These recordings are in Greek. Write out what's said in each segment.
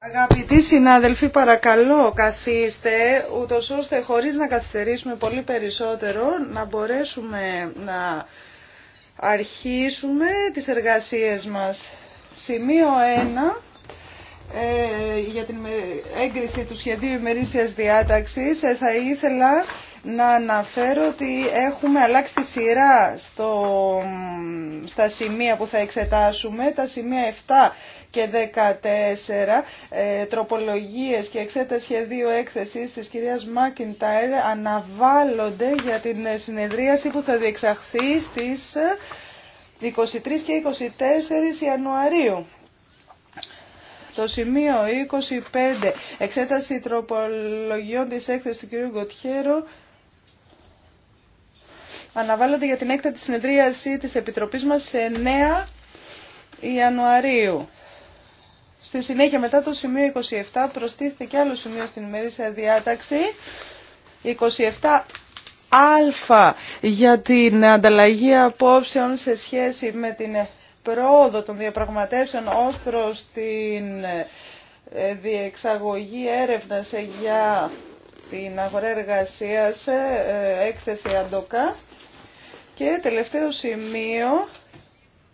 Αγαπητοί συνάδελφοι, παρακαλώ καθίστε, ούτως ώστε χωρίς να καθυστερήσουμε πολύ περισσότερο, να μπορέσουμε να αρχίσουμε τις εργασίες μας. Σημείο 1 ε, για την έγκριση του σχεδίου ημερήσιας διάταξης ε, θα ήθελα να αναφέρω ότι έχουμε αλλάξει τη σειρά στο, στα σημεία που θα εξετάσουμε, τα σημεία 7 και 14, ε, τροπολογίες και εξέταση σχεδίου έκθεσης της κυρίας Μάκιντάιρ αναβάλλονται για την συνεδρίαση που θα διεξαχθεί στις 23 και 24 Ιανουαρίου. Το σημείο 25, εξέταση τροπολογιών της έκθεσης του κυρίου Γκοτιέρο, αναβάλλονται για την έκτατη συνεδρίαση της Επιτροπής μας σε 9 Ιανουαρίου. Στη συνέχεια μετά το σημείο 27 προστίθεται και άλλο σημείο στην ημερήσια διάταξη 27 Α για την ανταλλαγή απόψεων σε σχέση με την πρόοδο των διαπραγματεύσεων ως προς την ε, διεξαγωγή έρευνας για την αγορά σε ε, έκθεση Αντοκά. Και τελευταίο σημείο,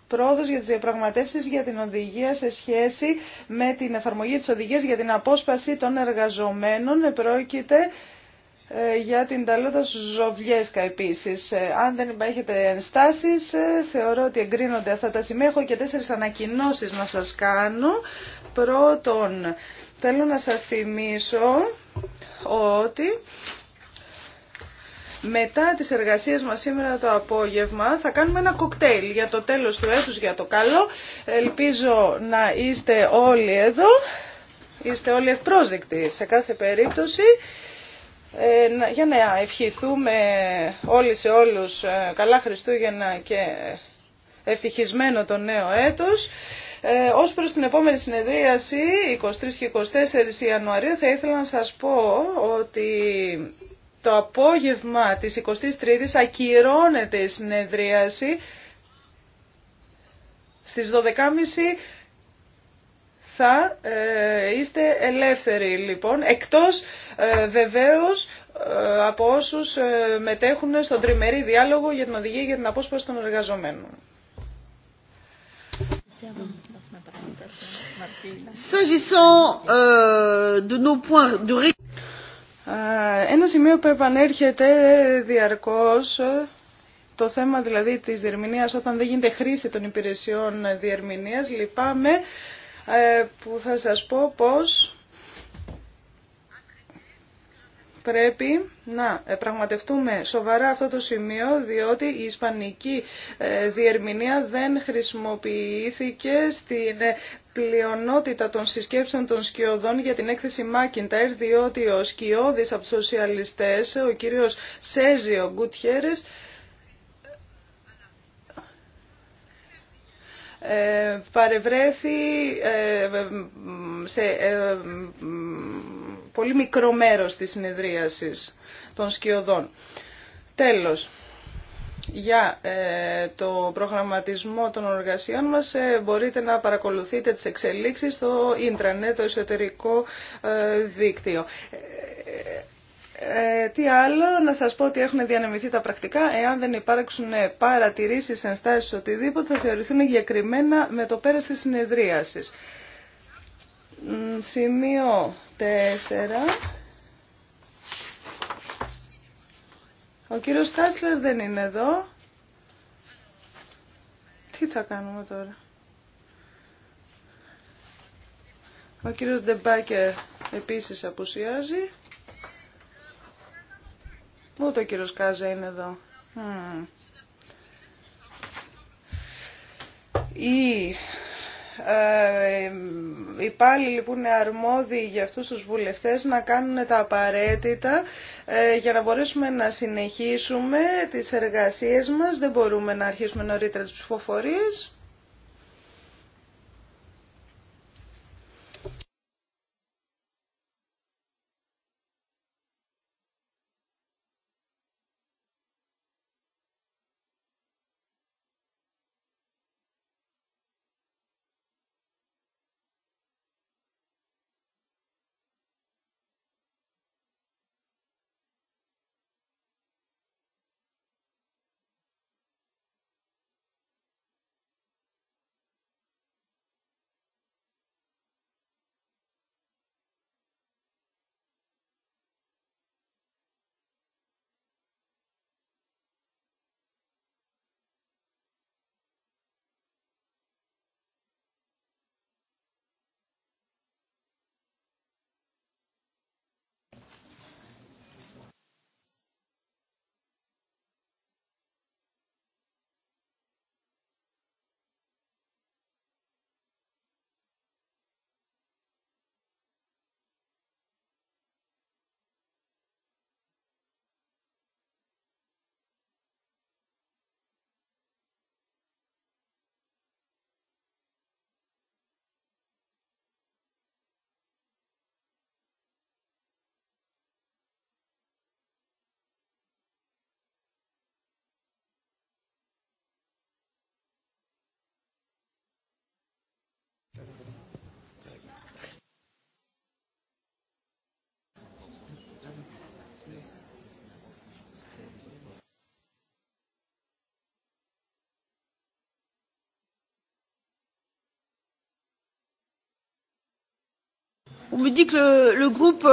πρόοδος για τις διαπραγματεύσεις για την οδηγία σε σχέση με την εφαρμογή της οδηγίας για την απόσπαση των εργαζομένων. Πρόκειται ε, για την Ταλότα ζοβιέσκα επίσης. Ε, αν δεν έχετε ενστάσεις, θεωρώ ότι εγκρίνονται αυτά τα σημεία. Έχω και τέσσερις ανακοινώσεις να σας κάνω. Πρώτον, θέλω να σας θυμίσω ότι μετά τις εργασίες μας σήμερα το απόγευμα θα κάνουμε ένα κοκτέιλ για το τέλος του έτους για το καλό. Ελπίζω να είστε όλοι εδώ, είστε όλοι ευπρόσδεκτοι σε κάθε περίπτωση. Ε, για να ευχηθούμε όλοι σε όλους ε, καλά Χριστούγεννα και ευτυχισμένο το νέο έτος. Ε, ως προς την επόμενη συνεδρίαση, 23 και 24 Ιανουαρίου, θα ήθελα να σας πω ότι το απόγευμα της 23ης ακυρώνεται η συνεδρίαση. Στις 12.30 θα ε, είστε ελεύθεροι λοιπόν, εκτός ε, βεβαίως ε, από όσους μετέχουν στον τριμερή διάλογο για την οδηγία για την απόσπαση των εργαζομένων. Euh, ε, ένα σημείο που επανέρχεται διαρκώς, το θέμα δηλαδή της διερμηνίας όταν δεν γίνεται χρήση των υπηρεσιών διερμηνίας, λυπάμαι ε, που θα σας πω πως πρέπει να ε, πραγματευτούμε σοβαρά αυτό το σημείο, διότι η ισπανική ε, διερμηνία δεν χρησιμοποιήθηκε στην ε, πλειονότητα των συσκέψεων των σκιωδών για την έκθεση Μάκιντερ, διότι ο σκιώδης από σοσιαλιστές, ο κύριος Σέζιο Γκουτιέρες, παρευρέθη σε πολύ μικρό μέρος της συνεδρίασης των σκιωδών. Τέλος, για ε, το προγραμματισμό των εργασιών μας ε, μπορείτε να παρακολουθείτε τις εξελίξεις στο ίντρανε, το εσωτερικό ε, δίκτυο. τι άλλο, να σας πω ότι έχουν διανεμηθεί τα πρακτικά. Εάν δεν υπάρξουν παρατηρήσεις, ενστάσεις, οτιδήποτε, θα θεωρηθούν εγκεκριμένα με το πέρας της συνεδρίασης. Σημείο ο κύριος Κάσλερ δεν είναι εδώ. Τι θα κάνουμε τώρα. Ο κύριος Ντεμπάκερ επίσης απουσιάζει. Ούτε ο κύριος Κάζα είναι εδώ. Η ε, υπάλληλοι που είναι αρμόδιοι για αυτούς τους βουλευτές να κάνουν τα απαραίτητα ε, για να μπορέσουμε να συνεχίσουμε τις εργασίες μας. Δεν μπορούμε να αρχίσουμε νωρίτερα τις ψηφοφορίες. On me dit que le, le groupe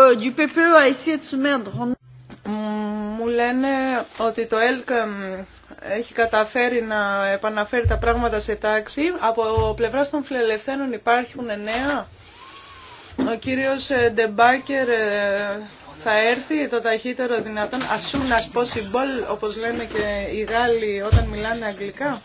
Μου λένε ότι το ΕΛΚ έχει καταφέρει να επαναφέρει τα πράγματα σε τάξη. Από πλευράς των φιλελευθέρων υπάρχουν νέα. Ο κύριος ε, Ντεμπάκερ ε, θα έρθει το ταχύτερο δυνατόν as soon as possible, όπως λένε και οι Γάλλοι όταν μιλάνε αγγλικά.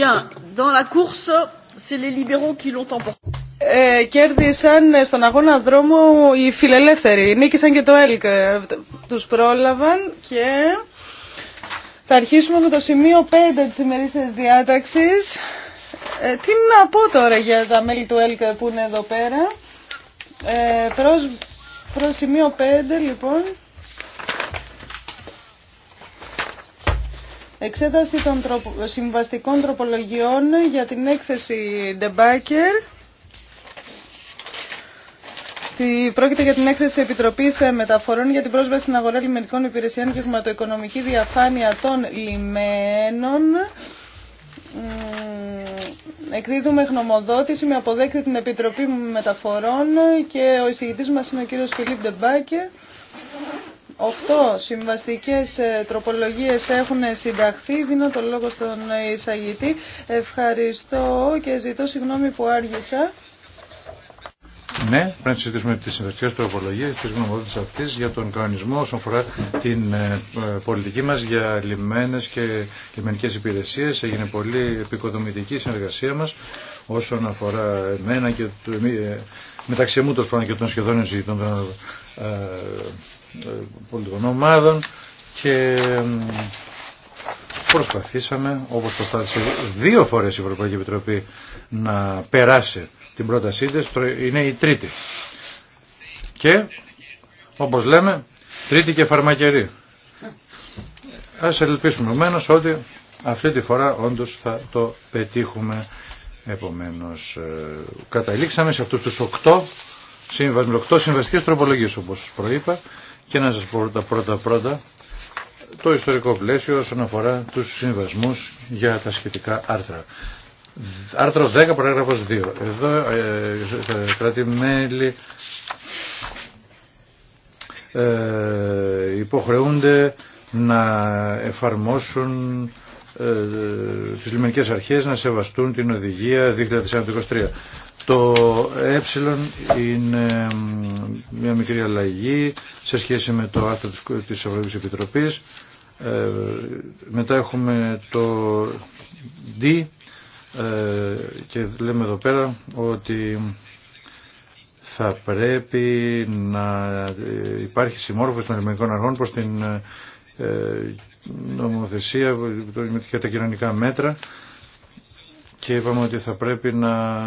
Bien, dans la course, c'est les libéraux qui l'ont emporté. Ε, κέρδισαν στον αγώνα δρόμο, οι φιλελεύθεροι. Νίκησαν και το ΕΛΚ. Ε, τους πρόλαβαν και θα αρχίσουμε με το σημείο 5 της ημερήσιας διάταξης. Ε, τι να πω τώρα για τα μέλη του ΕΛΚ που είναι εδώ πέρα. Ε, προς, προς σημείο 5 λοιπόν. Εξέταση των συμβαστικών τροπολογιών για την έκθεση Ντεμπάκερ. Πρόκειται για την έκθεση Επιτροπή Μεταφορών για την πρόσβαση στην αγορά λιμενικών υπηρεσιών και χρηματοοικονομική διαφάνεια των λιμένων. Εκδίδουμε χνομοδότηση με αποδέκτη την Επιτροπή Μεταφορών και ο εισηγητής μας είναι ο κύριος Φιλίπ Ντεμπάκερ. Οκτώ συμβαστικές ε, τροπολογίες έχουν συνταχθεί. Δίνω το λόγο στον εισαγητή. Ευχαριστώ και ζητώ συγγνώμη που άργησα. Ναι, πρέπει να συζητήσουμε τι συμβαστικέ τροπολογίε τη γνωμοδότηση αυτή για τον κανονισμό όσον αφορά την ε, ε, πολιτική μα για λιμένες και λιμενικές υπηρεσίε. Έγινε πολύ επικοδομητική η συνεργασία μα όσον αφορά εμένα και μεταξύ μου τόσο πάνω και των σχεδόν συζητών των πολιτικών ομάδων και προσπαθήσαμε, όπως προσπάθησε δύο φορές η Ευρωπαϊκή Επιτροπή να περάσει την πρότασή της, είναι η τρίτη. Και, όπως λέμε, τρίτη και φαρμακερή. Ας ελπίσουμε ομένως ότι αυτή τη φορά όντως θα το πετύχουμε. Επομένως, ε, καταλήξαμε σε αυτούς τους οκτώ, οκτώ συμβαστικές τροπολογίες, όπως προείπα, και να σας πω τα πρώτα πρώτα το ιστορικό πλαίσιο όσον αφορά τους συμβασμούς για τα σχετικά άρθρα. Άρθρο 10, παράγραφος 2. Εδώ ε, τα κράτη-μέλη ε, υποχρεούνται να εφαρμόσουν ε, τις λιμενικές αρχές να σεβαστούν την οδηγία 2023. Το ε είναι μια μικρή αλλαγή σε σχέση με το άρθρο της Ευρωπαϊκής Επιτροπής. Ε, μετά έχουμε το D ε, και λέμε εδώ πέρα ότι θα πρέπει να υπάρχει συμμόρφωση των λιμενικών αρχών προς την νομοθεσία για τα κοινωνικά μέτρα και είπαμε ότι θα πρέπει να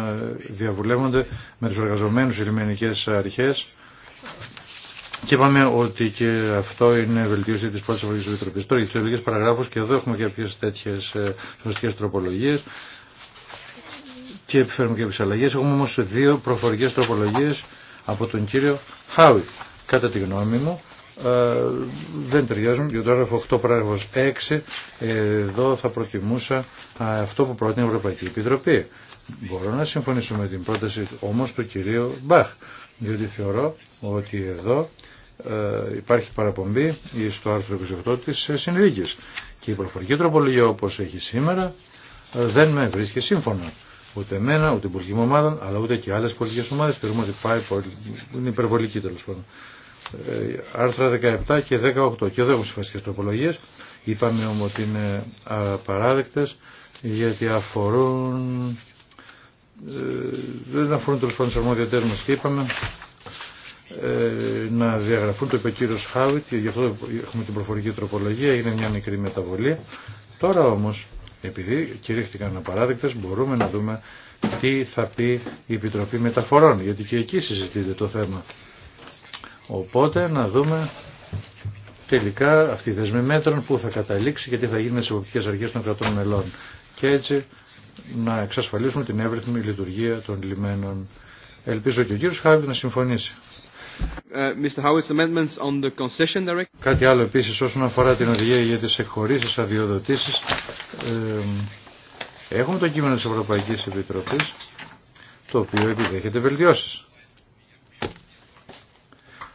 διαβουλεύονται με τους εργαζομένους οι λιμενικές αρχές και είπαμε ότι και αυτό είναι βελτίωση τη πρώτη Ευρωπαϊκή Επιτροπή. Τώρα για τι παραγράφου και εδώ έχουμε κάποιε τέτοιε ε, σωστικέ τροπολογίε και επιφέρουμε και τι Έχουμε όμω δύο προφορικέ τροπολογίε από τον κύριο Χάουι Κατά τη γνώμη μου, ε, δεν ταιριάζουν για το έγραφο 8 πράγμα 6 εδώ θα προτιμούσα αυτό που πρότεινε η Ευρωπαϊκή Επιτροπή μπορώ να συμφωνήσω με την πρόταση όμως του κυρίου Μπαχ διότι θεωρώ ότι εδώ ε, υπάρχει παραπομπή στο άρθρο 28 της συνδίκης και η προφορική τροπολογία όπως έχει σήμερα ε, δεν με βρίσκει σύμφωνα ούτε εμένα, ούτε την πολιτική ομάδα, αλλά ούτε και άλλε πολιτικέ ομάδε. Θεωρούμε ότι πάει πολύ, είναι υπερβολική τέλο πάντων. Ε, άρθρα 17 και 18 και εδώ έχουν συμφασικέ τροπολογίε. είπαμε όμως ότι είναι απαράδεκτε γιατί αφορούν ε, δεν αφορούν τους πάντων και είπαμε ε, να διαγραφούν το είπε ο και γι' αυτό έχουμε την προφορική τροπολογία είναι μια μικρή μεταβολή τώρα όμω, επειδή κηρύχθηκαν απαράδεκτε, μπορούμε να δούμε τι θα πει η Επιτροπή Μεταφορών γιατί και εκεί συζητείται το θέμα Οπότε να δούμε τελικά αυτή η δεσμή μέτρων που θα καταλήξει και τι θα γίνει με τι εποπτικέ αρχέ των κρατών μελών. Και έτσι να εξασφαλίσουμε την εύρυθμη λειτουργία των λιμένων. Ελπίζω και ο κύριο Χάβιτ να συμφωνήσει. Uh, direct. Κάτι άλλο επίσης όσον αφορά την οδηγία για τις εκχωρήσεις, αδειοδοτήσεις. Ε, έχουμε το κείμενο της Ευρωπαϊκής Επιτροπής, το οποίο επιδέχεται βελτιώσεις.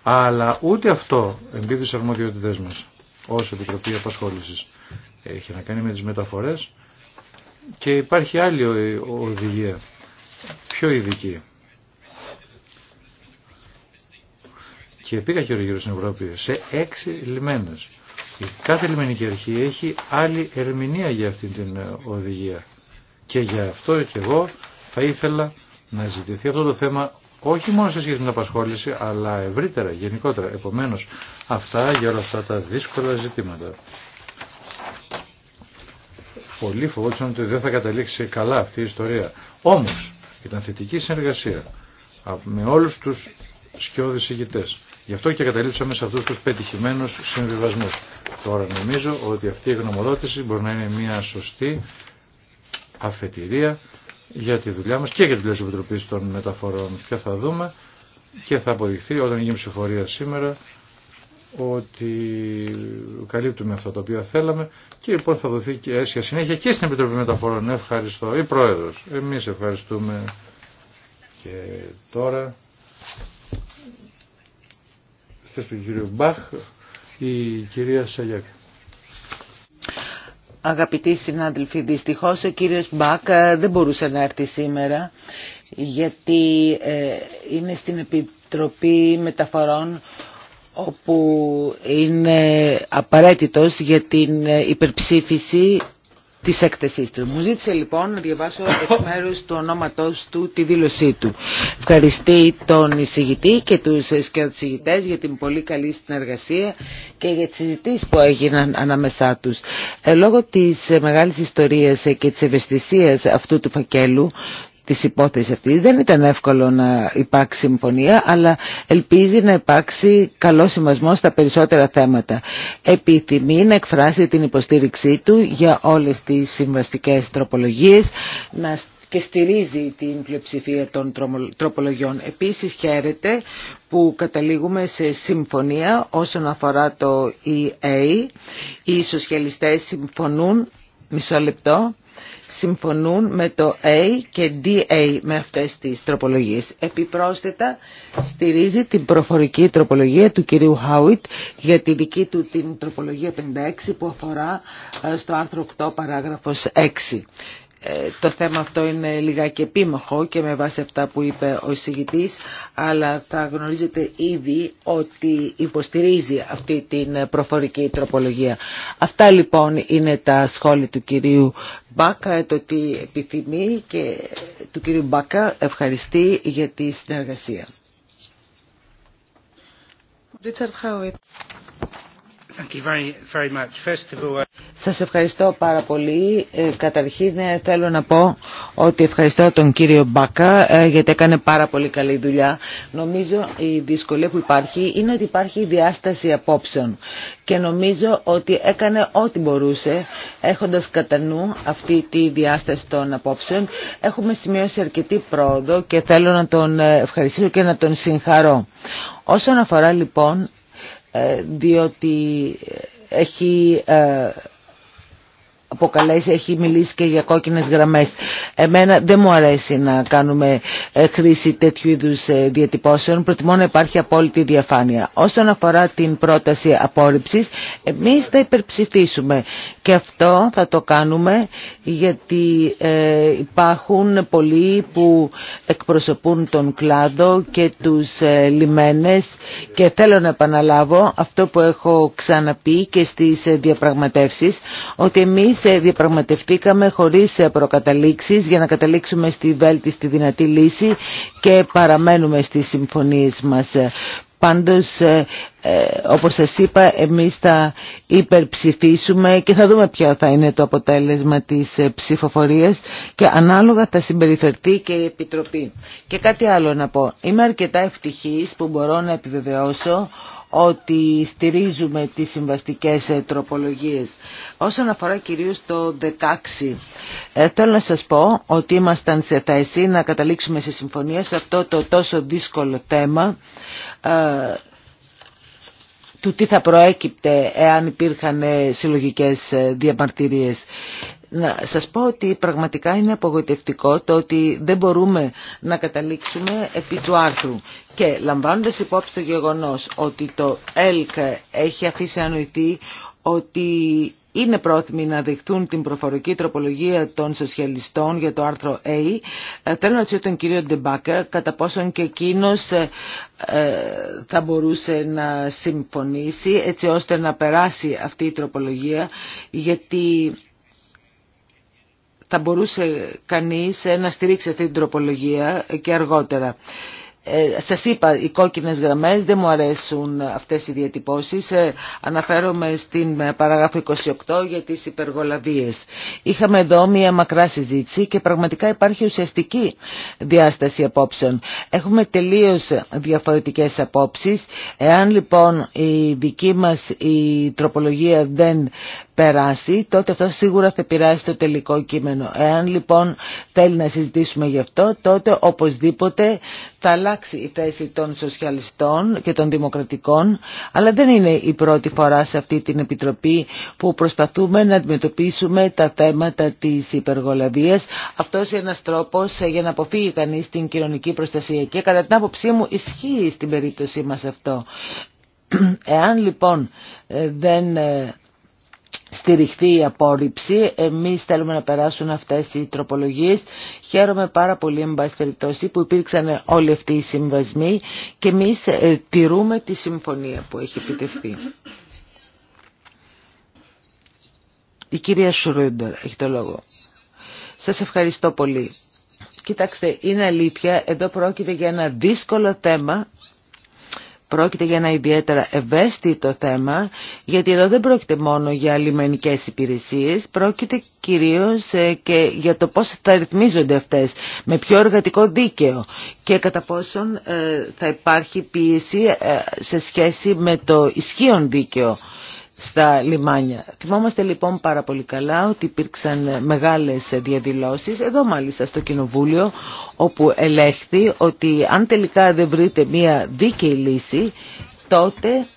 Αλλά ούτε αυτό εμπίπτει στις αρμοδιότητές μας ως Επιτροπή Απασχόλησης. Έχει να κάνει με τις μεταφορές και υπάρχει άλλη οδηγία, πιο ειδική. Και πήγα και γύρω στην Ευρώπη σε έξι λιμένες. Η κάθε λιμενική αρχή έχει άλλη ερμηνεία για αυτή την ε, οδηγία. Και γι' αυτό και εγώ θα ήθελα να ζητηθεί αυτό το θέμα όχι μόνο σε σχέση με την απασχόληση, αλλά ευρύτερα, γενικότερα. Επομένως, αυτά για όλα αυτά τα δύσκολα ζητήματα. Πολλοί φοβόντουσαν ότι δεν θα καταλήξει καλά αυτή η ιστορία. Όμως, ήταν θετική συνεργασία με όλους τους σκιώδεις ηγητές. Γι' αυτό και καταλήψαμε σε αυτούς τους πετυχημένους συμβιβασμούς. Τώρα νομίζω ότι αυτή η γνωμοδότηση μπορεί να είναι μια σωστή αφετηρία για τη δουλειά μας και για τη δουλειά της Επιτροπής των Μεταφορών και θα δούμε και θα αποδειχθεί όταν γίνει ψηφορία σήμερα ότι καλύπτουμε αυτά τα οποία θέλαμε και λοιπόν θα δοθεί και αίσια συνέχεια και στην Επιτροπή Μεταφορών. Ευχαριστώ. Η Πρόεδρος. Εμείς ευχαριστούμε και τώρα Στην του Μπαχ η κυρία Σαγιάκη. Αγαπητοί συνάδελφοι, Δυστυχώ, ο κύριος Μπακ ε, δεν μπορούσε να έρθει σήμερα γιατί ε, είναι στην Επιτροπή Μεταφορών όπου είναι απαραίτητος για την ε, υπερψήφιση της έκθεσής του. Μου ζήτησε λοιπόν να διαβάσω εκ μέρους του ονόματός του τη δήλωσή του. Ευχαριστεί τον εισηγητή και τους εισηγητές για την πολύ καλή συνεργασία και για τις συζητήσεις που έγιναν ανάμεσά τους. Ε, λόγω της μεγάλης ιστορίας και της ευαισθησίας αυτού του φακέλου της υπόθεσης αυτής. Δεν ήταν εύκολο να υπάρξει συμφωνία, αλλά ελπίζει να υπάρξει καλό σημασμό στα περισσότερα θέματα. Επιθυμεί να εκφράσει την υποστήριξή του για όλες τις συμβαστικές τροπολογίες, να και στηρίζει την πλειοψηφία των τροπολογιών. Επίσης χαίρεται που καταλήγουμε σε συμφωνία όσον αφορά το EA. Οι σοσιαλιστές συμφωνούν, μισό λεπτό, συμφωνούν με το A και DA με αυτές τις τροπολογίες. Επιπρόσθετα στηρίζει την προφορική τροπολογία του κυρίου Χάουιτ για τη δική του την τροπολογία 56 που αφορά ε, στο άρθρο 8 παράγραφος 6. Ε, το θέμα αυτό είναι λιγάκι επίμαχο και με βάση αυτά που είπε ο εισηγητής, αλλά θα γνωρίζετε ήδη ότι υποστηρίζει αυτή την προφορική τροπολογία. Αυτά λοιπόν είναι τα σχόλια του κυρίου Μπάκα, το τι επιθυμεί και του κυρίου Μπάκα ευχαριστεί για τη συνεργασία. Richard Uh, Σας ευχαριστώ πάρα πολύ. Ε, καταρχήν ε, θέλω να πω ότι ευχαριστώ τον κύριο Μπάκα ε, γιατί έκανε πάρα πολύ καλή δουλειά. Νομίζω η δυσκολία που υπάρχει είναι ότι υπάρχει διάσταση απόψεων και νομίζω ότι έκανε ό,τι μπορούσε έχοντας κατά νου αυτή τη διάσταση των απόψεων. Έχουμε σημειώσει αρκετή πρόοδο και θέλω να τον ευχαριστήσω και να τον συγχαρώ. Όσον αφορά λοιπόν ε, διότι έχει ε, αποκαλέσει, έχει μιλήσει και για κόκκινες γραμμές. Εμένα δεν μου αρέσει να κάνουμε ε, χρήση τέτοιου είδους ε, διατυπώσεων, προτιμώ να υπάρχει απόλυτη διαφάνεια. Όσον αφορά την πρόταση απόρριψης, εμείς θα υπερψηφίσουμε και αυτό θα το κάνουμε γιατί ε, υπάρχουν πολλοί που εκπροσωπούν τον κλάδο και τους λιμένες και θέλω να επαναλάβω αυτό που έχω ξαναπεί και στις διαπραγματεύσεις, ότι εμείς εμείς ε, διαπραγματευτήκαμε χωρίς ε, προκαταλήξεις για να καταλήξουμε στη βέλτιστη δυνατή λύση και παραμένουμε στις συμφωνίες μας. Πάντως, ε, όπως σας είπα, εμείς θα υπερψηφίσουμε και θα δούμε ποιο θα είναι το αποτέλεσμα της ψηφοφορίας και ανάλογα θα συμπεριφερθεί και η Επιτροπή. Και κάτι άλλο να πω. Είμαι αρκετά ευτυχής που μπορώ να επιβεβαιώσω ότι στηρίζουμε τις συμβαστικές ε, τροπολογίες. Όσον αφορά κυρίως το 16, ε, θέλω να σας πω ότι ήμασταν σε θέση να καταλήξουμε σε συμφωνία σε αυτό το τόσο δύσκολο θέμα ε, του τι θα προέκυπτε εάν υπήρχαν συλλογικές διαμαρτυρίες να σας πω ότι πραγματικά είναι απογοητευτικό το ότι δεν μπορούμε να καταλήξουμε επί του άρθρου. Και λαμβάνοντας υπόψη το γεγονός ότι το ΕΛΚ έχει αφήσει ανοηθεί ότι είναι πρόθυμοι να δεχτούν την προφορική τροπολογία των σοσιαλιστών για το άρθρο A. Ε, θέλω να ρωτήσω τον κύριο Ντεμπάκερ κατά πόσον και εκείνο ε, ε, θα μπορούσε να συμφωνήσει έτσι ώστε να περάσει αυτή η τροπολογία γιατί θα μπορούσε κανείς ε, να στηρίξει αυτή την τροπολογία και αργότερα. Ε, σας είπα, οι κόκκινες γραμμές δεν μου αρέσουν αυτές οι διατυπώσεις. Ε, αναφέρομαι στην ε, παράγραφο 28 για τις υπεργολαβίες. Είχαμε εδώ μια μακρά συζήτηση και πραγματικά υπάρχει ουσιαστική διάσταση απόψεων. Έχουμε τελείως διαφορετικές απόψεις. Εάν λοιπόν η δική μας η τροπολογία δεν περάσει, τότε αυτό σίγουρα θα πειράσει το τελικό κείμενο. Εάν λοιπόν θέλει να συζητήσουμε γι' αυτό, τότε οπωσδήποτε θα αλλάξει η θέση των σοσιαλιστών και των δημοκρατικών, αλλά δεν είναι η πρώτη φορά σε αυτή την Επιτροπή που προσπαθούμε να αντιμετωπίσουμε τα θέματα της υπεργολαβίας. Αυτός είναι ένας τρόπος για να αποφύγει κανείς την κοινωνική προστασία και κατά την άποψή μου ισχύει στην περίπτωσή μας αυτό. Εάν λοιπόν ε, δεν ε, στηριχθεί η απόρριψη. Εμείς θέλουμε να περάσουν αυτές οι τροπολογίες. Χαίρομαι πάρα πολύ, εν που υπήρξαν όλοι αυτοί οι συμβασμοί και εμείς ε, τηρούμε τη συμφωνία που έχει επιτευχθεί. Η κυρία Σουρούντερ έχει το λόγο. Σας ευχαριστώ πολύ. Κοιτάξτε, είναι αλήθεια, εδώ πρόκειται για ένα δύσκολο θέμα Πρόκειται για ένα ιδιαίτερα ευαίσθητο θέμα, γιατί εδώ δεν πρόκειται μόνο για λιμενικές υπηρεσίες, πρόκειται κυρίως ε, και για το πώς θα ρυθμίζονται αυτές, με πιο εργατικό δίκαιο και κατά πόσον ε, θα υπάρχει πίεση ε, σε σχέση με το ισχύον δίκαιο στα λιμάνια. Θυμόμαστε λοιπόν πάρα πολύ καλά ότι υπήρξαν μεγάλες διαδηλώσεις, εδώ μάλιστα στο Κοινοβούλιο, όπου ελέγχθη ότι αν τελικά δεν βρείτε μία δίκαιη λύση, τότε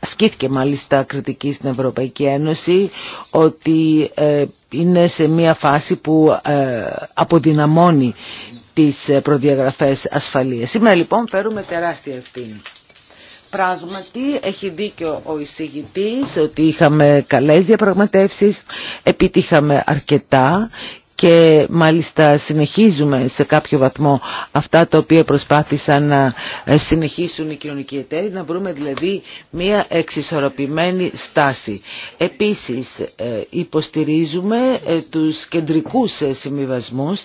ασκήθηκε μάλιστα κριτική στην Ευρωπαϊκή Ένωση ότι ε, είναι σε μία φάση που ε, αποδυναμώνει τις ε, προδιαγραφές ασφαλείας. Σήμερα λοιπόν φέρουμε τεράστια ευθύνη. Πράγματι έχει δίκιο ο εισηγητής ότι είχαμε καλές διαπραγματεύσεις, επιτύχαμε αρκετά και μάλιστα συνεχίζουμε σε κάποιο βαθμό αυτά τα οποία προσπάθησαν να ε, συνεχίσουν οι κοινωνικοί εταίροι, να βρούμε δηλαδή μια εξισορροπημένη στάση. Επίσης ε, υποστηρίζουμε ε, τους κεντρικούς συμβιβασμού,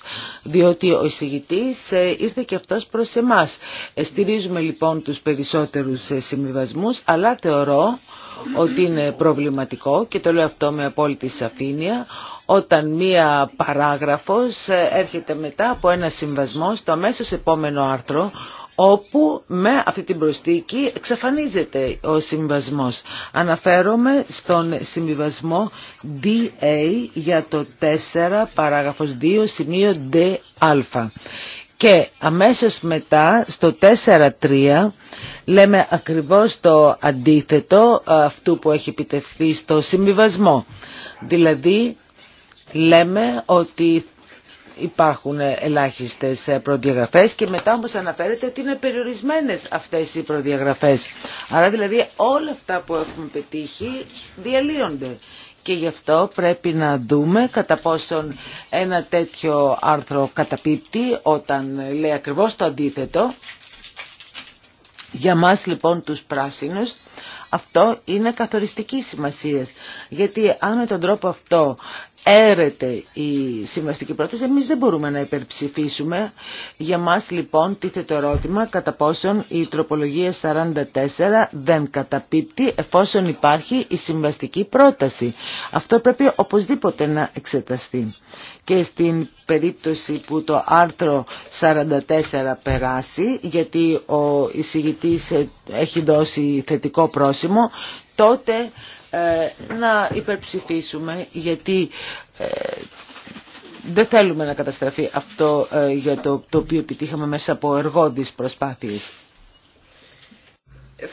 διότι ο εισηγητής ήρθε και αυτός προς εμάς. Στηρίζουμε λοιπόν τους περισσότερους συμβιβασμού, αλλά θεωρώ ότι είναι προβληματικό και το λέω αυτό με απόλυτη σαφήνεια όταν μία παράγραφος έρχεται μετά από ένα συμβασμό στο αμέσως επόμενο άρθρο όπου με αυτή την προστίκη εξαφανίζεται ο συμβασμός. Αναφέρομαι στον συμβιβασμό DA για το 4 παράγραφος 2 σημείο DA. Και αμέσως μετά στο 4-3... λέμε ακριβώς το αντίθετο αυτού που έχει επιτευχθεί στο συμβιβασμό. Δηλαδή λέμε ότι υπάρχουν ελάχιστες προδιαγραφές και μετά όμως αναφέρεται ότι είναι περιορισμένες αυτές οι προδιαγραφές. Άρα δηλαδή όλα αυτά που έχουμε πετύχει διαλύονται. Και γι' αυτό πρέπει να δούμε κατά πόσον ένα τέτοιο άρθρο καταπίπτει όταν λέει ακριβώς το αντίθετο. Για μας λοιπόν τους πράσινους αυτό είναι καθοριστική σημασία. Γιατί αν με τον τρόπο αυτό έρεται η συμβαστική πρόταση, εμείς δεν μπορούμε να υπερψηφίσουμε. Για μας λοιπόν τίθεται το ερώτημα κατά πόσον η τροπολογία 44 δεν καταπίπτει εφόσον υπάρχει η συμβαστική πρόταση. Αυτό πρέπει οπωσδήποτε να εξεταστεί. Και στην περίπτωση που το άρθρο 44 περάσει, γιατί ο εισηγητής έχει δώσει θετικό πρόσημο, τότε ε, να υπερψηφίσουμε γιατί ε, δεν θέλουμε να καταστραφεί αυτό ε, για το, το οποίο επιτύχαμε μέσα από εργόντις προσπάθειες.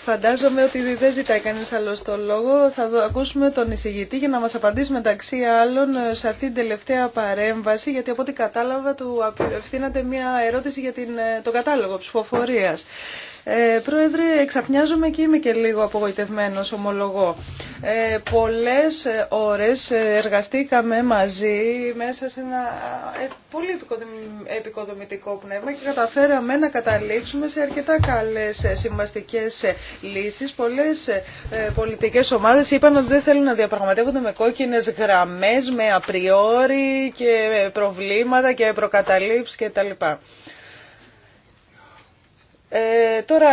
Φαντάζομαι ότι δεν ζητάει κανείς άλλο το λόγο. Θα ακούσουμε τον εισηγητή για να μας απαντήσει μεταξύ άλλων σε αυτήν την τελευταία παρέμβαση, γιατί από ό,τι κατάλαβα του ευθύνατε μια ερώτηση για την, τον κατάλογο ψηφοφορίας. Ε, πρόεδρε, εξαπνιάζομαι και είμαι και λίγο απογοητευμένος, ομολογώ. Ε, πολλές ε, ώρες ε, εργαστήκαμε μαζί μέσα σε ένα πολύ επικοδομητικό πνεύμα και καταφέραμε να καταλήξουμε σε αρκετά καλές συμβαστικές λύσεις. Πολλές πολιτικές ομάδες είπαν ότι δεν θέλουν να διαπραγματεύονται με κόκκινες γραμμές, με απριόρι και προβλήματα και προκαταλήψεις κτλ. Ε, τώρα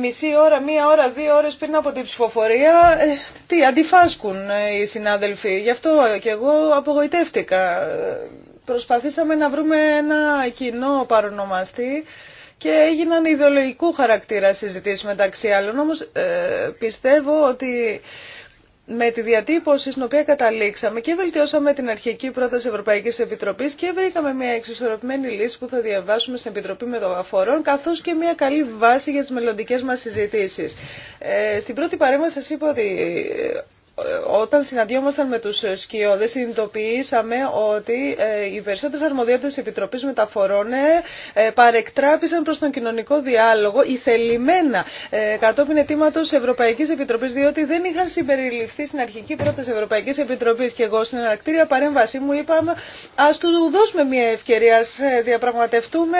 μισή ώρα, μία ώρα, δύο ώρες πριν από την ψηφοφορία, ε, τι, αντιφάσκουν ε, οι συνάδελφοι. Γι' αυτό και εγώ απογοητεύτηκα. Προσπαθήσαμε να βρούμε ένα κοινό παρονομαστή και έγιναν ιδεολογικού χαρακτήρα συζητήσεις μεταξύ άλλων. Όμως πιστεύω ότι με τη διατύπωση στην οποία καταλήξαμε και βελτιώσαμε την αρχική πρόταση Ευρωπαϊκής Επιτροπής και βρήκαμε μια εξισορροπημένη λύση που θα διαβάσουμε στην Επιτροπή Μεταφορών καθώς και μια καλή βάση για τις μελλοντικέ μας συζητήσεις. Ε, στην πρώτη παρέμβαση σας είπα ότι όταν συναντιόμασταν με τους σκιώδες συνειδητοποιήσαμε ότι ε, οι περισσότερες αρμοδιότητες Επιτροπής Μεταφορών ε, ε, παρεκτράπησαν προς τον κοινωνικό διάλογο ηθελημένα κατόπιν αιτήματος Ευρωπαϊκής Επιτροπής διότι δεν είχαν συμπεριληφθεί στην αρχική πρόταση Ευρωπαϊκής Επιτροπής και εγώ στην ανακτήρια παρέμβασή μου είπαμε ας του δώσουμε μια ευκαιρία, ας διαπραγματευτούμε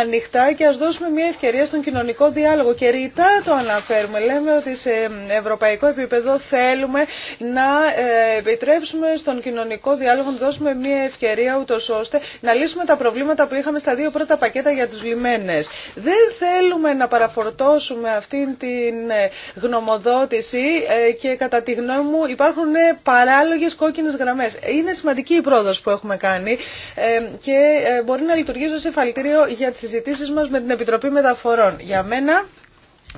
ανοιχτά και ας δώσουμε μια ευκαιρία στον κοινωνικό διάλογο και ρητά το αναφέρουμε. Λέμε ότι σε ευρωπαϊκό επίπεδο θέλουμε να ε, επιτρέψουμε στον κοινωνικό διάλογο να δώσουμε μια ευκαιρία ούτω ώστε να λύσουμε τα προβλήματα που είχαμε στα δύο πρώτα πακέτα για τους λιμένες. Δεν θέλουμε να παραφορτώσουμε αυτήν την ε, γνωμοδότηση ε, και κατά τη γνώμη μου υπάρχουν παράλογες κόκκινες γραμμές. Είναι σημαντική η πρόοδος που έχουμε κάνει και μπορεί να λειτουργήσει ως εφαλτήριο για τις συζητήσεις μας με την Επιτροπή Μεταφορών. Για μένα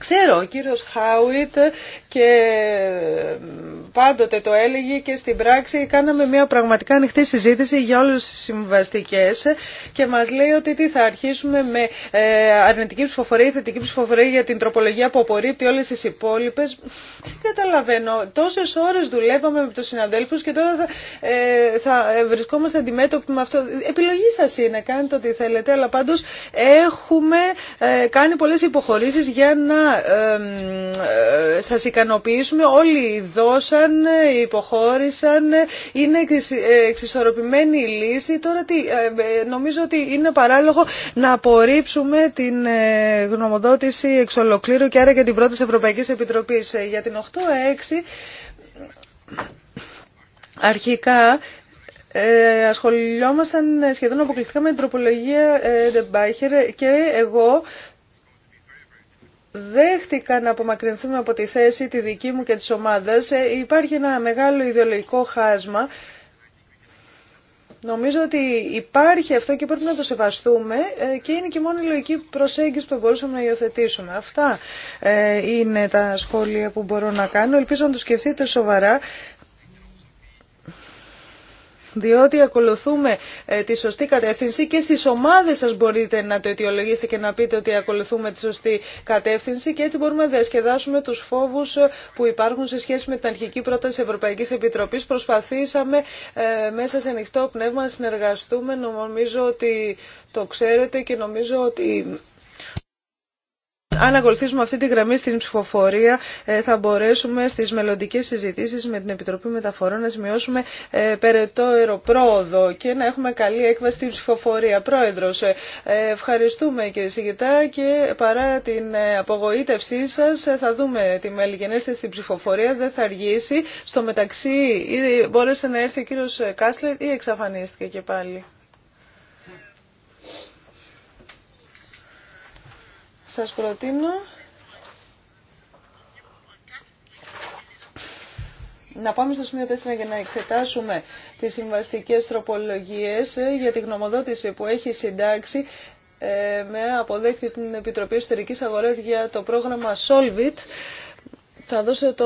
Ξέρω, ο κύριος Χάουιτ και πάντοτε το έλεγε και στην πράξη κάναμε μια πραγματικά ανοιχτή συζήτηση για όλες τις συμβαστικές και μας λέει ότι τι θα αρχίσουμε με ε, αρνητική ψηφοφορία ή θετική ψηφοφορία για την τροπολογία που απορρίπτει όλες τις υπόλοιπες. Δεν καταλαβαίνω, τόσες ώρες δουλεύαμε με τους συναδέλφους και τώρα θα, ε, θα ε, βρισκόμαστε αντιμέτωποι με αυτό. Επιλογή σας είναι, κάνετε ό,τι θέλετε, αλλά πάντως έχουμε ε, κάνει πολλές υποχωρήσεις για να ε, σας ικανοποιήσουμε. Όλοι δώσαν, υποχώρησαν, είναι εξισορροπημένη η λύση. Τώρα τι, ε, ε, νομίζω ότι είναι παράλογο να απορρίψουμε την γνωμοδότηση εξ ολοκλήρου και άρα και την πρώτη Ευρωπαϊκής Επιτροπής για την 8-6. Αρχικά ε, ασχολιόμασταν σχεδόν αποκλειστικά με την τροπολογία ε, και εγώ δέχτηκα να απομακρυνθούμε από τη θέση τη δική μου και της ομάδας. Ε, υπάρχει ένα μεγάλο ιδεολογικό χάσμα. Νομίζω ότι υπάρχει αυτό και πρέπει να το σεβαστούμε ε, και είναι και μόνο η λογική προσέγγιση που μπορούσαμε να υιοθετήσουμε. Αυτά ε, είναι τα σχόλια που μπορώ να κάνω. Ελπίζω να το σκεφτείτε σοβαρά διότι ακολουθούμε ε, τη σωστή κατεύθυνση και στις ομάδες σας μπορείτε να το αιτιολογήσετε και να πείτε ότι ακολουθούμε τη σωστή κατεύθυνση και έτσι μπορούμε να διασκεδάσουμε τους φόβους ε, που υπάρχουν σε σχέση με την αρχική πρόταση Ευρωπαϊκής Επιτροπής. Προσπαθήσαμε ε, μέσα σε ανοιχτό πνεύμα να συνεργαστούμε. Νομίζω ότι το ξέρετε και νομίζω ότι αν ακολουθήσουμε αυτή τη γραμμή στην ψηφοφορία ε, θα μπορέσουμε στις μελλοντικέ συζητήσει με την Επιτροπή Μεταφορών να σημειώσουμε ε, περαιτέρω πρόοδο και να έχουμε καλή έκβαση στην ψηφοφορία. Πρόεδρος, ε, ευχαριστούμε κύριε Σιγητά και παρά την απογοήτευσή σας θα δούμε τη μελγενέστε στην ψηφοφορία, δεν θα αργήσει. Στο μεταξύ μπόρεσε να έρθει ο κύριο Κάσλερ ή εξαφανίστηκε και πάλι. σας προτείνω να πάμε στο σημείο 4 για να εξετάσουμε τις συμβαστικές τροπολογίες ε, για τη γνωμοδότηση που έχει συντάξει ε, με αποδέκτη την Επιτροπή Εσωτερικής Αγοράς για το πρόγραμμα Solvit. Θα δώσω το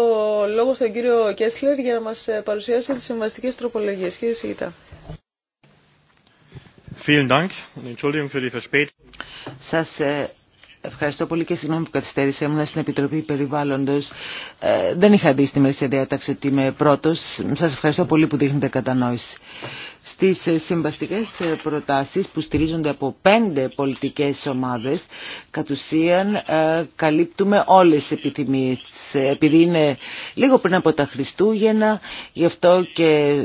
λόγο στον κύριο Κέσλερ για να μας ε, παρουσιάσει τις συμβαστικές τροπολογίες. Κύριε Σιγητά. Σας Ευχαριστώ πολύ και συγγνώμη που καθυστέρησα. Ήμουν στην Επιτροπή Περιβάλλοντο. Ε, δεν είχα δει στη μέση διάταξη ότι είμαι πρώτο. Σα ευχαριστώ πολύ που δείχνετε κατανόηση στις συμβαστικές προτάσεις που στηρίζονται από πέντε πολιτικές ομάδες κατ' ουσίαν ε, καλύπτουμε όλες τις επιθυμίες επειδή είναι λίγο πριν από τα Χριστούγεννα γι' αυτό και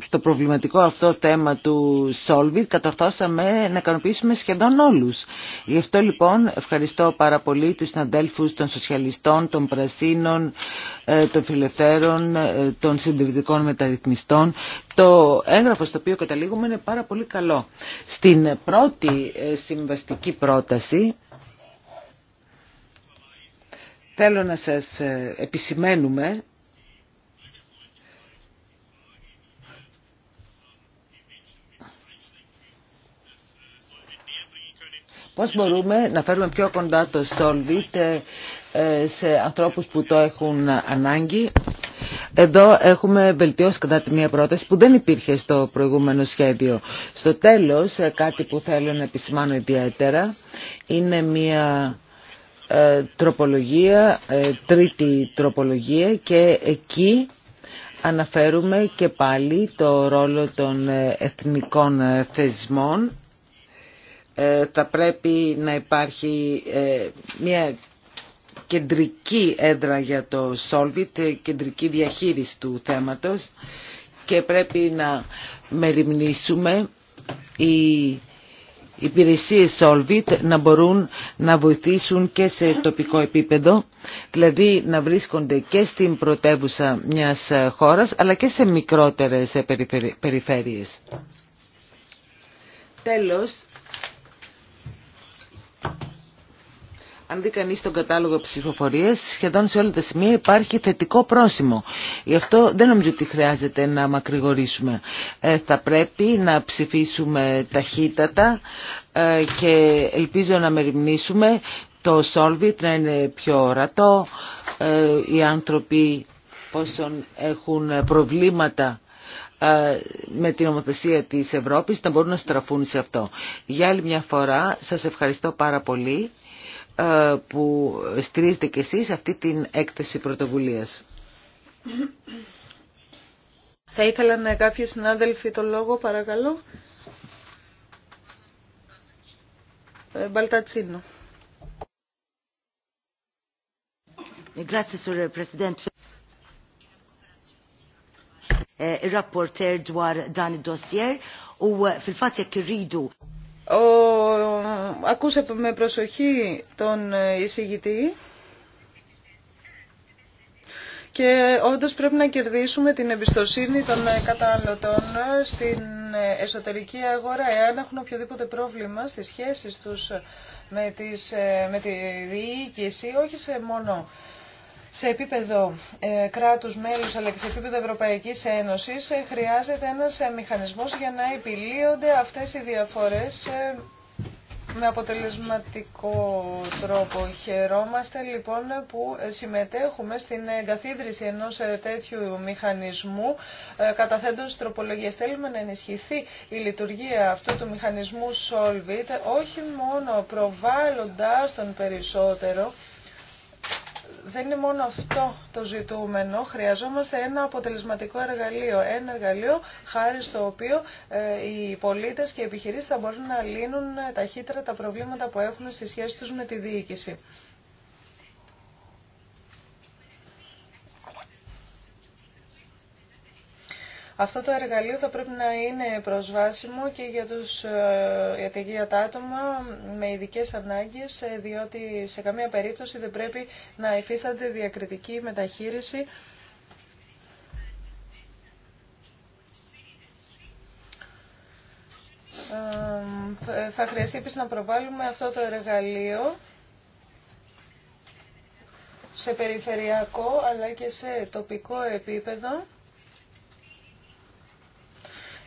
στο προβληματικό αυτό θέμα του Solvit κατορθώσαμε να ικανοποιήσουμε σχεδόν όλους γι' αυτό λοιπόν ευχαριστώ πάρα πολύ τους συναντέλφους των σοσιαλιστών, των πρασίνων ε, των φιλελευθέρων ε, των συντηρητικών μεταρρυθμιστών το έγγραφο οποίο καταλήγουμε είναι πάρα πολύ καλό. Στην πρώτη ε, συμβαστική πρόταση θέλω να σας ε, επισημαίνουμε πώς μπορούμε να φέρουμε πιο κοντά το Solvit ε, σε ανθρώπους που το έχουν ανάγκη. Εδώ έχουμε βελτιώσει κατά τη μία πρόταση που δεν υπήρχε στο προηγούμενο σχέδιο. Στο τέλος, ε, κάτι που θέλω να επισημάνω ιδιαίτερα είναι μία ε, τροπολογία, ε, τρίτη τροπολογία και εκεί αναφέρουμε και πάλι το ρόλο των εθνικών θεσμών. Θα πρέπει να υπάρχει μια κεντρική έδρα για το Solvit, κεντρική διαχείριση του θέματος και πρέπει να μεριμνήσουμε οι υπηρεσίες Solvit να μπορούν να βοηθήσουν και σε τοπικό επίπεδο, δηλαδή να βρίσκονται και στην πρωτεύουσα μιας χώρας, αλλά και σε μικρότερες περιφέρειες. Τέλος, Αν δει κανεί τον κατάλογο ψηφοφορία, σχεδόν σε όλα τα σημεία υπάρχει θετικό πρόσημο. Γι' αυτό δεν νομίζω ότι χρειάζεται να μακρηγορήσουμε. Ε, θα πρέπει να ψηφίσουμε ταχύτατα ε, και ελπίζω να μεριμνήσουμε το Solvit να είναι πιο ορατό, ε, οι άνθρωποι πόσων έχουν προβλήματα ε, με την ομοθεσία της Ευρώπης να μπορούν να στραφούν σε αυτό. Για άλλη μια φορά σας ευχαριστώ πάρα πολύ ε, που στηρίζετε κι εσείς αυτή την έκθεση πρωτοβουλίας. Θα ήθελαν κάποιοι συνάδελφοι το λόγο, παρακαλώ. Ε, Μπαλτατσίνο. Ε, Ο Ακούσαμε με προσοχή τον εισηγητή και όντως πρέπει να κερδίσουμε την εμπιστοσύνη των καταναλωτών στην εσωτερική αγορά. Εάν έχουν οποιοδήποτε πρόβλημα στις σχέσεις τους με, τις, ε, με τη διοίκηση, όχι σε μόνο σε επίπεδο ε, κράτους μέλους αλλά και σε επίπεδο Ευρωπαϊκής Ένωσης ε, χρειάζεται ένας ε, μηχανισμός για να επιλύονται αυτές οι διαφορές με αποτελεσματικό τρόπο. Χαιρόμαστε λοιπόν που ε, συμμετέχουμε στην εγκαθίδρυση ενός ε, τέτοιου μηχανισμού ε, καταθέντως τροπολογίες. Θέλουμε να ενισχυθεί η λειτουργία αυτού του μηχανισμού Solvit όχι μόνο προβάλλοντας τον περισσότερο δεν είναι μόνο αυτό το ζητούμενο. Χρειαζόμαστε ένα αποτελεσματικό εργαλείο. Ένα εργαλείο χάρη στο οποίο ε, οι πολίτες και οι επιχειρήσεις θα μπορούν να λύνουν ε, ταχύτερα τα προβλήματα που έχουν στη σχέση τους με τη διοίκηση. Αυτό το εργαλείο θα πρέπει να είναι προσβάσιμο και για, τους, ε, για τα άτομα με ειδικέ ανάγκες, ε, διότι σε καμία περίπτωση δεν πρέπει να υφίστανται διακριτική μεταχείριση ε, θα χρειαστεί επίσης να προβάλλουμε αυτό το εργαλείο σε περιφερειακό αλλά και σε τοπικό επίπεδο.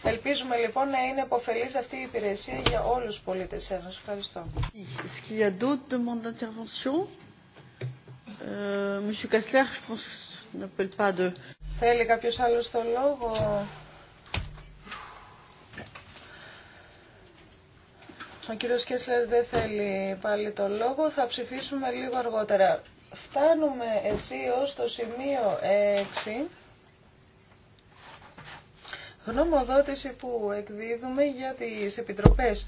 Ελπίζουμε λοιπόν να είναι επωφελής αυτή η υπηρεσία για όλους τους πολίτες της Ευχαριστώ. Θέλει κάποιο άλλο το λόγο. Ο κύριο Κέσλερ δεν θέλει πάλι το λόγο. Θα ψηφίσουμε λίγο αργότερα. Φτάνουμε εσύ ως το σημείο 6 γνωμοδότηση που εκδίδουμε για τις επιτροπές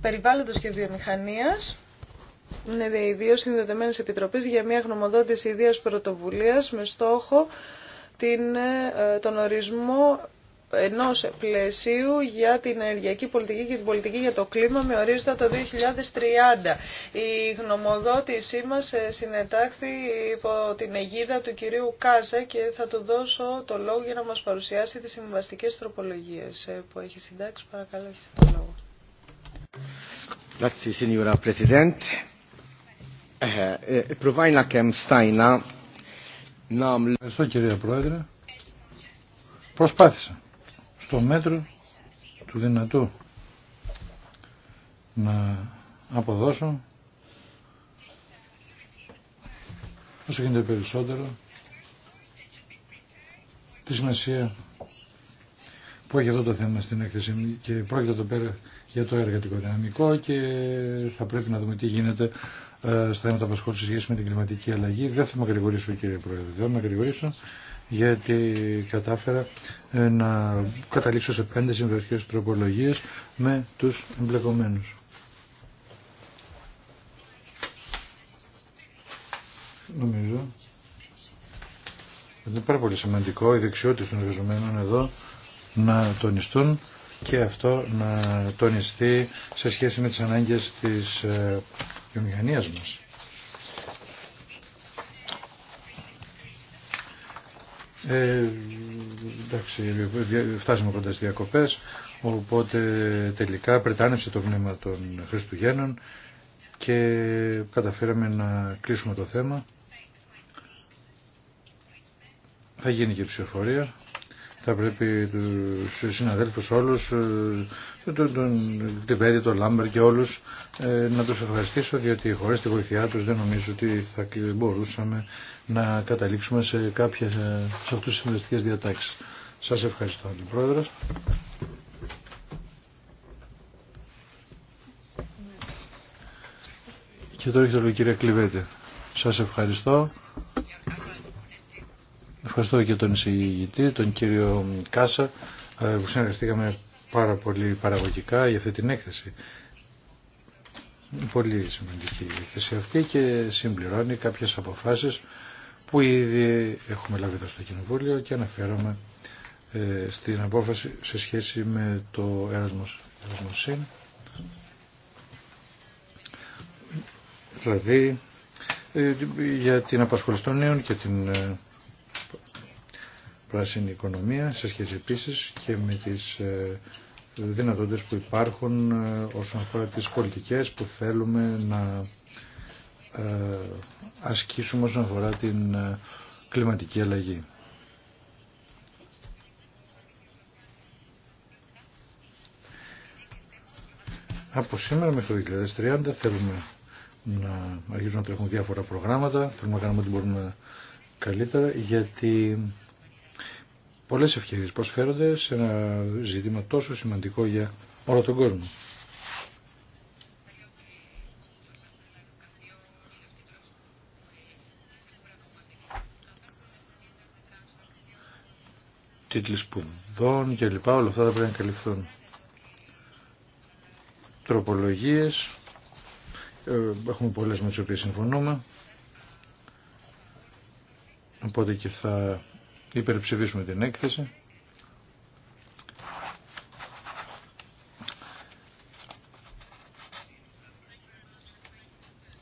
περιβάλλοντος και βιομηχανίας. Είναι οι δύο συνδεδεμένες επιτροπές για μια γνωμοδότηση ιδίας πρωτοβουλίας με στόχο την, ε, τον ορισμό Ενό πλαισίου για την ενεργειακή πολιτική και την πολιτική για το κλίμα με ορίζοντα το 2030. Η γνωμοδότησή μα ε, συνετάχθη υπό την αιγίδα του κυρίου Κάζα και θα του δώσω το λόγο για να μα παρουσιάσει τι συμβαστικέ τροπολογίε ε, που έχει συντάξει. Παρακαλώ, έχετε το λόγο. Ε, Ευχαριστώ κυρία Πρόεδρε. Προσπάθησα στο μέτρο του δυνατού να αποδώσω όσο γίνεται περισσότερο τη σημασία που έχει αυτό το θέμα στην έκθεση και πρόκειται εδώ πέρα για το εργατικό δυναμικό και θα πρέπει να δούμε τι γίνεται ε, στα θέματα απασχόληση σχέση με την κλιματική αλλαγή. Δεν θα με κατηγορήσω κύριε Πρόεδρε, δεν θα με κατηγορήσω γιατί κατάφερα ε, να καταλήξω σε πέντε συμβατικές τροπολογίες με τους εμπλεκομένους. Νομίζω είναι πάρα πολύ σημαντικό οι δεξιότητες των εργαζομένων εδώ να τονιστούν και αυτό να τονιστεί σε σχέση με τις ανάγκες της ε, βιομηχανίας μας. Ε, εντάξει, φτάσαμε κοντά στις διακοπές, οπότε τελικά πρετάνευσε το μνήμα των Χριστουγέννων και καταφέραμε να κλείσουμε το θέμα. Θα γίνει και ψηφοφορία θα πρέπει τους συναδέλφους όλους, ε, τον Τιβέδη, τον Λάμπερ και όλους, ε, να τους ευχαριστήσω διότι χωρίς τη βοήθειά τους δεν νομίζω ότι θα μπορούσαμε να καταλήξουμε σε κάποιες σε αυτούς τις διατάξεις. Σας ευχαριστώ, λοιπόν, Πρόεδρος. Και τώρα έχει το λόγο κυρία Κλειβέτη. Σας ευχαριστώ. Ευχαριστώ και τον εισηγητή, τον κύριο Κάσα, ε, που συνεργαστήκαμε πάρα πολύ παραγωγικά για αυτή την έκθεση. Πολύ σημαντική η έκθεση αυτή και συμπληρώνει κάποιες αποφάσεις που ήδη έχουμε λάβει εδώ στο Κοινοβούλιο και αναφέρομαι ε, στην απόφαση σε σχέση με το Erasmus, ΣΥΝ. δηλαδή ε, για την απασχολή των νέων και την πράσινη οικονομία σε σχέση επίσης και με τις ε, δυνατότητες που υπάρχουν ε, όσον αφορά τις πολιτικές που θέλουμε να ε, ασκήσουμε όσον αφορά την κλιματική αλλαγή. Από σήμερα μέχρι το 2030 θέλουμε να αρχίσουν να τρέχουν διάφορα προγράμματα, θέλουμε να κάνουμε ό,τι μπορούμε καλύτερα, γιατί πολλές ευκαιρίες προσφέρονται σε ένα ζήτημα τόσο σημαντικό για όλο τον κόσμο. τίτλοι σπουδών και λοιπά, όλα αυτά θα πρέπει να καλυφθούν. Τροπολογίες, ε, έχουμε πολλές με τις οποίες συμφωνούμε, οπότε και θα υπερψηφίσουμε την έκθεση.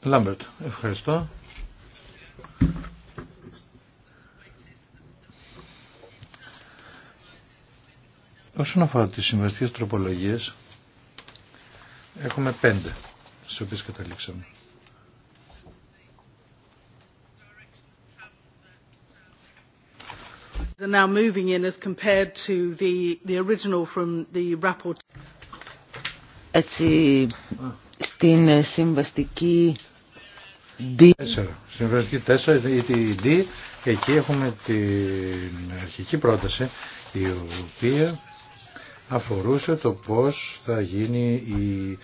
Λάμπερτ, ευχαριστώ. Όσον αφορά τις συμβαστικές τροπολογίες, έχουμε πέντε στις οποίες καταλήξαμε. are now moving in as compared to the, the original from the rapport. Έτσι, στην ε, συμβαστική D. 4. Συμβαστική 4 ή τη D, εκεί έχουμε την αρχική πρόταση, η οποία αφορούσε το πώς θα γίνει η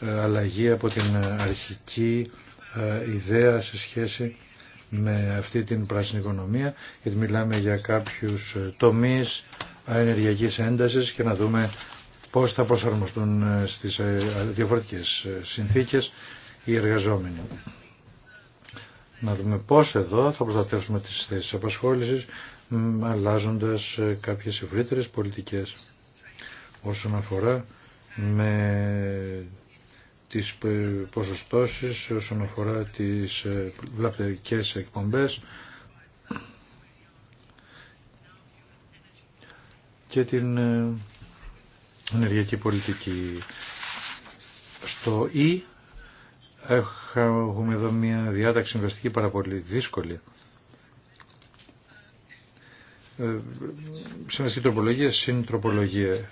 ε, αλλαγή από την αρχική ε, ιδέα σε σχέση με αυτή την πράσινη οικονομία, γιατί μιλάμε για κάποιους ε, τομείς ενεργειακής έντασης και να δούμε πώς θα προσαρμοστούν ε, στις ε, διαφορετικές συνθήκες οι εργαζόμενοι. Να δούμε πώς εδώ θα προστατεύσουμε τις θέσεις απασχόλησης αλλάζοντας κάποιες ευρύτερες πολιτικές όσον αφορά με τις ε, ποσοστώσεις όσον αφορά τις ε, βλαπτερικές εκπομπές και την ε, ενεργειακή πολιτική. Στο Ι e έχουμε εδώ μια διάταξη συμβαστική πάρα πολύ δύσκολη. Συμβαστική τροπολογία, συν τροπολογία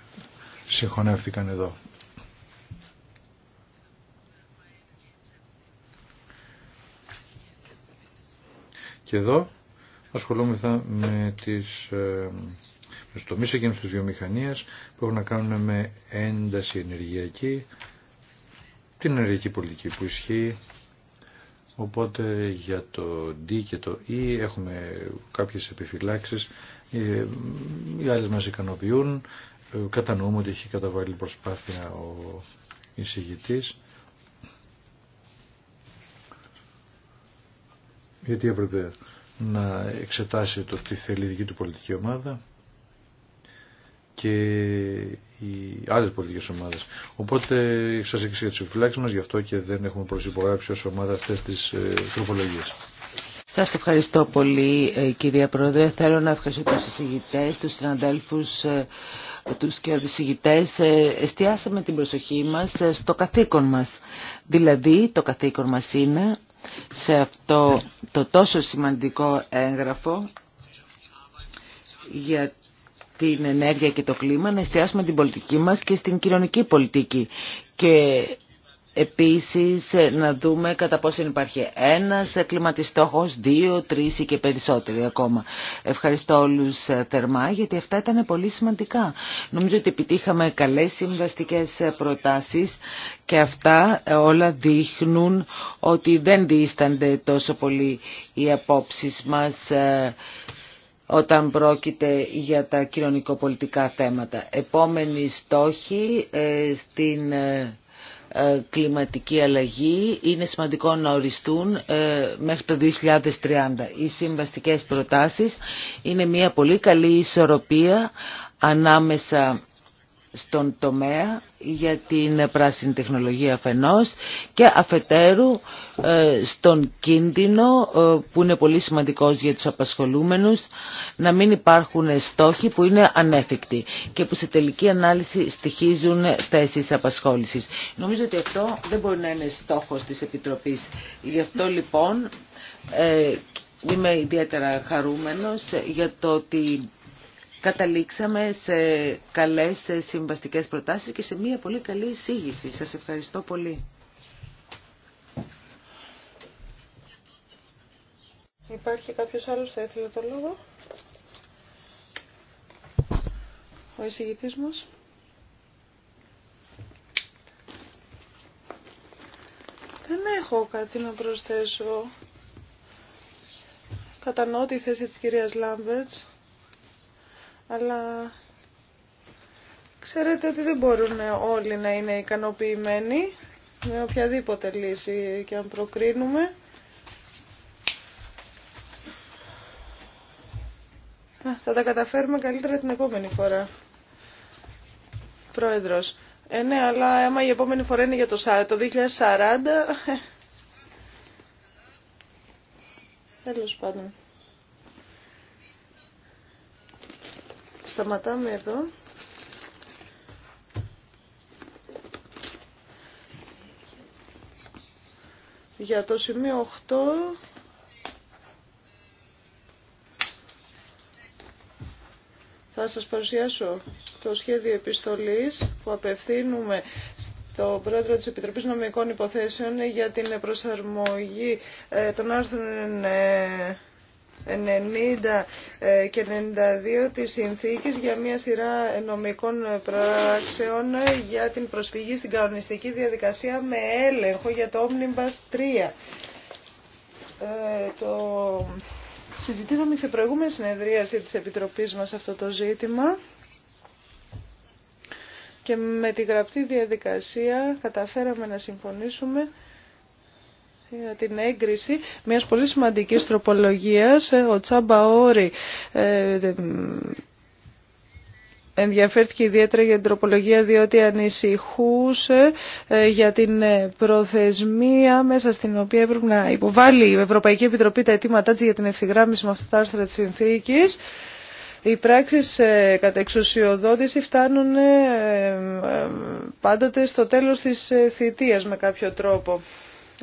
συγχωνεύτηκαν εδώ. Και εδώ ασχολούμεθα με τις ε, με τους τομείς εκείνους της βιομηχανίας που έχουν να κάνουν με ένταση ενεργειακή, την ενεργειακή πολιτική που ισχύει. Οπότε για το D και το E έχουμε κάποιες επιφυλάξεις, ε, οι άλλες μας ικανοποιούν, ε, κατανοούμε ότι έχει καταβάλει προσπάθεια ο εισηγητής. γιατί έπρεπε να εξετάσει το τι θέλει η δική του πολιτική ομάδα και οι άλλε πολιτικέ ομάδε. Οπότε σα για τι επιφυλάξει μα, γι' αυτό και δεν έχουμε προσυπογράψει ω ομάδα αυτέ τι ε, τροπολογίε. Σα ευχαριστώ πολύ, ε, κυρία Πρόεδρε. Θέλω να ευχαριστώ του συζητητέ, του συναντέλφου, ε, του και του συζητητέ. Ε, εστιάσαμε την προσοχή μα στο καθήκον μα. Δηλαδή, το καθήκον μα είναι σε αυτό το τόσο σημαντικό έγγραφο για την ενέργεια και το κλίμα, να εστιάσουμε την πολιτική μας και στην κοινωνική πολιτική. Και Επίσης ε, να δούμε κατά πόσο υπάρχει ένας κλιματιστόχος, δύο, τρεις ή και περισσότεροι ακόμα. Ευχαριστώ όλους ε, θερμά γιατί αυτά ήταν πολύ σημαντικά. Νομίζω ότι επιτύχαμε καλές συμβαστικές ε, προτάσεις και αυτά όλα δείχνουν ότι δεν δίστανται τόσο πολύ οι απόψεις μας όταν πρόκειται για τα κοινωνικοπολιτικά θέματα. Επόμενη στόχη στην ε, κλιματική αλλαγή είναι σημαντικό να οριστούν ε, μέχρι το 2030. Οι συμβαστικές προτάσεις είναι μια πολύ καλή ισορροπία ανάμεσα στον τομέα για την πράσινη τεχνολογία αφενός και αφετέρου ε, στον κίνδυνο ε, που είναι πολύ σημαντικός για τους απασχολούμενους να μην υπάρχουν στόχοι που είναι ανέφικτοι και που σε τελική ανάλυση στοιχίζουν θέσεις απασχόλησης. Νομίζω ότι αυτό δεν μπορεί να είναι στόχος της Επιτροπής. Γι' αυτό λοιπόν ε, είμαι ιδιαίτερα χαρούμενος για το ότι καταλήξαμε σε καλές συμβαστικές προτάσεις και σε μια πολύ καλή εισήγηση. Σας ευχαριστώ πολύ. Υπάρχει κάποιος άλλος που θα ήθελε το λόγο. Ο εισηγητής μας. Δεν έχω κάτι να προσθέσω. Κατανοώ τη θέση της κυρίας Λάμπερτς, αλλά ξέρετε ότι δεν μπορούν όλοι να είναι ικανοποιημένοι με οποιαδήποτε λύση και αν προκρίνουμε. Θα τα καταφέρουμε καλύτερα την επόμενη φορά. Πρόεδρος. Ε, ναι, αλλά άμα η επόμενη φορά είναι για το, το 2040... Ε. Τέλος πάντων. Σταματάμε εδώ. Για το σημείο 8 Θα σας παρουσιάσω το σχέδιο επιστολής που απευθύνουμε στο πρόεδρο της Επιτροπής Νομικών Υποθέσεων για την προσαρμογή ε, των άρθρων 90 ε, ε, και 92 της συνθήκης για μια σειρά νομικών πράξεων για την προσφυγή στην κανονιστική διαδικασία με έλεγχο για το Omnibus 3. το Συζητήσαμε σε προηγούμενη συνεδρίαση της Επιτροπής μας αυτό το ζήτημα και με τη γραπτή διαδικασία καταφέραμε να συμφωνήσουμε για την έγκριση μιας πολύ σημαντικής τροπολογίας. Ε, ο Τσάμπα Όρη ε, ενδιαφέρθηκε ιδιαίτερα για την τροπολογία διότι ανησυχούσε ε, για την ε, προθεσμία μέσα στην οποία έπρεπε να υποβάλει η Ευρωπαϊκή Επιτροπή τα αιτήματά της για την ευθυγράμμιση με αυτά τα άρθρα της συνθήκης. Οι πράξεις ε, κατά εξουσιοδότηση φτάνουν πάντοτε στο τέλος της θητείας με κάποιο τρόπο.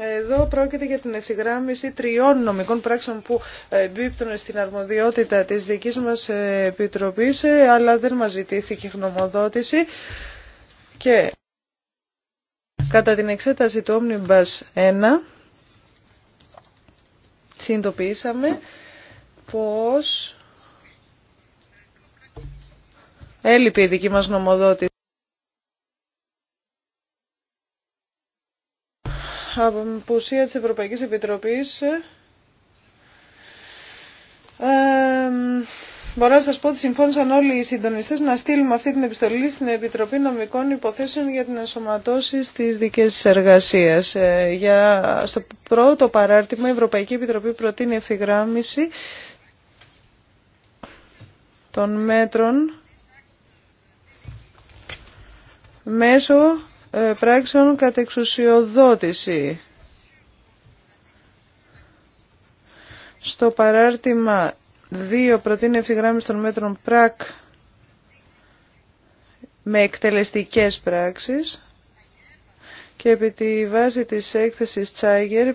Εδώ πρόκειται για την ευθυγράμμιση τριών νομικών πράξεων που ε, εμπίπτουν στην αρμοδιότητα της δικής μας ε, Επιτροπής, ε, αλλά δεν μας ζητήθηκε γνωμοδότηση. Και κατά την εξέταση του Omnibus 1, συνειδητοποιήσαμε πως έλειπε η δική μας γνωμοδότηση. από απουσία της Ευρωπαϊκής Επιτροπής. Ε, μπορώ να σας πω ότι συμφώνησαν όλοι οι συντονιστές να στείλουμε αυτή την επιστολή στην Επιτροπή Νομικών Υποθέσεων για την ενσωματώση στις δικές της εργασίας. Ε, για, στο πρώτο παράρτημα η Ευρωπαϊκή Επιτροπή προτείνει ευθυγράμμιση των μέτρων μέσω ε, πράξεων κατά εξουσιοδότηση. Στο παράρτημα 2 προτείνει ευθυγράμμιση των μέτρων πρακ με εκτελεστικές πράξεις και επί τη βάση της έκθεσης Τσάγερ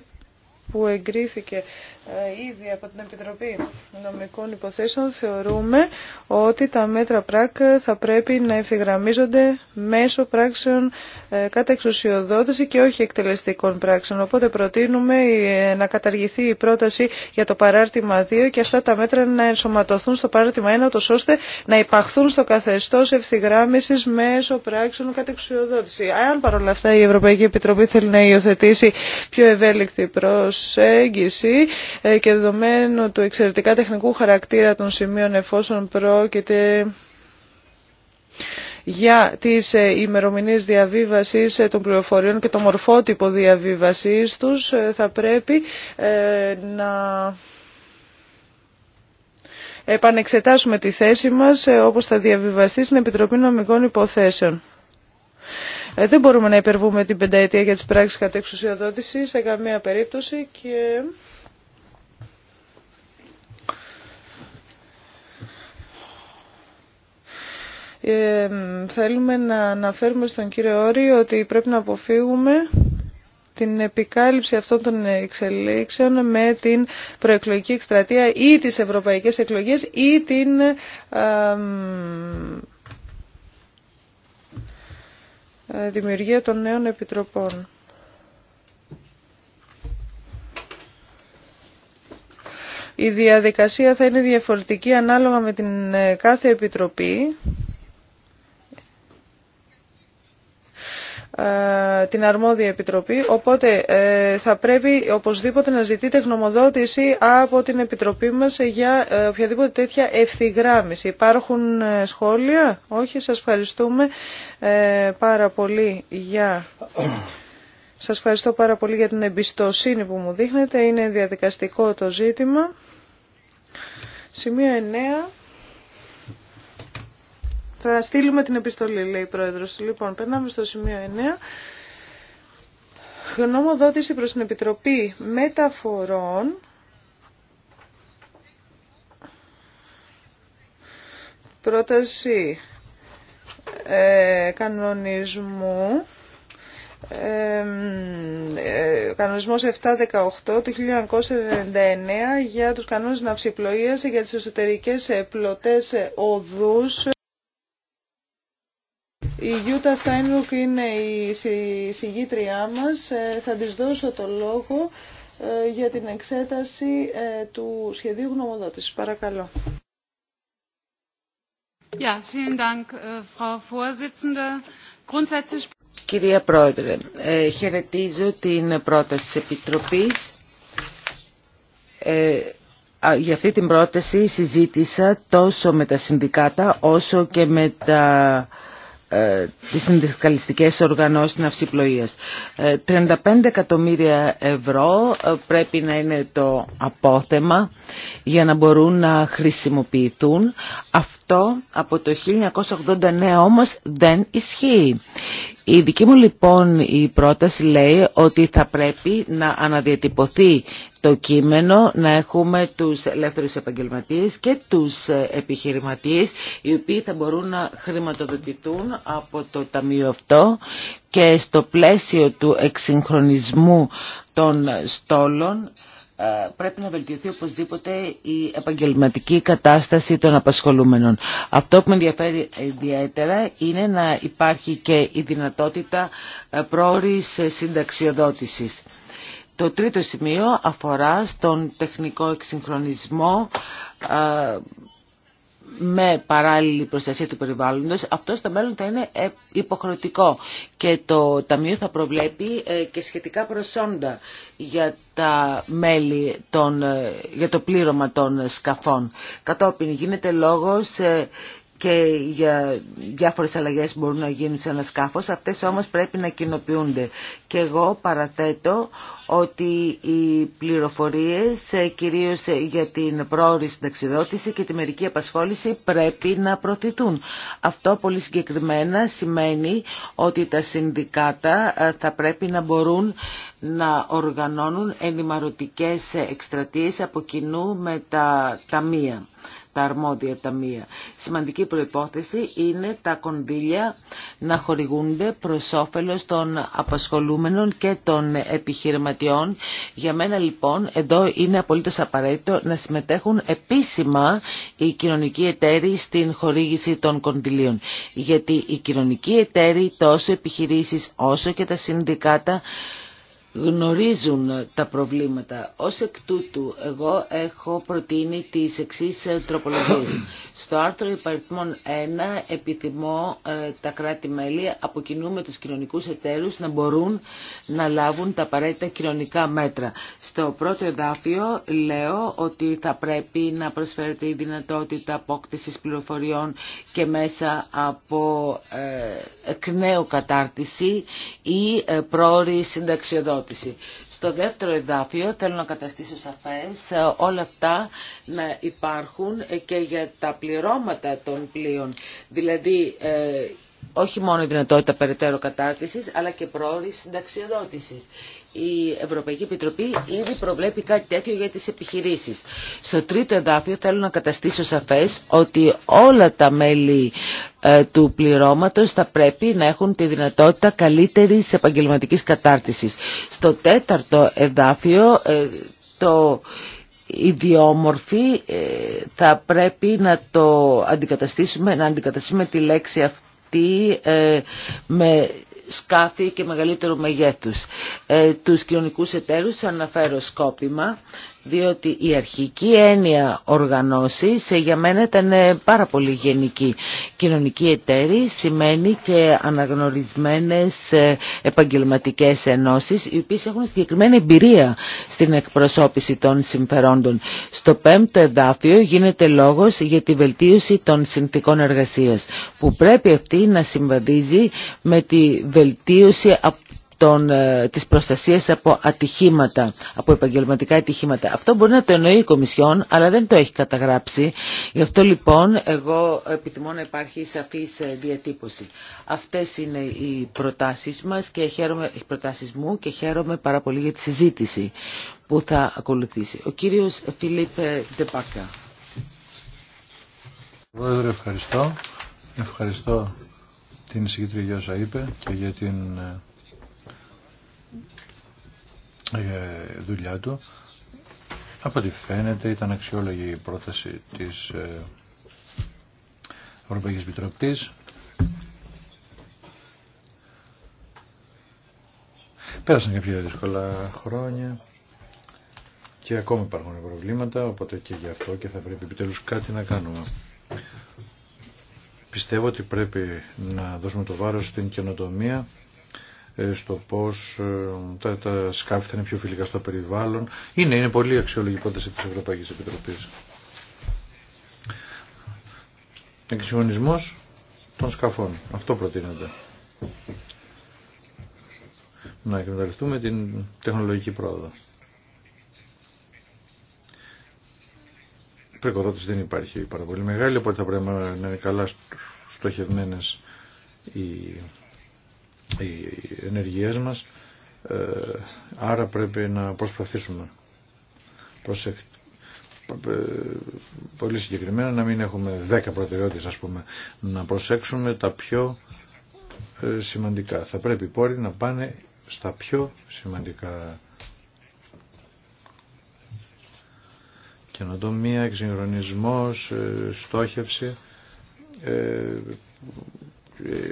που εγκρίθηκε ε, ήδη από την Επιτροπή Νομικών Υποθέσεων θεωρούμε ότι τα μέτρα ΠΡΑΚ θα πρέπει να ευθυγραμμίζονται μέσω πράξεων ε, κατά εξουσιοδότηση και όχι εκτελεστικών πράξεων. Οπότε προτείνουμε ε, να καταργηθεί η πρόταση για το παράρτημα 2 και αυτά τα μέτρα να ενσωματωθούν στο παράρτημα 1 ώστε να υπαχθούν στο καθεστώς ευθυγράμμισης μέσω πράξεων κατά εξουσιοδότηση. Αν παρόλα αυτά η Ευρωπαϊκή Επιτροπή θέλει να υιοθετήσει πιο ευέλικτη προσέγγιση ε, και δεδομένου του εξαιρετικά τεχνικού χαρακτήρα των σημείων εφόσον πρόκειται για τις ε, ημερομηνίες διαβίβασης ε, των πληροφοριών και το μορφότυπο διαβίβασής τους θα πρέπει να επανεξετάσουμε τη θέση μας όπως θα διαβιβαστεί στην Επιτροπή Νομικών Υποθέσεων. δεν μπορούμε να υπερβούμε την πενταετία για τις πράξεις κατεξουσιοδότησης σε καμία περίπτωση και... Ε, θέλουμε να αναφέρουμε στον κύριο Όρη ότι πρέπει να αποφύγουμε την επικάλυψη αυτών των εξελίξεων με την προεκλογική εκστρατεία ή τις ευρωπαϊκές εκλογές ή την ε, δημιουργία των νέων επιτροπών. Η διαδικασία θα είναι διαφορετική ανάλογα με την ε, κάθε επιτροπή. Ε, την αρμόδια επιτροπή, οπότε ε, θα πρέπει οπωσδήποτε να ζητείτε γνωμοδότηση από την επιτροπή μας για ε, οποιαδήποτε τέτοια ευθυγράμμιση. Υπάρχουν σχόλια? Όχι, σας ευχαριστούμε πάρα πολύ για... Σας ευχαριστώ πάρα πολύ για την εμπιστοσύνη που μου δείχνετε. Είναι διαδικαστικό το ζήτημα. Σημείο 9. Θα στείλουμε την επιστολή, λέει η Πρόεδρος. Λοιπόν, περνάμε στο σημείο 9. Γνωμοδότηση προς την Επιτροπή Μεταφορών πρόταση ε, κανονισμού ε, κανονισμός 718 του 1999 για τους κανόνες ναυσιπλοείας για τις εσωτερικές ε, πλωτές ε, οδούς η Γιούτα Στάινρουκ είναι η συγγήτριά μας. Ε, θα της δώσω το λόγο ε, για την εξέταση ε, του σχεδίου γνωμοδότησης. Παρακαλώ. Äh, Κυρία Πρόεδρε, χαιρετίζω την πρόταση της Επιτροπής. Ε, για αυτή την πρόταση συζήτησα τόσο με τα συνδικάτα όσο και με τα ε, τις συνδικαλιστικές οργανώσεις ναυσιπλοείας. 35 ε, εκατομμύρια ευρώ ε, πρέπει να είναι το απόθεμα για να μπορούν να χρησιμοποιηθούν. Αυτό από το 1989 όμως δεν ισχύει. Η δική μου λοιπόν η πρόταση λέει ότι θα πρέπει να αναδιατυπωθεί το κείμενο, να έχουμε τους ελεύθερους επαγγελματίες και τους επιχειρηματίες οι οποίοι θα μπορούν να χρηματοδοτηθούν από το Ταμείο αυτό και στο πλαίσιο του εξυγχρονισμού των στόλων ε, πρέπει να βελτιωθεί οπωσδήποτε η επαγγελματική κατάσταση των απασχολούμενων. Αυτό που με ενδιαφέρει ιδιαίτερα είναι να υπάρχει και η δυνατότητα ε, πρόορης συνταξιοδότησης. Το τρίτο σημείο αφορά στον τεχνικό εξυγχρονισμό ε, με παράλληλη προστασία του περιβάλλοντος, αυτό στο μέλλον θα είναι ε, υποχρεωτικό και το Ταμείο θα προβλέπει ε, και σχετικά προσόντα για τα μέλη των, ε, για το πλήρωμα των σκαφών. Κατόπιν γίνεται λόγος και για διάφορες αλλαγές μπορούν να γίνουν σε ένα σκάφος, αυτές όμως πρέπει να κοινοποιούνται. Και εγώ παραθέτω ότι οι πληροφορίες, ε, κυρίως ε, για την πρόορη συνταξιδότηση και τη μερική απασχόληση, πρέπει να προωθηθούν. Αυτό πολύ συγκεκριμένα σημαίνει ότι τα συνδικάτα ε, θα πρέπει να μπορούν να οργανώνουν ενημαρωτικές εκστρατείες από κοινού με τα ταμεία τα αρμόδια Σημαντική προϋπόθεση είναι τα κονδύλια να χορηγούνται προς όφελος των απασχολούμενων και των επιχειρηματιών. Για μένα λοιπόν εδώ είναι απολύτως απαραίτητο να συμμετέχουν επίσημα οι κοινωνικοί εταίροι στην χορήγηση των κονδυλίων. Γιατί οι κοινωνικοί εταίροι τόσο επιχειρήσεις όσο και τα συνδικάτα γνωρίζουν τα προβλήματα. Ως εκ τούτου εγώ έχω προτείνει τις εξής ε, τροπολογίες. Στο άρθρο υπαριθμών 1 επιθυμώ ε, τα κράτη-μέλη από κοινού με τους κοινωνικούς εταίρους να μπορούν να λάβουν τα απαραίτητα κοινωνικά μέτρα. Στο πρώτο εδάφιο λέω ότι θα πρέπει να προσφέρεται η δυνατότητα απόκτησης πληροφοριών και μέσα από ε, εκ νέου κατάρτιση ή ε, πρόορη συνταξιοδότηση. Στο δεύτερο εδάφιο θέλω να καταστήσω σαφές ε, όλα αυτά να υπάρχουν και για τα πληρώματα των πλοίων. Δηλαδή ε, όχι μόνο η δυνατότητα περαιτέρω κατάρτισης, αλλά και πρόορη συνταξιοδότησης. Η Ευρωπαϊκή Επιτροπή ήδη προβλέπει κάτι τέτοιο για τις επιχειρήσεις. Στο τρίτο εδάφιο θέλω να καταστήσω σαφές ότι όλα τα μέλη ε, του πληρώματος θα πρέπει να έχουν τη δυνατότητα καλύτερης επαγγελματικής κατάρτισης. Στο τέταρτο εδάφιο ε, το διόμορφοι, ε, θα πρέπει να το αντικαταστήσουμε, να αντικαταστήσουμε τη λέξη αυτή αυτή ε, με σκάφη και μεγαλύτερου μεγέθους. Ε, τους κοινωνικούς εταίρους τους αναφέρω σκόπιμα διότι η αρχική έννοια οργανώσεις για μένα ήταν ε, πάρα πολύ γενική. Κοινωνική εταίρη σημαίνει και αναγνωρισμένες ε, επαγγελματικές ενώσεις οι οποίες έχουν συγκεκριμένη εμπειρία στην εκπροσώπηση των συμφερόντων. Στο πέμπτο εδάφιο γίνεται λόγος για τη βελτίωση των συνθήκων εργασίας που πρέπει αυτή να συμβαδίζει με τη βελτίωση των, ε, της προστασίας από ατυχήματα, από επαγγελματικά ατυχήματα. Αυτό μπορεί να το εννοεί η Κομισιόν, αλλά δεν το έχει καταγράψει. Γι' αυτό λοιπόν εγώ επιθυμώ να υπάρχει σαφής ε, διατύπωση. Αυτές είναι οι προτάσεις μας και χαίρομαι, οι προτάσεις μου και χαίρομαι πάρα πολύ για τη συζήτηση που θα ακολουθήσει. Ο κύριος Φίλιπ ε, Ντεπάκα. ευχαριστώ. Ευχαριστώ την είπε και για την ε, δουλειά του. Από ό,τι φαίνεται ήταν αξιόλογη η πρόταση της ε, Ευρωπαϊκής Επιτροπής. Πέρασαν κάποια δύσκολα χρόνια και ακόμα υπάρχουν προβλήματα, οπότε και γι' αυτό και θα πρέπει επιτέλους κάτι να κάνουμε. Πιστεύω ότι πρέπει να δώσουμε το βάρος στην καινοτομία ε, στο πώς ε, τα, τα σκάφη θα είναι πιο φιλικά στο περιβάλλον. Είναι, είναι πολύ αξιόλογη τη της Ευρωπαϊκής Επιτροπής. των σκαφών. Αυτό προτείνεται. Να εκμεταλλευτούμε την τεχνολογική πρόοδο. Πρεκοδότηση δεν υπάρχει πάρα πολύ μεγάλη, οπότε θα πρέπει να είναι καλά στοχευμένες οι οι ενεργειές μας ε, άρα πρέπει να προσπαθήσουμε προσεκ... Ε, πολύ συγκεκριμένα να μην έχουμε δέκα προτεραιότητες ας πούμε να προσέξουμε τα πιο ε, σημαντικά θα πρέπει οι πόροι να πάνε στα πιο σημαντικά και καινοτομία, εξυγχρονισμός, στόχευση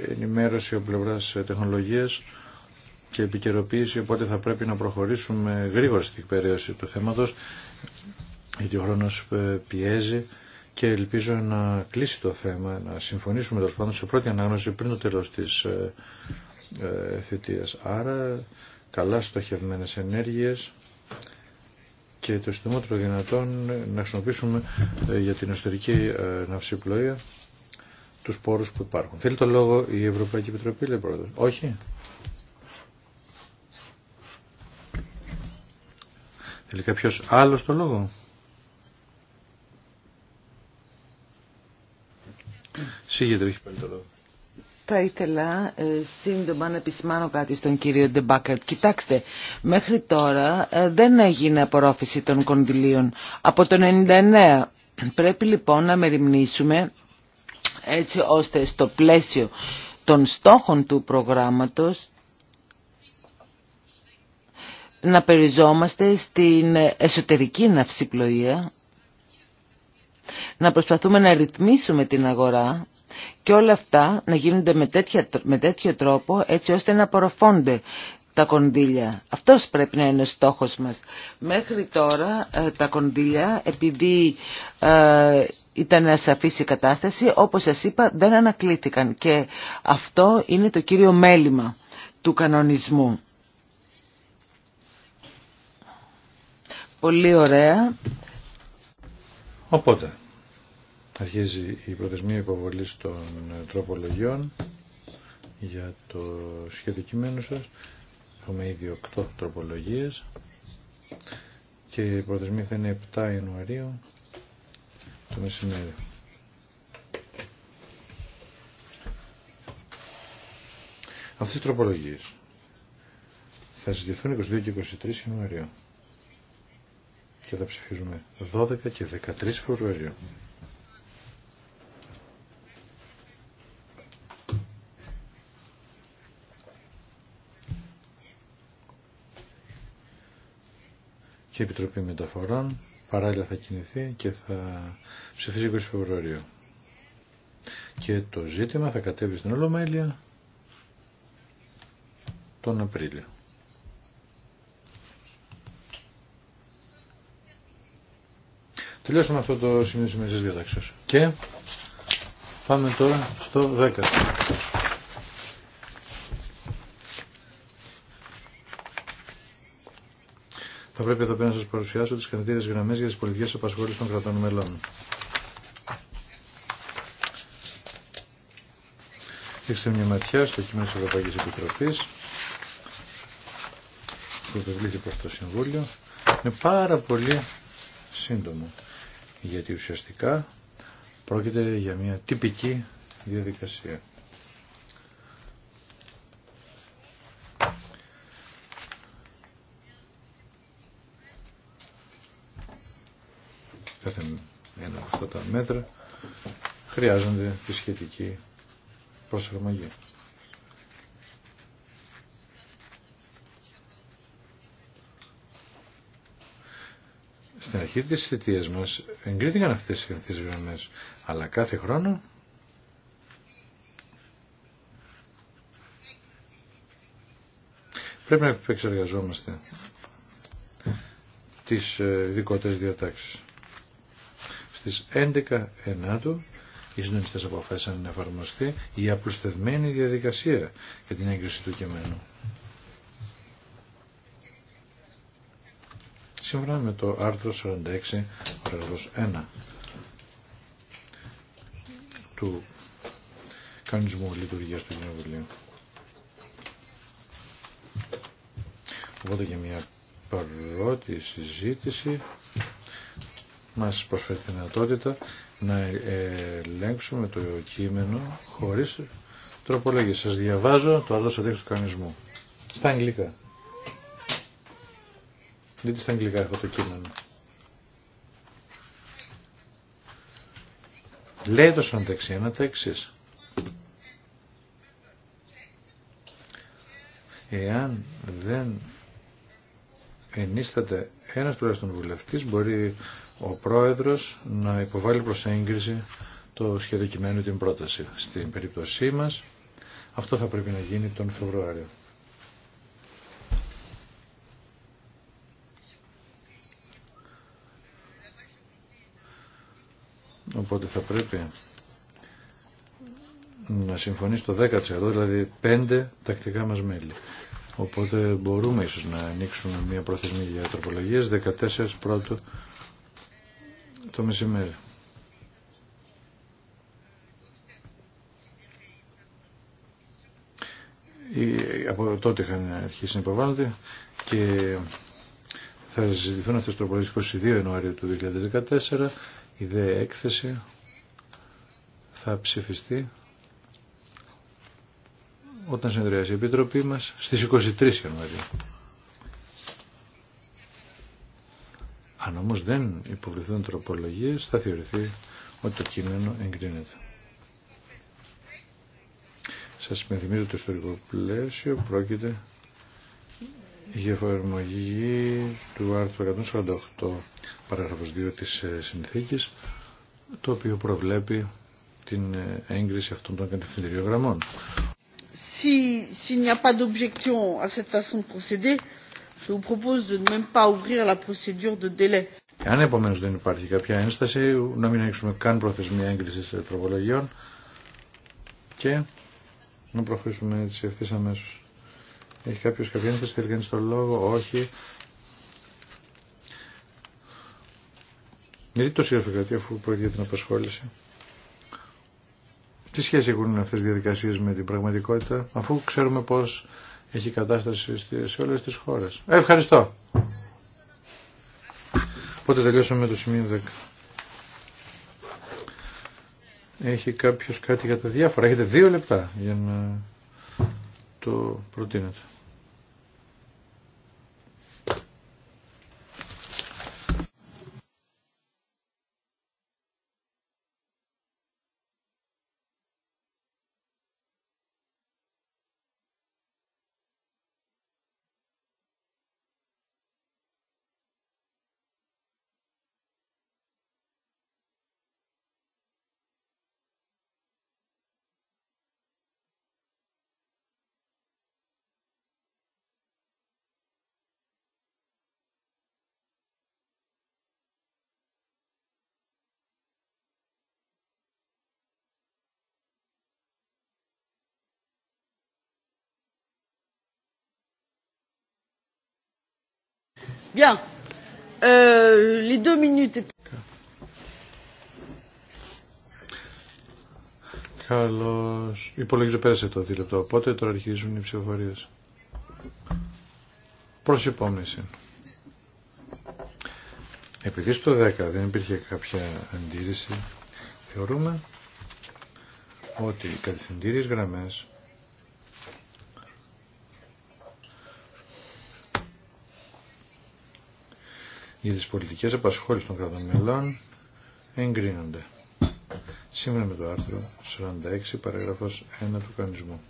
ενημέρωση ο πλευρά τεχνολογία και επικαιροποίηση, οπότε θα πρέπει να προχωρήσουμε γρήγορα στην εκπαιδεύση του θέματο, γιατί ο χρόνο ε, πιέζει και ελπίζω να κλείσει το θέμα, να συμφωνήσουμε τέλο πάντων σε πρώτη ανάγνωση πριν το τέλο τη ε, ε, θητεία. Άρα, καλά στοχευμένε ενέργειε και το συντομότερο δυνατόν να χρησιμοποιήσουμε για την εσωτερική ναυσιπλοεία τους πόρους που υπάρχουν. Θέλει το λόγο η Ευρωπαϊκή Επιτροπή, λέει πρόεδρος. Όχι. Θέλει κάποιος άλλος το λόγο. Σύγεται, έχει πάλι το λόγο. Θα ήθελα ε, σύντομα να επισημάνω κάτι στον κύριο Ντεμπάκαρτ. Κοιτάξτε, μέχρι τώρα ε, δεν έγινε απορρόφηση των κονδυλίων. Από το 99 πρέπει λοιπόν να μεριμνήσουμε έτσι ώστε στο πλαίσιο των στόχων του προγράμματος να περιζόμαστε στην εσωτερική ναυσιπλοεία, να προσπαθούμε να ρυθμίσουμε την αγορά και όλα αυτά να γίνονται με, με τέτοιο τρόπο έτσι ώστε να απορροφώνται τα κονδύλια. Αυτός πρέπει να είναι στόχος μας. Μέχρι τώρα ε, τα κονδύλια, επειδή ε, ήταν ασαφής η κατάσταση, όπως σας είπα δεν ανακλήθηκαν και αυτό είναι το κύριο μέλημα του κανονισμού. Πολύ ωραία. Οπότε, αρχίζει η προθεσμία υποβολή των τροπολογιών για το σχεδικημένο σας Έχουμε ήδη 8 τροπολογίες και η προθεσμία θα είναι 7 Ιανουαρίου το μεσημέρι. Αυτές οι τροπολογίες θα συζητηθούν 22 και 23 Ιανουαρίου και θα ψηφίζουμε 12 και 13 Φεβρουαρίου. η Επιτροπή Μεταφορών παράλληλα θα κινηθεί και θα ψηφίσει 20 Φεβρουαρίου. Και το ζήτημα θα κατέβει στην Ολομέλεια τον Απρίλιο. Τελειώσαμε αυτό το σημείο της ημερικής διατάξεως. Και πάμε τώρα στο 10. Θα πρέπει εδώ πέρα να σα παρουσιάσω τι κρατήρε γραμμέ για τι πολιτικέ απασχόλησεις των κρατών μελών. Ρίξτε μια ματιά στο κείμενο τη Ευρωπαϊκή Επιτροπή που από αυτό το Συμβούλιο. Είναι πάρα πολύ σύντομο γιατί ουσιαστικά πρόκειται για μια τυπική διαδικασία. χρειάζονται τη σχετική προσαρμογή. Στην αρχή της θητείας μας εγκρίθηκαν αυτές οι συνθήσεις γραμμές, αλλά κάθε χρόνο πρέπει να επεξεργαζόμαστε τις ε, ειδικότερες διατάξεις στις 11 Ενάτου οι συντονιστές αποφάσισαν να εφαρμοστεί η απλουστευμένη διαδικασία για την έγκριση του κειμένου. Σύμφωνα με το άρθρο 46, παραγωγός 1 του κανονισμού λειτουργίας του Κοινοβουλίου. Οπότε για μια πρώτη συζήτηση μας προσφέρει τη δυνατότητα να ελέγξουμε το κείμενο χωρίς τροπολογία. Σας διαβάζω το άλλο αντίκτυπο του κανονισμού. Στα αγγλικά. Δείτε στα αγγλικά έχω το κείμενο. Λέει το τέξι, ένα τέξις. Εάν δεν ενίσταται ένας τουλάχιστον βουλευτής μπορεί ο Πρόεδρος να υποβάλει προς έγκριση το σχέδιο κειμένου την πρόταση. Στην περίπτωσή μας αυτό θα πρέπει να γίνει τον Φεβρουάριο. Οπότε θα πρέπει να συμφωνήσει το 10% δηλαδή 5 τακτικά μας μέλη. Οπότε μπορούμε ίσως να ανοίξουμε μια προθεσμία για τροπολογίες 14 πρώτου το μεσημέρι. Από τότε είχαν αρχίσει να υποβάλλονται και θα συζητηθούν αυτές το 22 Ιανουαρίου του 2014. Η δε έκθεση θα ψηφιστεί όταν συνεδριάσει η Επιτροπή μας στις 23 Ιανουαρίου. Αν όμως δεν υποβληθούν τροπολογίες θα θεωρηθεί ότι το κείμενο εγκρίνεται. Σας υπενθυμίζω το ιστορικό πλαίσιο πρόκειται για εφαρμογή του άρθρου 148 παράγραφος 2 της ε, συνθήκης το οποίο προβλέπει την ε, έγκριση αυτών των κατευθυντηριογραμμών. Si, s'il n'y a pas d'objection Je vous propose de ne même pas ouvrir la procédure de délai. Αν επομένως δεν υπάρχει κάποια ένσταση, να μην ανοίξουμε καν προθεσμία έγκρισης τροπολογιών και να προχωρήσουμε έτσι ευθύ αμέσω. Έχει κάποιος κάποια ένσταση, θέλει κανείς τον λόγο, όχι. Γιατί το συγγραφεί κάτι αφού πρόκειται την απασχόληση. Τι σχέση έχουν αυτές οι διαδικασίες με την πραγματικότητα, αφού ξέρουμε πώς έχει κατάσταση σε όλες τις χώρες. Ε, ευχαριστώ. Οπότε τελειώσαμε το σημείο 10. Έχει κάποιος κάτι για τα διάφορα. Έχετε δύο λεπτά για να το προτείνετε. Bien. Euh, les deux minutes... Καλώς. Υπολογίζω πέρασε το δίλεπτο. Οπότε τώρα αρχίζουν οι ψηφοφορίες. Προς υπόμνηση. Επειδή στο 10 δεν υπήρχε κάποια αντίρρηση, θεωρούμε ότι οι κατευθυντήριες γραμμές για τις πολιτικές απασχόλησης των κρατών μελών εγκρίνονται. Σήμερα με το άρθρο 46 παραγραφός 1 του κανονισμού.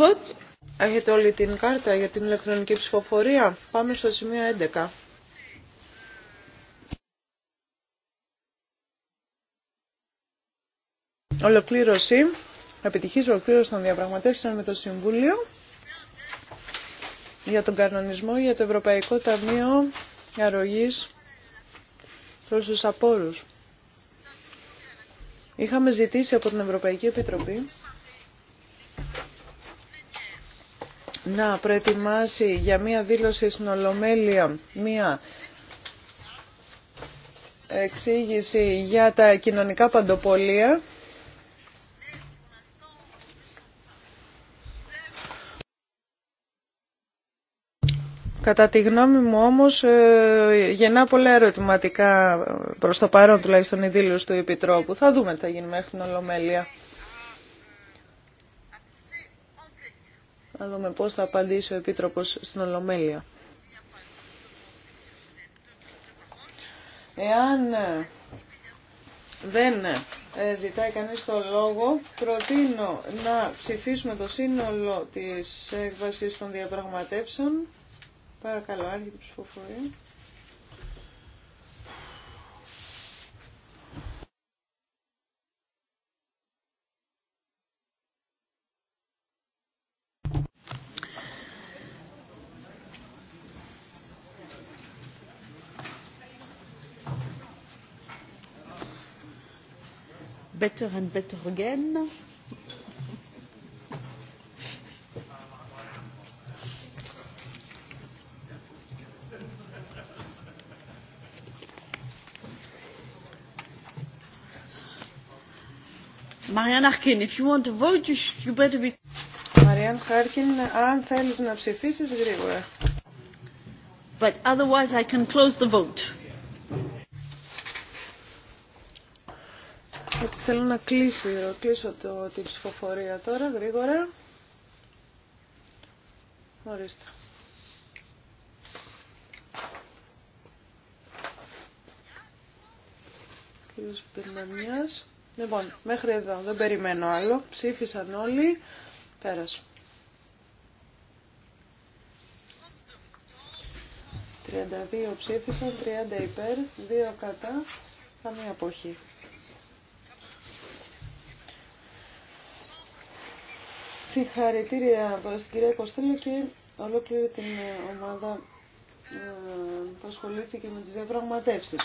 11. Έχετε όλη την κάρτα για την ηλεκτρονική ψηφοφορία. Πάμε στο σημείο 11. ολοκλήρωση, επιτυχής ολοκλήρωση των διαπραγματεύσεων με το Συμβούλιο για τον κανονισμό για το Ευρωπαϊκό Ταμείο Αρρωγής προς τους απόρους. Είχαμε ζητήσει από την Ευρωπαϊκή Επιτροπή να προετοιμάσει για μία δήλωση στην Ολομέλεια μία εξήγηση για τα κοινωνικά παντοπολία Κατά τη γνώμη μου όμως ε, γεννά πολλά ερωτηματικά ε, προς το παρόν τουλάχιστον η δήλωση του Επιτρόπου. Θα δούμε τι θα γίνει μέχρι την Ολομέλεια. Θα δούμε πώς θα απαντήσει ο Επίτροπος στην Ολομέλεια. Εάν ε, δεν ζητάει κανείς το λόγο, προτείνω να ψηφίσουμε το σύνολο της έκβασης των διαπραγματεύσεων. Παρακαλώ, άρχιε την ψηφοφορία. Better and better again. Marianne Harkin, if you want to vote, you better be... Marianne Harkin, αν θέλεις να ψηφίσεις γρήγορα. But otherwise I can close the vote. Ότι θέλω να κλείσω, κλείσω το, την ψηφοφορία τώρα γρήγορα. Ορίστε. Κύριος Πυρμανιάς. Λοιπόν, μέχρι εδώ. Δεν περιμένω άλλο. Ψήφισαν όλοι. Πέρασε. 32 ψήφισαν, 30 υπέρ, 2 κατά, καμία αποχή. Συγχαρητήρια προς την κυρία Κοστέλο και ολόκληρη την ε, ομάδα ε, που ασχολήθηκε με τις διαπραγματεύσεις.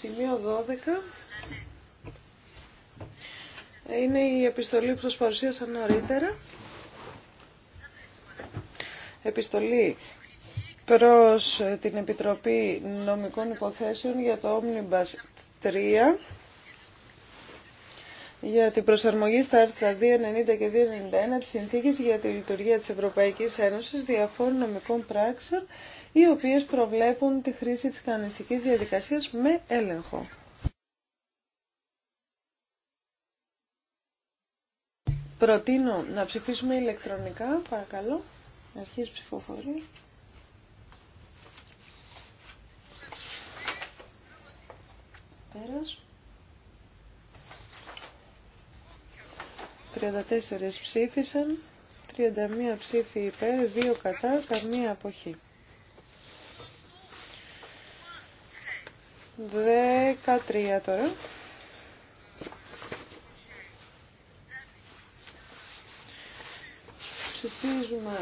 Σημείο 12 είναι η επιστολή που σας παρουσίασα νωρίτερα. Επιστολή προς ε, την Επιτροπή Νομικών Υποθέσεων για το Omnibus 3 για την προσαρμογή στα άρθρα 290 και 291 της Συνθήκης για τη Λειτουργία της Ευρωπαϊκής Ένωσης διαφόρων νομικών πράξεων οι οποίες προβλέπουν τη χρήση της κανονιστικής διαδικασίας με έλεγχο. Προτείνω να ψηφίσουμε ηλεκτρονικά, παρακαλώ, αρχής ψηφοφορία. Πέρας. 34 ψήφισαν, 31 ψήφοι υπέρ, 2 κατά, καμία αποχή. 13 τώρα. Ψηφίζουμε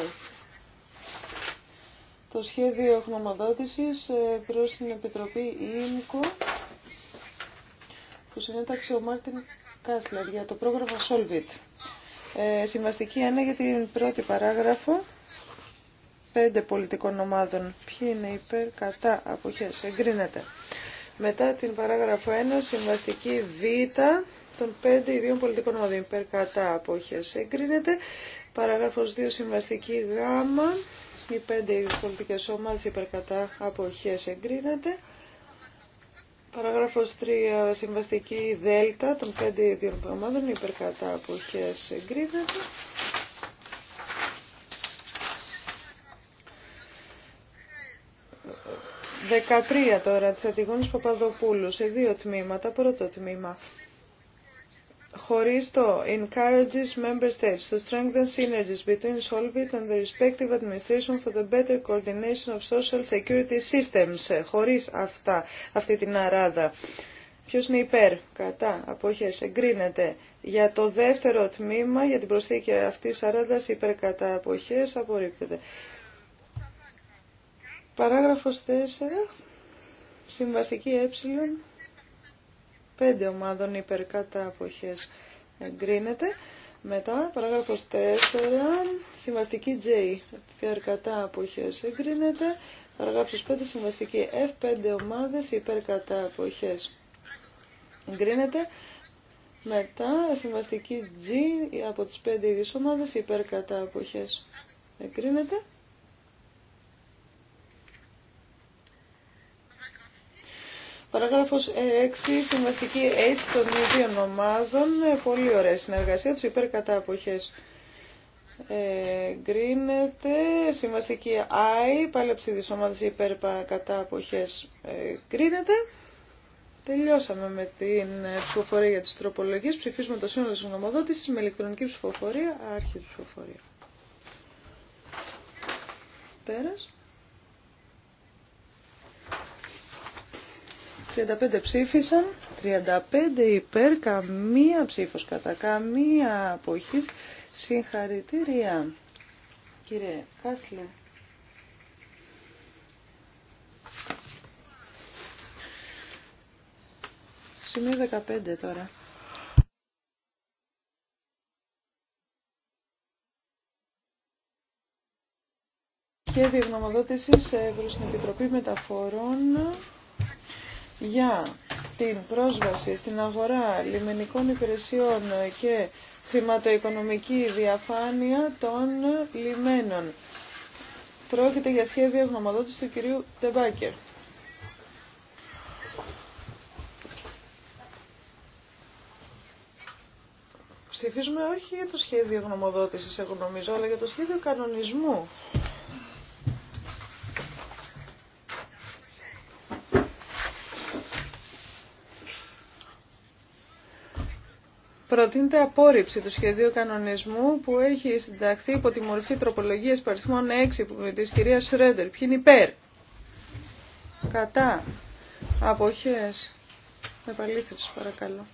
το σχέδιο γνωμοδότησης ε, προ την Επιτροπή ΙΜΚΟ που συνέταξε ο Μάρτιν Κάσλερ για το πρόγραμμα Solvit. Ε, συμβαστική 1 για την πρώτη παράγραφο. Πέντε πολιτικών ομάδων. Ποιοι είναι υπέρ, κατά, αποχές, εγκρίνεται. Μετά την παράγραφο 1, συμβαστική Β των 5 ιδίων πολιτικών ομάδων υπέρ κατά απόχες εγκρίνεται. Παράγραφος 2, συμβαστική Γ, οι 5 πολιτικές ομάδες υπέρ κατά απόχες εγκρίνεται. Παράγραφος 3, συμβαστική Δ των 5 ιδίων ομάδων υπέρ κατά απόχες εγκρίνεται. 13 τώρα της Αντιγόνης Παπαδοπούλου σε δύο τμήματα. Πρώτο τμήμα χωρίς το encourages member states to strengthen synergies between Solvit and the respective administration for the better coordination of social security systems. Χωρίς αυτά, αυτή την αράδα. Ποιος είναι υπέρ, κατά, αποχές, εγκρίνεται. Για το δεύτερο τμήμα, για την προσθήκη αυτής αράδας, υπέρ, κατά, αποχές, απορρίπτεται. Παράγραφος 4, συμβαστική ε, 5 ομάδων υπερκατά. εγκρίνεται. Μετά, παράγραφος 4, συμβαστική J, υπέρ αποχές εγκρίνεται. Παράγραφος 5, συμβαστική F, 5 ομάδες υπέρ εγκρίνεται. Μετά, συμβαστική G από τις 5 ίδιες ομάδες υπερκατά. εγκρίνεται. Παράγραφος 6, συμβαστική H των ίδιων ομάδων, ε, πολύ ωραία συνεργασία τους υπέρ κατά αποχές. Ε, γκρίνεται, συμβαστική I, πάλι της ομάδας υπέρ κατά Ε, γκρίνεται. Τελειώσαμε με την ψηφοφορία για τις τροπολογίες. Ψηφίσουμε το σύνολο της νομοδότησης με ηλεκτρονική ψηφοφορία, άρχη ψηφοφορία. Πέρας. 35 ψήφισαν, 35 υπέρ, καμία ψήφος κατά, καμία αποχή. Συγχαρητήρια, κύριε Κάσλε. Σημείο 15 τώρα. Σχέδιο γνωμοδότησης σε Μεταφορών για την πρόσβαση στην αγορά λιμενικών υπηρεσιών και χρηματοοικονομική διαφάνεια των λιμένων. Πρόκειται για σχέδιο γνωμοδότηση του κυρίου Τεμπάκερ. Ψηφίζουμε όχι για το σχέδιο γνωμοδότησης, εγώ νομίζω, αλλά για το σχέδιο κανονισμού. προτείνεται απόρριψη του σχεδίου κανονισμού που έχει συνταχθεί υπό τη μορφή τροπολογίας παριθμών 6 τη κυρία Σρέντερ. Ποιοι είναι υπέρ. Κατά. Αποχές. Επαλήθευση παρακαλώ.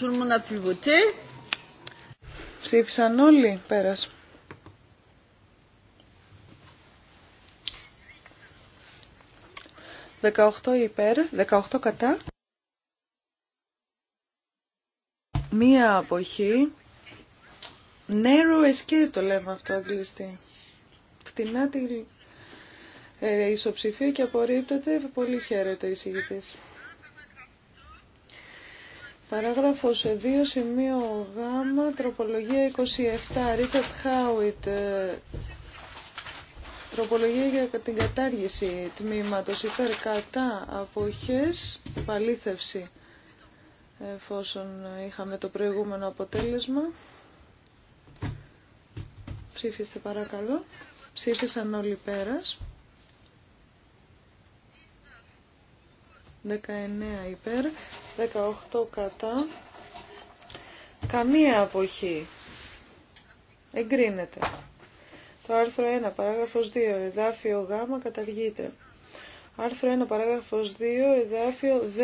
Tout le monde Ψήφισαν όλοι πέρας. 18 υπέρ, 18 κατά. Μία αποχή. Narrow escape το λέμε αυτό αγγλιστή. Φτηνά τη ε, ισοψηφία και απορρίπτεται. Πολύ χαίρεται ο συγητής. Παράγραφος 2, σημείο Γ, τροπολογία 27, Richard Howitt. Τροπολογία για την κατάργηση τμήματος υπέρ κατά αποχές παλήθευση εφόσον είχαμε το προηγούμενο αποτέλεσμα. Ψήφιστε παρακαλώ. Ψήφισαν όλοι πέρας. 19 υπέρ, 18 κατά. Καμία αποχή. Εγκρίνεται. Το άρθρο 1, παράγραφος 2, εδάφιο Γ καταργείται. Άρθρο 1, παράγραφος 2, εδάφιο Δ.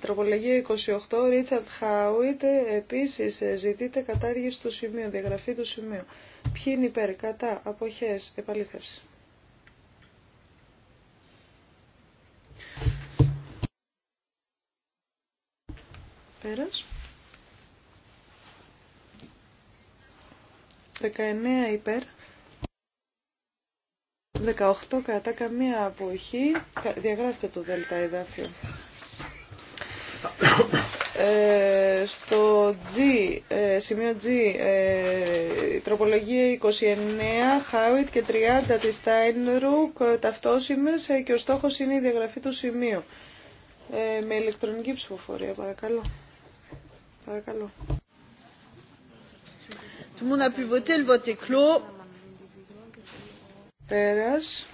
Τροπολογία 28, Ρίτσαρτ Χάουιτ, επίσης ε, ζητείται κατάργηση του σημείου, διαγραφή του σημείου. Ποιοι είναι υπέρ, κατά, αποχές, επαλήθευση. Πέρας. 19 υπέρ. 18 κατά καμία αποχή. Διαγράφετε το δέλτα εδάφιο. Ε, στο G, ε, σημείο G, ε, τροπολογία 29, Χάουιτ και 30 της Στάινρουκ, ε, ταυτόσημες ε, και ο στόχος είναι η διαγραφή του σημείου. με ηλεκτρονική ψηφοφορία, παρακαλώ. Παρακαλώ. Tout le monde a pu voter, le vote est clos. Πέρας.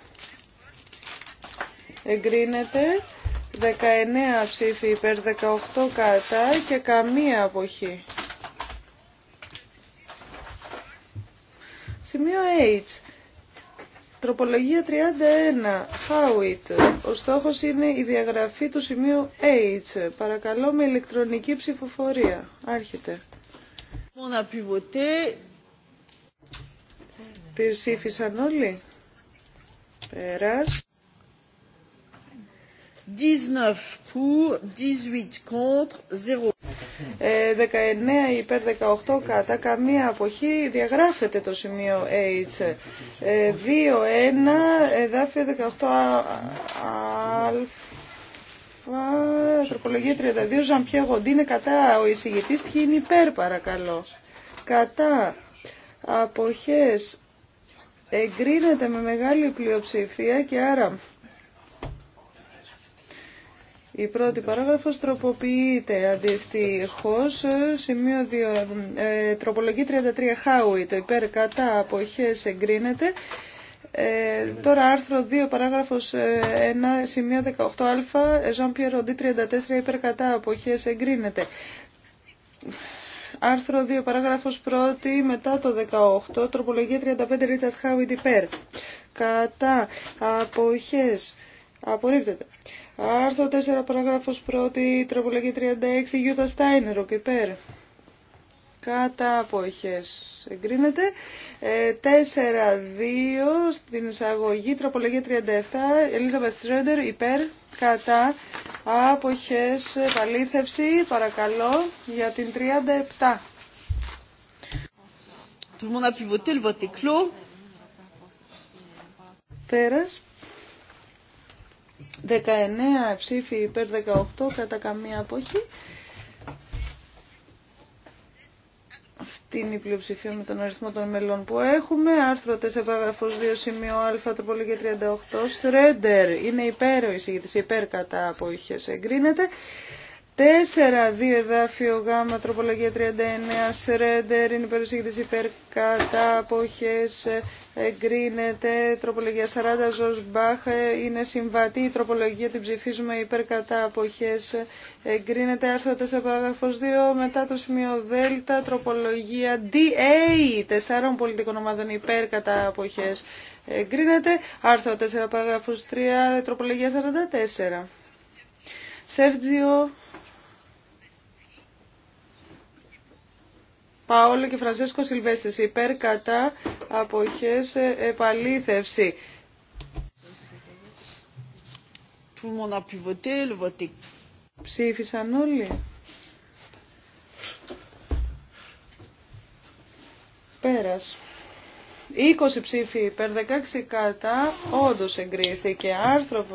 Εγκρίνεται 19 ψηφί υπέρ 18 κατά και καμία αποχή. Σημείο H. Τροπολογία 31. it. Ο στόχος είναι η διαγραφή του σημείου H. Παρακαλώ με ηλεκτρονική ψηφοφορία. Άρχεται. Ψήφισαν όλοι. Πέρας. 19 pour, 18 contre, 0. 19 ε, υπέρ 18 κατά, καμία αποχή, διαγράφεται το σημείο H. 2-1, ε, εδάφιο 18α, τροπολογία 32, Ζαμπιέ είναι κατά, ο εισηγητής, ποιοι είναι υπέρ παρακαλώ. Κατά, αποχές, εγκρίνεται με μεγάλη πλειοψηφία και άρα η πρώτη παράγραφος τροποποιείται αντιστοιχώς σημείο 2, ε, τροπολογή 33 Χάουιτ υπέρ κατά αποχές εγκρίνεται ε, τώρα άρθρο 2 παράγραφος 1 ε, σημείο 18α Jean Pierre 34 υπέρ κατά αποχές εγκρίνεται Άρθρο 2, παράγραφος 1, μετά το 18, τροπολογία 35, Ρίτσαρτ Χάουιντ υπέρ. Κατά, αποχές, απορρίπτεται. Άρθρο 4, παράγραφος 1, τροπολογία 36, Γιούτα Στάινεροκ υπέρ κατά αποχές εγκρίνεται. 4-2 ε, στην εισαγωγή, τροπολογία 37, Ελίζα Schroeder υπέρ, κατά αποχές παλήθευση, παρακαλώ, για την 37. Tout le monde a pu voter, le vote est clos. Πέρας. 19 ψήφοι υπέρ 18 κατά καμία αποχή. Την πλειοψηφία με τον αριθμό των μελών που έχουμε. Άρθρο 4, παράγραφο 2, σημείο α, τροπολογία 38. Σρέντερ είναι υπέρ ο εισηγητής, υπέρ κατά αποήχε εγκρίνεται. 4-2 εδάφιο γάμα, τροπολογία 39, σρέντερ, είναι υπερουσίγητης υπέρ κατά αποχές, εγκρίνεται, τροπολογία 40, Ζος Μπάχ, είναι συμβατή, η τροπολογία την ψηφίζουμε υπέρ κατά αποχές, εγκρίνεται, άρθρο 4 παράγραφος 2, μετά το σημείο Δέλτα, τροπολογία DA, ε, τεσσάρων πολιτικών ομάδων υπέρ κατά εγκρίνεται, άρθρο 4 παράγραφος 3, τροπολογία 44. Σέρτζιο Παόλο και Φρανσέσκο Σιλβέστης. Υπέρ κατά αποχές ε, επαλήθευση. Ψήφισαν όλοι. Πέρας. 20 ψήφοι υπέρ 16 κατά, όντω εγκρίθηκε. Άρθρο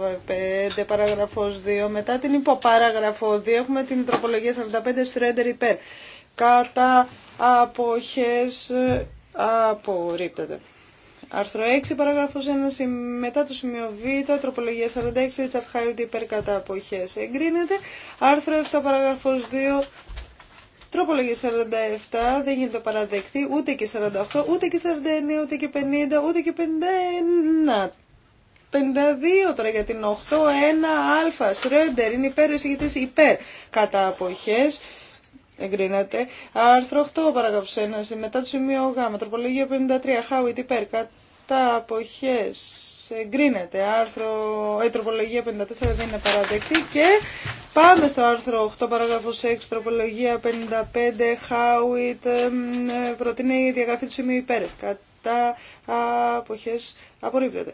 5, παράγραφο 2. Μετά την υποπάραγραφο 2 έχουμε την τροπολογία 45 στρέντερ υπέρ κατά αποχές απορρίπτεται. Άρθρο 6, παράγραφος 1, μετά το σημείο Β, τροπολογία 46, Ρίτσαρτ Χάιουντ υπέρ κατά εγκρίνεται. Άρθρο 7, παράγραφος 2, τροπολογία 47, δεν γίνεται παραδεκτή, ούτε και 48, ούτε και 49, ούτε και 50, ούτε και 51. 52 τώρα για την 8, 1, α, Σρέντερ, είναι υπέρ, ο υπέρ, κατά αποχές, εγκρίνεται. Άρθρο 8, παράγραφος 1, μετά το σημείο Γ, τροπολογία 53, Χάουιτ υπέρ, κατά απόχέ. εγκρίνεται. Άρθρο, έτροπολογία ε, τροπολογία 54 δεν είναι παραδεκτή και πάμε στο άρθρο 8, παραγραφό 6, τροπολογία 55, Χάουιτ, προτείνει η διαγραφή του σημείου υπέρ, κατά αποχές απορρίπτεται.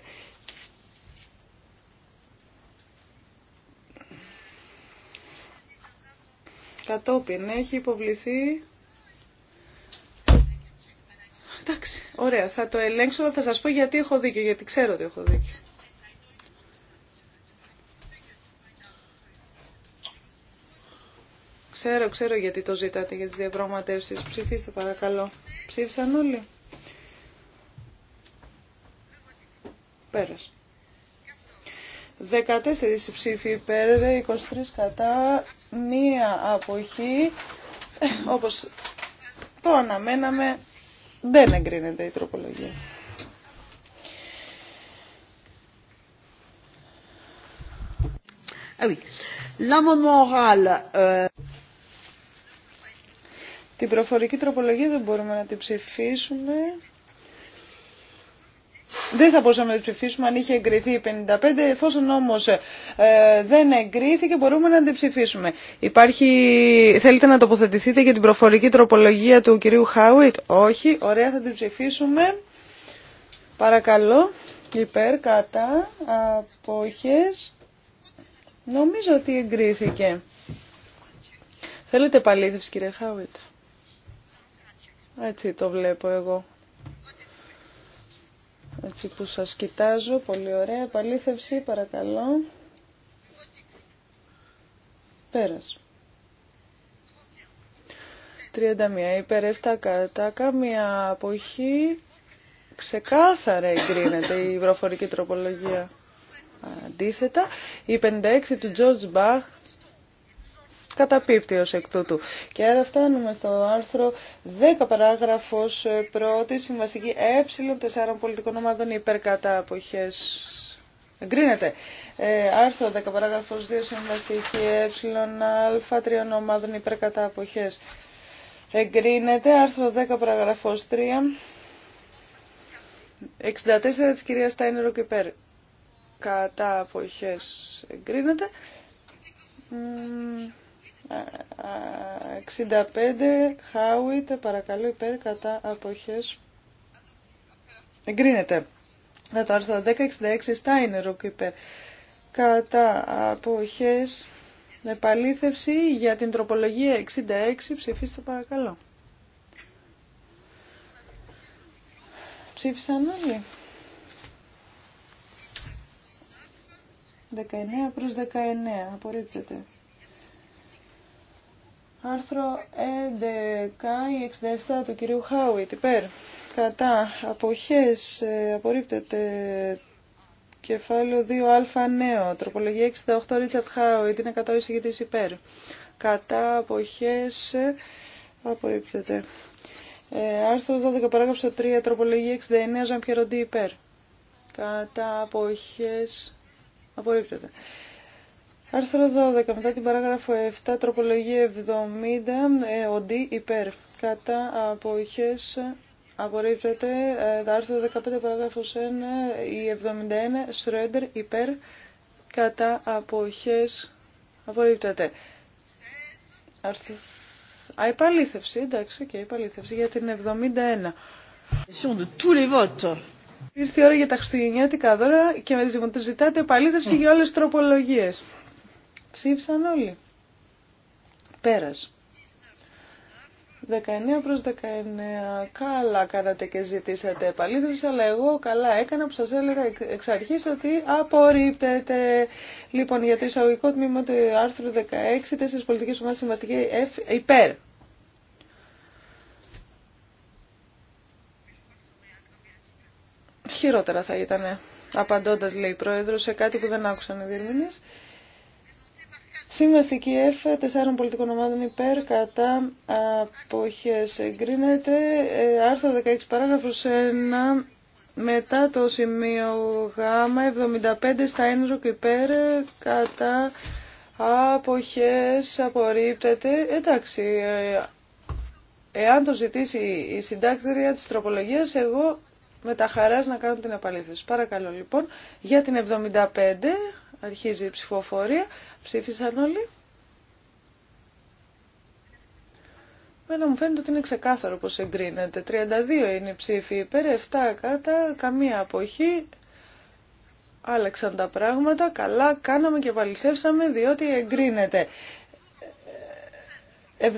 κατόπιν έχει υποβληθεί... Εντάξει, ωραία, θα το ελέγξω, θα σας πω γιατί έχω δίκιο, γιατί ξέρω ότι έχω δίκιο. Ξέρω, ξέρω γιατί το ζητάτε για τις διαπραγματεύσεις. Ψηφίστε παρακαλώ. Ψήφισαν όλοι. Πέρασε. 14 ψήφοι υπέρ, 23 κατά, μία αποχή. Όπως το αναμέναμε, δεν εγκρίνεται η τροπολογία. Ah euh, την προφορική τροπολογία δεν μπορούμε να την ψηφίσουμε δεν θα μπορούσαμε να ψηφίσουμε αν είχε εγκριθεί 55. Εφόσον όμως ε, δεν εγκρίθηκε μπορούμε να την ψηφίσουμε. Υπάρχει... Θέλετε να τοποθετηθείτε για την προφορική τροπολογία του κυρίου Χάουιτ. Όχι. Ωραία θα την ψηφίσουμε. Παρακαλώ. Υπέρ, κατά, αποχές. Νομίζω ότι εγκρίθηκε. Θέλετε παλήθευση κύριε Χάουιτ. Έτσι το βλέπω εγώ. Έτσι που σας κοιτάζω, πολύ ωραία. Επαλήθευση, παρακαλώ. Πέρας. 31 υπέρ 7 κατά καμία αποχή ξεκάθαρα εγκρίνεται η προφορική τροπολογία. Αντίθετα, η 56 του George Bach καταπίπτει ως εκ τούτου. Και άρα φτάνουμε στο άρθρο 10 παράγραφος πρώτη συμβαστική ε 4 πολιτικών ομάδων κατα αποχές. Εγκρίνεται. Ε, άρθρο 10 παράγραφος 2 συμβαστική ε α τριών ομάδων υπερκατά αποχές. Εγκρίνεται. Άρθρο 10 παράγραφος 3. 64 της κυρίας Στάινερο και υπέρ. Κατά αποχές εγκρίνεται. 65 Χάουιτ, παρακαλώ υπέρ κατά αποχές. Εγκρίνεται. Να το άρθρο 1066 Steiner υπέρ κατά αποχές. Επαλήθευση για την τροπολογία 66 ψηφίστε παρακαλώ. Ψήφισαν όλοι. 19 προς 19 απορρίπτεται. Άρθρο 11, η 67 του κυρίου Χάουιτ, υπέρ. Κατά, αποχές, ε, απορρίπτεται κεφάλαιο 2α νέο, τροπολογία 68 Ρίτσαρτ Χάουιτ, είναι κατά ο εισηγητής υπέρ. Κατά, αποχές, ε, απορρίπτεται. Ε, άρθρο 12, παράγραφο 3, τροπολογία 69, Ζαν υπέρ. Κατά, αποχές, απορρίπτεται. Άρθρο 12. Μετά την παράγραφο 7, τροπολογία 70, ε, οντί υπέρ. Κατά αποχές απορρίπτεται. Ε, άρθρο 15, παράγραφος 1, η 71, Σρέντερ υπέρ. Κατά αποχές απορρίπτεται. Άρθρο... Α, εντάξει, και okay, επαλήθευση για την 71. De tous les votes. Ήρθε η ώρα για τα χριστουγεννιάτικα δώρα και με ζητάτε επαλήθευση για όλες τις τροπολογίες. Ψήφισαν όλοι. Πέρας. 19 προς 19. Καλά κάνατε και ζητήσατε επαλήθευση, αλλά εγώ καλά έκανα που σας έλεγα εξ αρχής ότι απορρίπτεται. Λοιπόν, για το εισαγωγικό τμήμα του άρθρου 16, τέσσερις πολιτικές ομάδες συμβαστικές υπέρ. Χειρότερα θα ήτανε απαντώντας λέει η Πρόεδρος σε κάτι που δεν άκουσαν οι διερμηνείς. Συμβαστική F, τεσσάρων πολιτικών ομάδων υπέρ, κατά, αποχές εγκρίνεται. Ε, άρθρο 16, παράγραφος 1, μετά το σημείο Γ, 75 στα και υπέρ, κατά, αποχές απορρίπτεται. Εντάξει, ε, εάν το ζητήσει η συντάκτηρια της τροπολογίας, εγώ με τα χαράς να κάνω την επαλήθευση. Παρακαλώ λοιπόν, για την 75... Αρχίζει η ψηφοφορία. Ψήφισαν όλοι. Μένα μου φαίνεται ότι είναι ξεκάθαρο πως εγκρίνεται. 32 είναι οι ψήφοι υπέρ, 7 κατά, καμία αποχή. Άλλαξαν τα πράγματα, καλά κάναμε και παληθεύσαμε διότι εγκρίνεται. 76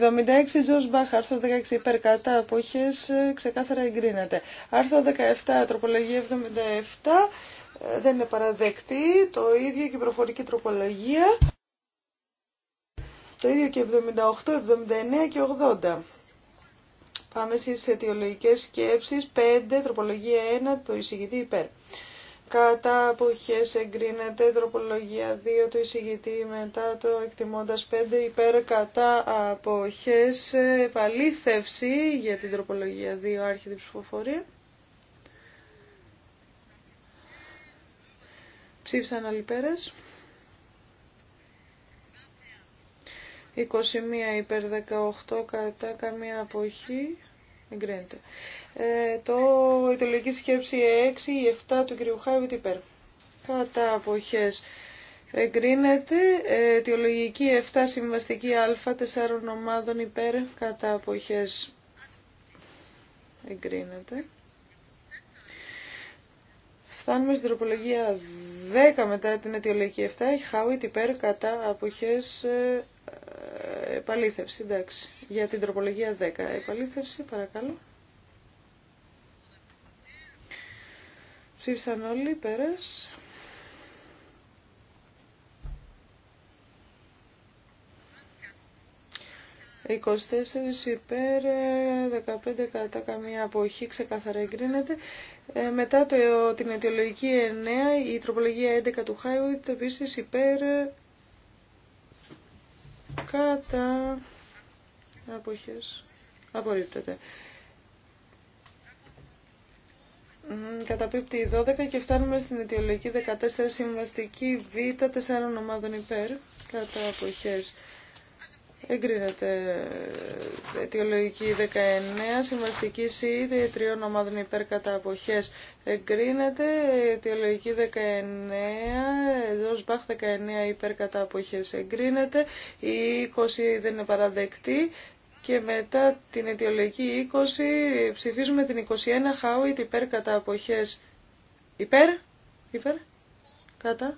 Τζος Μπαχ, άρθρο 16 υπέρ κατά αποχές, ε, ξεκάθαρα εγκρίνεται. Άρθρο 17, τροπολογία 77, ε, δεν είναι παραδεκτή, το ίδιο και η προφορική τροπολογία, το ίδιο και 78, 79 και 80. Πάμε στις αιτιολογικές σκέψεις, 5, τροπολογία 1, το εισηγητή υπέρ. Κατά αποχές εγκρίνεται τροπολογία 2 το εισηγητή μετά το εκτιμώντας 5 υπέρ κατά αποχές επαλήθευση για την τροπολογία 2 άρχιδη ψηφοφορία. Ψήφισαν άλλοι 21 υπέρ 18 κατά καμία αποχή. Εγκρίνεται. Ε, το ιδεολογική σκέψη 6 ή 7 του κ. Χάβιτ υπέρ. Κατά αποχές. Εγκρίνεται ε, τιολογική 7 συμβαστική α 4 ομάδων υπέρ κατά αποχές. Εγκρίνεται. Φτάνουμε στην τροπολογία 10 μετά την αιτιολογική 7. Χάουιτ υπέρ κατά αποχές ε, ε, επαλήθευση. Εντάξει. Για την τροπολογία 10. Επαλήθευση παρακαλώ. Ψήφισαν όλοι πέρας. 24 υπέρ, 15 ε, κατά καμία αποχή, ξεκάθαρα εγκρίνεται. Ε, μετά το, την αιτιολογική 9, η τροπολογία 11 του Χάιουιτ επίση υπέρ, ε, κατά αποχές, απορρίπτεται. Καταπίπτει η 12 και φτάνουμε στην αιτιολογική 14, συμβαστική β, 4 ομάδων υπέρ, κατά αποχές Εγκρίνεται αιτιολογική 19, συμβαστική ΣΥΔΙ, τριών ομάδων υπέρ κατά αποχές. Εγκρίνεται αιτιολογική 19, ζώος Μπαχ 19 υπέρ κατά αποχές. Εγκρίνεται, η 20 δεν είναι παραδεκτή. Και μετά την αιτιολογική 20 ψηφίζουμε την 21 Χάουιτ υπέρ κατά αποχές. Υπέρ, υπέρ, κατά,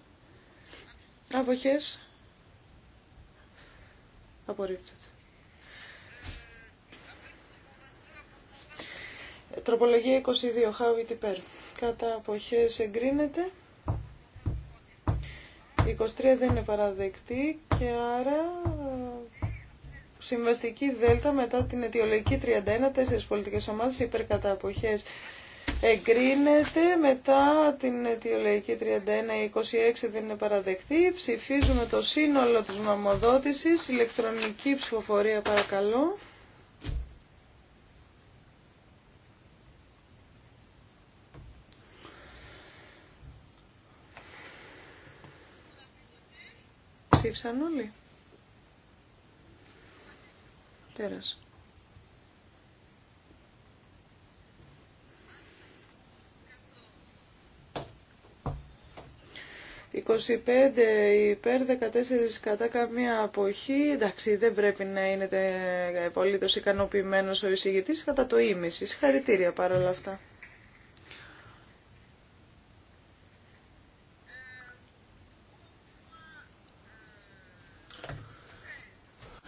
αποχές Απορρίπτεται. Τροπολογία 22. Χάουιτ υπέρ. Κατά αποχές εγκρίνεται. 23 δεν είναι παραδεκτή και άρα συμβαστική δέλτα μετά την αιτιολογική 31, τέσσερις πολιτικές ομάδες υπερκαταποχές εγκρίνεται μετά την αιτιολογική 31 η 26 δεν είναι παραδεκτή ψηφίζουμε το σύνολο της μαμοδότησης. ηλεκτρονική ψηφοφορία παρακαλώ ψήφισαν όλοι πέρασε 25 υπέρ, 14 κατά καμία αποχή. Εντάξει, δεν πρέπει να είναι πολύ ικανοποιημένο ο εισηγητή κατά το ίμιση. Συγχαρητήρια παρόλα αυτά.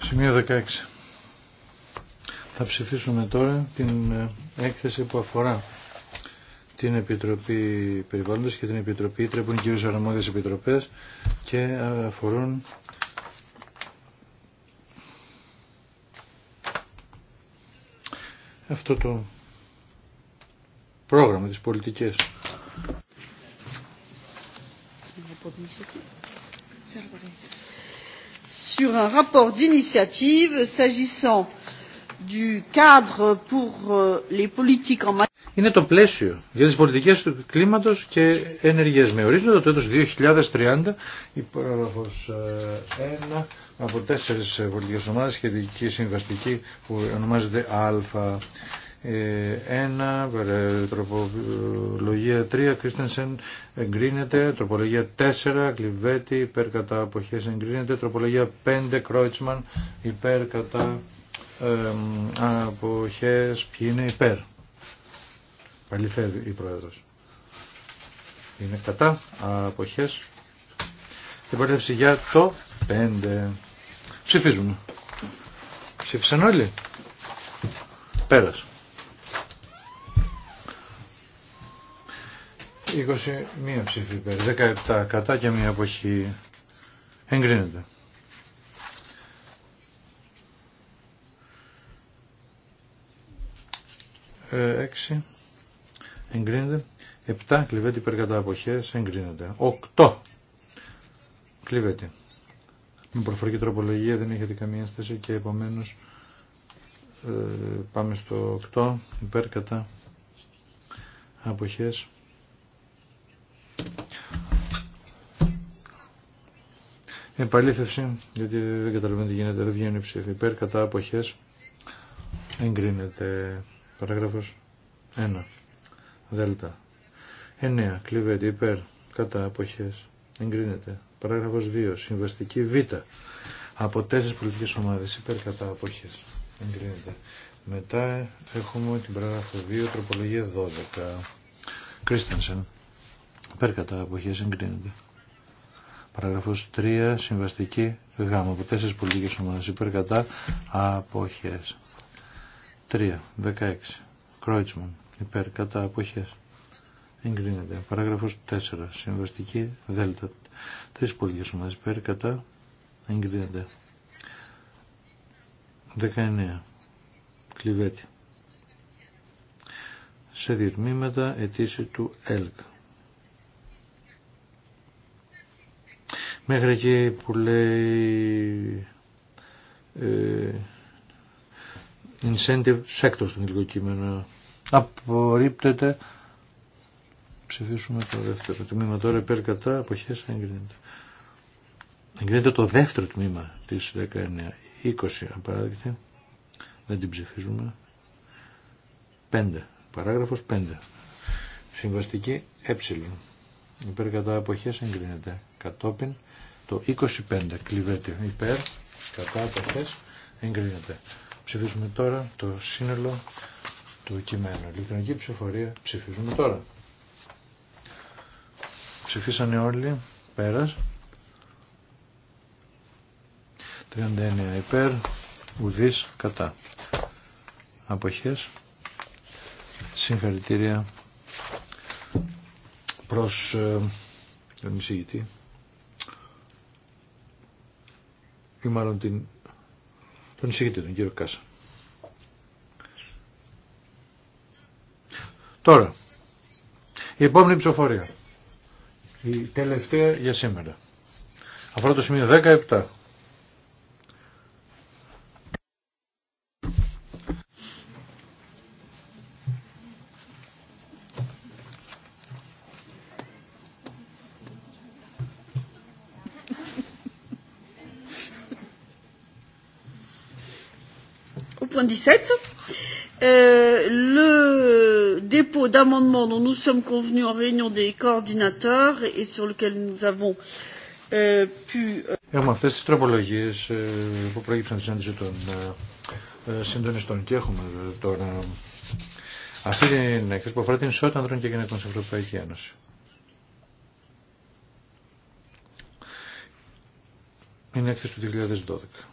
Σημείο 16. Θα ψηφίσουμε τώρα την ε, έκθεση που αφορά την Επιτροπή Περιβάλλοντος και την Επιτροπή Ήτρα κυρίως αρμόδιες επιτροπές και αφορούν αυτό το πρόγραμμα της πολιτικής. Sur un rapport d'initiative s'agissant du cadre pour euh, les politiques en matière είναι το πλαίσιο για τις πολιτικές του κλίματος και ενεργείας. Με ορίζοντα το έτος 2030 η 1 από τέσσερις πολιτικές ομάδες σχετική συμβαστική που ονομάζεται Α. Ε, Α1, ε, τροπολογία 3, Κρίστενσεν εγκρίνεται, τροπολογία 4, Κλιβέτη, υπέρ κατά αποχές εγκρίνεται, τροπολογία 5, Κρόιτσμαν, υπέρ κατά ε, αποχές, ποιοι είναι υπέρ Αληθεύει η Πρόεδρος. Είναι κατά αποχές. Την παρέλευση για το 5. Ψηφίζουμε. Ψήφισαν όλοι. Πέρας. 21 ψήφι υπέρ, 17 κατά και μία αποχή εγκρίνεται. Ε, 6 εγκρίνεται. 7 κλειβέτη υπέρ κατά αποχές εγκρίνεται. 8 κλειβέτη. Με προφορική τροπολογία δεν έχετε καμία ένσταση και επομένως ε, πάμε στο 8 υπέρ κατά αποχές. Επαλήθευση, γιατί δεν καταλαβαίνω τι γίνεται, δεν βγαίνει ψήφι. Υπέρ κατά αποχές εγκρίνεται. Παράγραφος 1. Δέλτα. 9. Κλειβέτη υπέρ. Κατά αποχές. Εγκρίνεται. Παράγραφος 2. Συμβαστική Β. Από τέσσερις πολιτικές ομάδες υπέρ κατά αποχές. Εγκρίνεται. Μετά έχουμε την παράγραφο 2. Τροπολογία 12. Κρίστανσεν, Υπέρ κατά αποχές. Εγκρίνεται. Παράγραφος 3. Συμβαστική Γ. Από τέσσερις πολιτικές ομάδες υπέρ κατά αποχές. 3. 16. Κρόιτσμαν υπέρ κατά αποχές εγκρίνεται. Παράγραφος 4. Συμβαστική δέλτα. Τρεις πολιτικές ομάδες υπέρ κατά εγκρίνεται. 19. Κλειβέτη. Σε διερμήματα αιτήσει του ΕΛΚ. Μέχρι εκεί που λέει ε, incentive sector στον ελληνικό κείμενο Απορρίπτεται. Ψηφίσουμε το δεύτερο τμήμα τώρα υπέρ κατά αποχές εγκρίνεται. Εγκρίνεται το δεύτερο τμήμα της 19. 20 απαράδειγμα Δεν την ψηφίζουμε. 5. Παράγραφος 5. Συμβαστική ε. Υπέρ κατά αποχές εγκρίνεται. Κατόπιν το 25 κλειβέται υπέρ κατά αποχές εγκρίνεται. ψηφίσουμε τώρα το σύνολο του κειμένου. Ηλεκτρονική ψηφοφορία ψηφίζουμε τώρα. Ψηφίσανε όλοι. Πέρας. 39 υπέρ. Ουδής κατά. Αποχές. Συγχαρητήρια προς ε, τον εισηγητή ή μάλλον την, τον εισηγητή, τον κύριο Κάσα. Τώρα, η επόμενη ψηφοφορία. Η τελευταία για σήμερα. Αφορά το σημείο 17. dont nous sommes convenus en réunion des coordinateurs et sur nous avons euh, pu... Euh, έχουμε αυτές τις τροπολογίες ε, που προήγησαν τη συνάντηση των ε, ε, συντονιστών και έχουμε τώρα αυτή την έκθεση που αφορά την ισότητα ανδρών και γυναικών στην Ευρωπαϊκή Ένωση. Είναι έκθεση του 2012.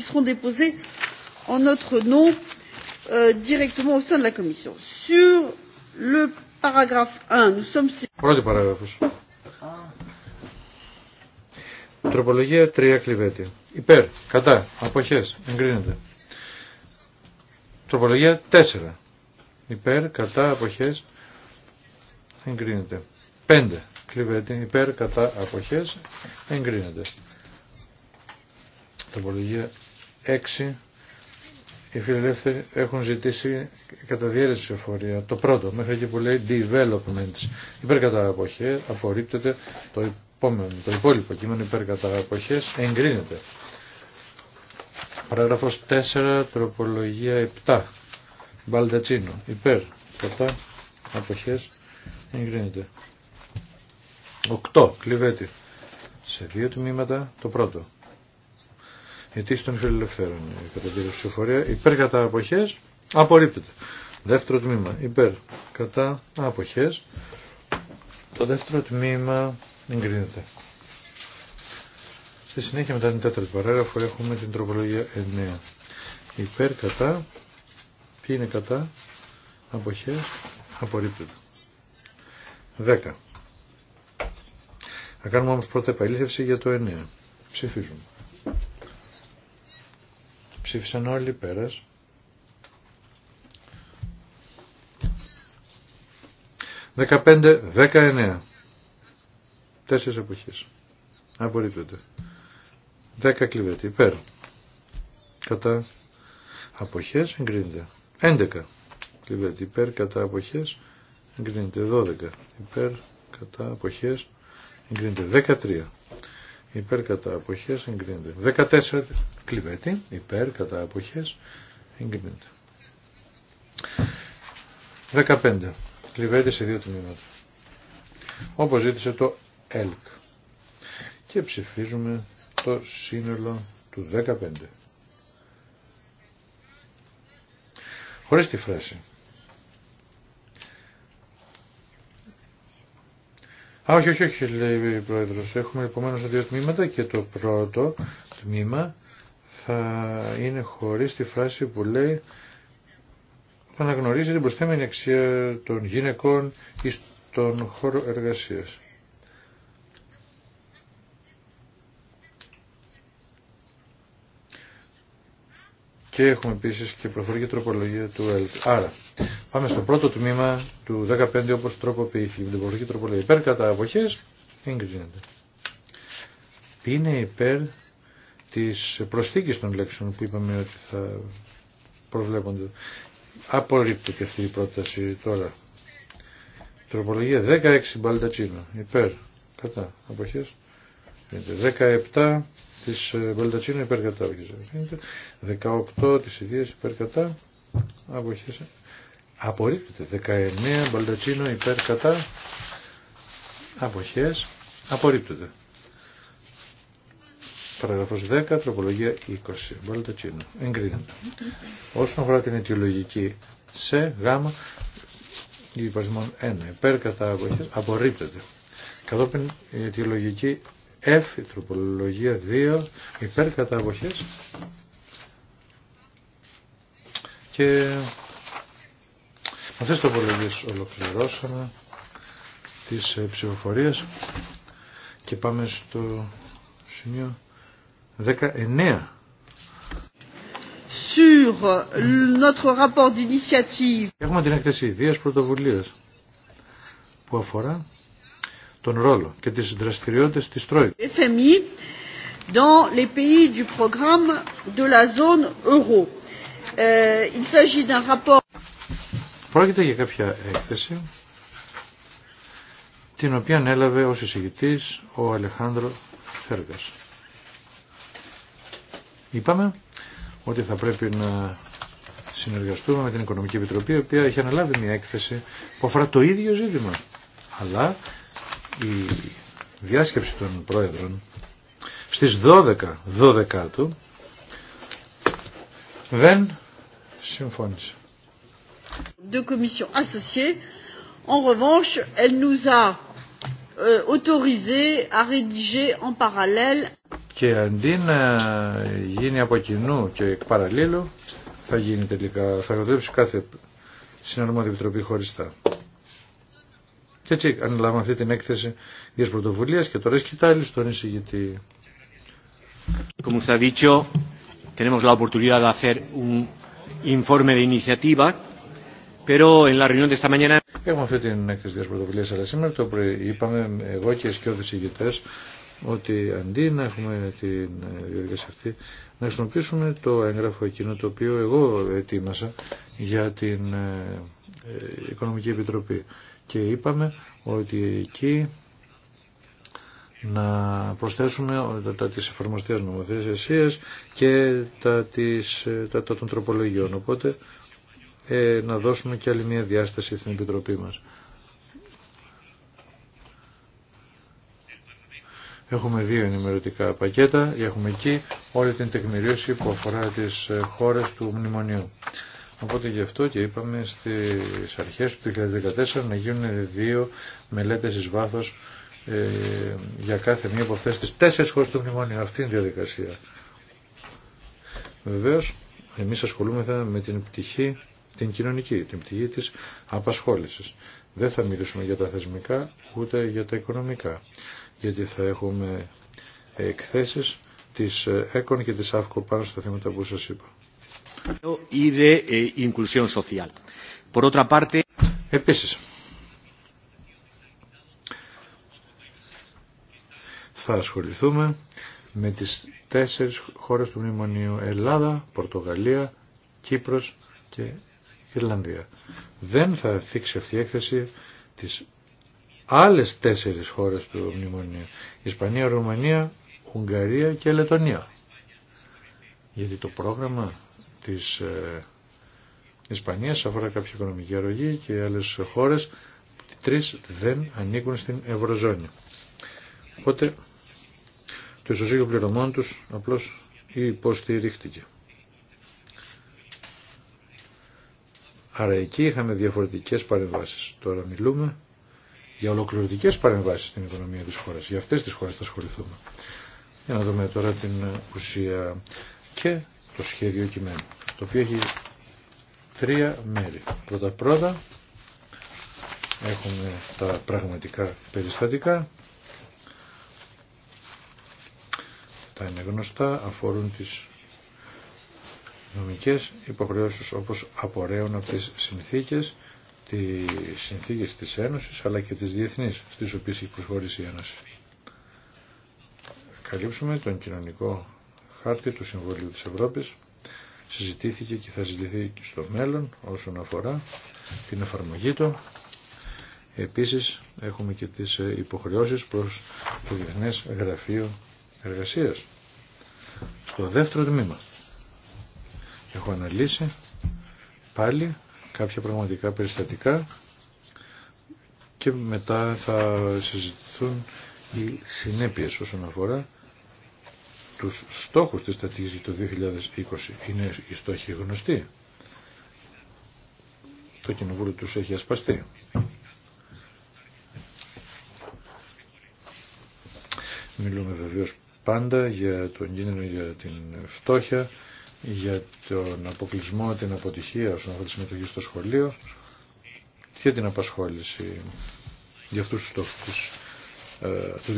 qui seront déposées en notre nom euh, directement au sein de la commission. sur le paragraphe un nous sommes. Πρώτη παράγραφος. Τροπολογία 3 κλειβέτη. Υπέρ, κατά, αποχές, εγκρίνεται. Τροπολογία 4. Υπέρ, κατά, αποχές, εγκρίνεται. 5. Κλειβέτη, υπέρ, κατά, αποχές, εγκρίνεται. Τροπολογία 6 οι φιλελεύθεροι έχουν ζητήσει κατά διέρεση ψηφοφορία. Το πρώτο, μέχρι εκεί που λέει developments. Υπέρ κατά απορρίπτεται το επόμενο, το υπόλοιπο κείμενο υπέρ κατά εγκρίνεται. Παράγραφος 4, τροπολογία 7. Μπαλτατσίνο. Υπέρ κατά αποχές, εγκρίνεται. 8, κλειβέτη. Σε δύο τμήματα, το πρώτο αιτήσει των φιλελευθέρων. Κατά τη ψηφοφορία υπέρ κατά αποχέ, απορρίπτεται. Δεύτερο τμήμα υπέρ κατά αποχέ. Το δεύτερο τμήμα εγκρίνεται. Στη συνέχεια μετά την τέταρτη παράγραφο έχουμε την τροπολογία 9. Υπέρ κατά, τι είναι κατά, αποχέ, απορρίπτεται. 10. Θα κάνουμε όμως πρώτα επαλήθευση για το 9. Ψηφίζουμε σύφισεν όλοι πέρας 15 19 4 αποχήσ απόλυτοι 10 κλιβέτηι πέρ κατά αποχήσ ηγρίντε 11 κλιβέτηι πέρ κατά αποχήσ ηγρίντε 12 κλιβέτηι πέρ κατά αποχήσ ηγρίντε 13 υπέρ κατά αποχές εγκρίνεται. 14 κλειβέτη, υπέρ κατά αποχές εγκρίνεται. 15 κλειβέτη σε δύο τμήματα. Όπως ζήτησε το ΕΛΚ. Και ψηφίζουμε το σύνολο του 15. Χωρίς τη φράση Α, όχι, όχι, λέει η Πρόεδρος. Έχουμε επομένω δύο τμήματα και το πρώτο τμήμα θα είναι χωρίς τη φράση που λέει θα αναγνωρίζει την προσθέμενη αξία των γυναικών ή στον χώρο εργασίας. και έχουμε επίση και προφορική τροπολογία του ΕΛΤ. Άρα, πάμε στο πρώτο τμήμα του 15 όπω τρόπο. Πλημπολογική τροποποιήθηκε. Την προφορική τροπολογία υπέρ κατά αποχέ, εγκρίνεται. Είναι υπέρ τη προσθήκη των λέξεων που είπαμε ότι θα προβλέπονται. Απορρίπτω και αυτή η πρόταση τώρα. Τροπολογία 16 Μπαλτατσίνο. Υπέρ. Κατά. Αποχές. 17 της ε, Βαλτατσίνου υπέρ 18 της Ιδίας υπέρ κατά αποχές απορρίπτεται 19 Βαλτατσίνου υπέρ κατά αποχές απορρίπτεται Παραγραφός 10, τροπολογία 20. Μπαλτατσίνου. Εγκρίνεται. Όσον αφορά την αιτιολογική σε γάμα, υπαριθμών 1. Υπέρ κατά αποχές απορρίπτεται. Κατόπιν η αιτιολογική F, η τροπολογία 2, υπέρ κατά Και με αυτές τις τροπολογίες ολοκληρώσαμε τις ε, ψηφοφορίες και πάμε στο σημείο 19. Sur notre rapport d'initiative. Έχουμε την έκθεση ιδίας πρωτοβουλίας που αφορά τον ρόλο και τις δραστηριότητες της Τρόικα. FMI dans les pays du programme de la zone euro. Euh, il s'agit d'un rapport... Πρόκειται για κάποια έκθεση την οποία έλαβε ως εισηγητής ο Αλεχάνδρο Θέργας. Είπαμε ότι θα πρέπει να συνεργαστούμε με την Οικονομική Επιτροπή, η οποία έχει αναλάβει μια έκθεση που αφορά το ίδιο ζήτημα. Αλλά η διάσκεψη των πρόεδρων στις 12, του δεν συμφώνησε. Deux commissions associées. En revanche, elle nous euh, Και αντί να γίνει από κοινού και εκ παραλλήλου, θα γίνει τελικά, θα γραφτεύσει κάθε συναρμόδια επιτροπή χωριστά. Και έτσι ανέλαβαμε αυτή την έκθεση τη πρωτοβουλία και τώρα σκητάλη στον εισηγητή. Como usted ha dicho, tenemos la oportunidad de hacer informe de iniciativa, pero en la reunión de esta mañana. Έχουμε αυτή την έκθεση τη πρωτοβουλία, αλλά σήμερα το πρωί είπαμε εγώ και οι σκιώδει ηγητέ ότι αντί να έχουμε την ε, διαδικασία αυτή, να χρησιμοποιήσουμε το έγγραφο εκείνο το οποίο εγώ ετοίμασα για την ε, ε, Οικονομική Επιτροπή και είπαμε ότι εκεί να προσθέσουμε τα, τα της εφαρμοστές νομοθεσίες και τα, τα, τα των τροπολογιών. Οπότε ε, να δώσουμε και άλλη μια διάσταση στην Επιτροπή μας. Έχουμε δύο ενημερωτικά πακέτα, έχουμε εκεί όλη την τεκμηρίωση που αφορά τις ε, χώρες του μνημονίου. Οπότε γι' αυτό και είπαμε στις αρχές του 2014 να γίνουν δύο μελέτες εις βάθος ε, για κάθε μία από αυτές τις τέσσερις χώρες του μνημόνιου. Αυτή είναι η διαδικασία. Βεβαίως, εμείς ασχολούμεθα με την πτυχή, την κοινωνική, την πτυχή της απασχόλησης. Δεν θα μιλήσουμε για τα θεσμικά ούτε για τα οικονομικά. Γιατί θα έχουμε εκθέσεις της ΕΚΟΝ και της ΑΦΚΟ πάνω στα θέματα που σας είπα. E Επίσης, θα ασχοληθούμε με τις τέσσερις χώρες του Μνημονίου Ελλάδα, Πορτογαλία, Κύπρος και Ιρλανδία. Δεν θα θίξει αυτή η έκθεση τις άλλες τέσσερις χώρες του Μνημονίου. Ισπανία, Ρουμανία, Ουγγαρία και Λετωνία. Γιατί το πρόγραμμα της ε, Ισπανίας αφορά κάποια οικονομική αρρωγή και άλλες χώρες τρεις δεν ανήκουν στην Ευρωζώνη. Οπότε το ισοζύγιο πληρωμών τους απλώς υποστηρίχτηκε. Άρα εκεί είχαμε διαφορετικές παρεμβάσεις. Τώρα μιλούμε για ολοκληρωτικές παρεμβάσεις στην οικονομία της χώρας. Για αυτές τις χώρες θα ασχοληθούμε. Για να δούμε τώρα την ε, ουσία και το σχέδιο κειμένου, το οποίο έχει τρία μέρη. Πρώτα-πρώτα έχουμε τα πραγματικά περιστατικά. Τα είναι γνωστά, αφορούν τις νομικές υποχρεώσεις όπως απορρέουν από τις συνθήκες, τις συνθήκες της Ένωσης αλλά και της διεθνείς στις οποίες έχει προσχωρήσει η Ένωση. Καλύψουμε τον κοινωνικό χάρτη του Συμβουλίου της Ευρώπης συζητήθηκε και θα συζητηθεί και στο μέλλον όσον αφορά την εφαρμογή του. Επίσης έχουμε και τις ε, υποχρεώσεις προς το Διεθνές Γραφείο Εργασίας. Στο δεύτερο τμήμα έχω αναλύσει πάλι κάποια πραγματικά περιστατικά και μετά θα συζητηθούν οι συνέπειες όσον αφορά τους στόχους της στρατηγικής το 2020. Είναι οι στόχοι γνωστοί. Το κοινοβούλιο τους έχει ασπαστεί. Μιλούμε βεβαίω πάντα για τον κίνδυνο για την φτώχεια, για τον αποκλεισμό, την αποτυχία όσον αφορά τη συμμετοχή στο σχολείο και την απασχόληση για αυτούς τους στόχους ε, του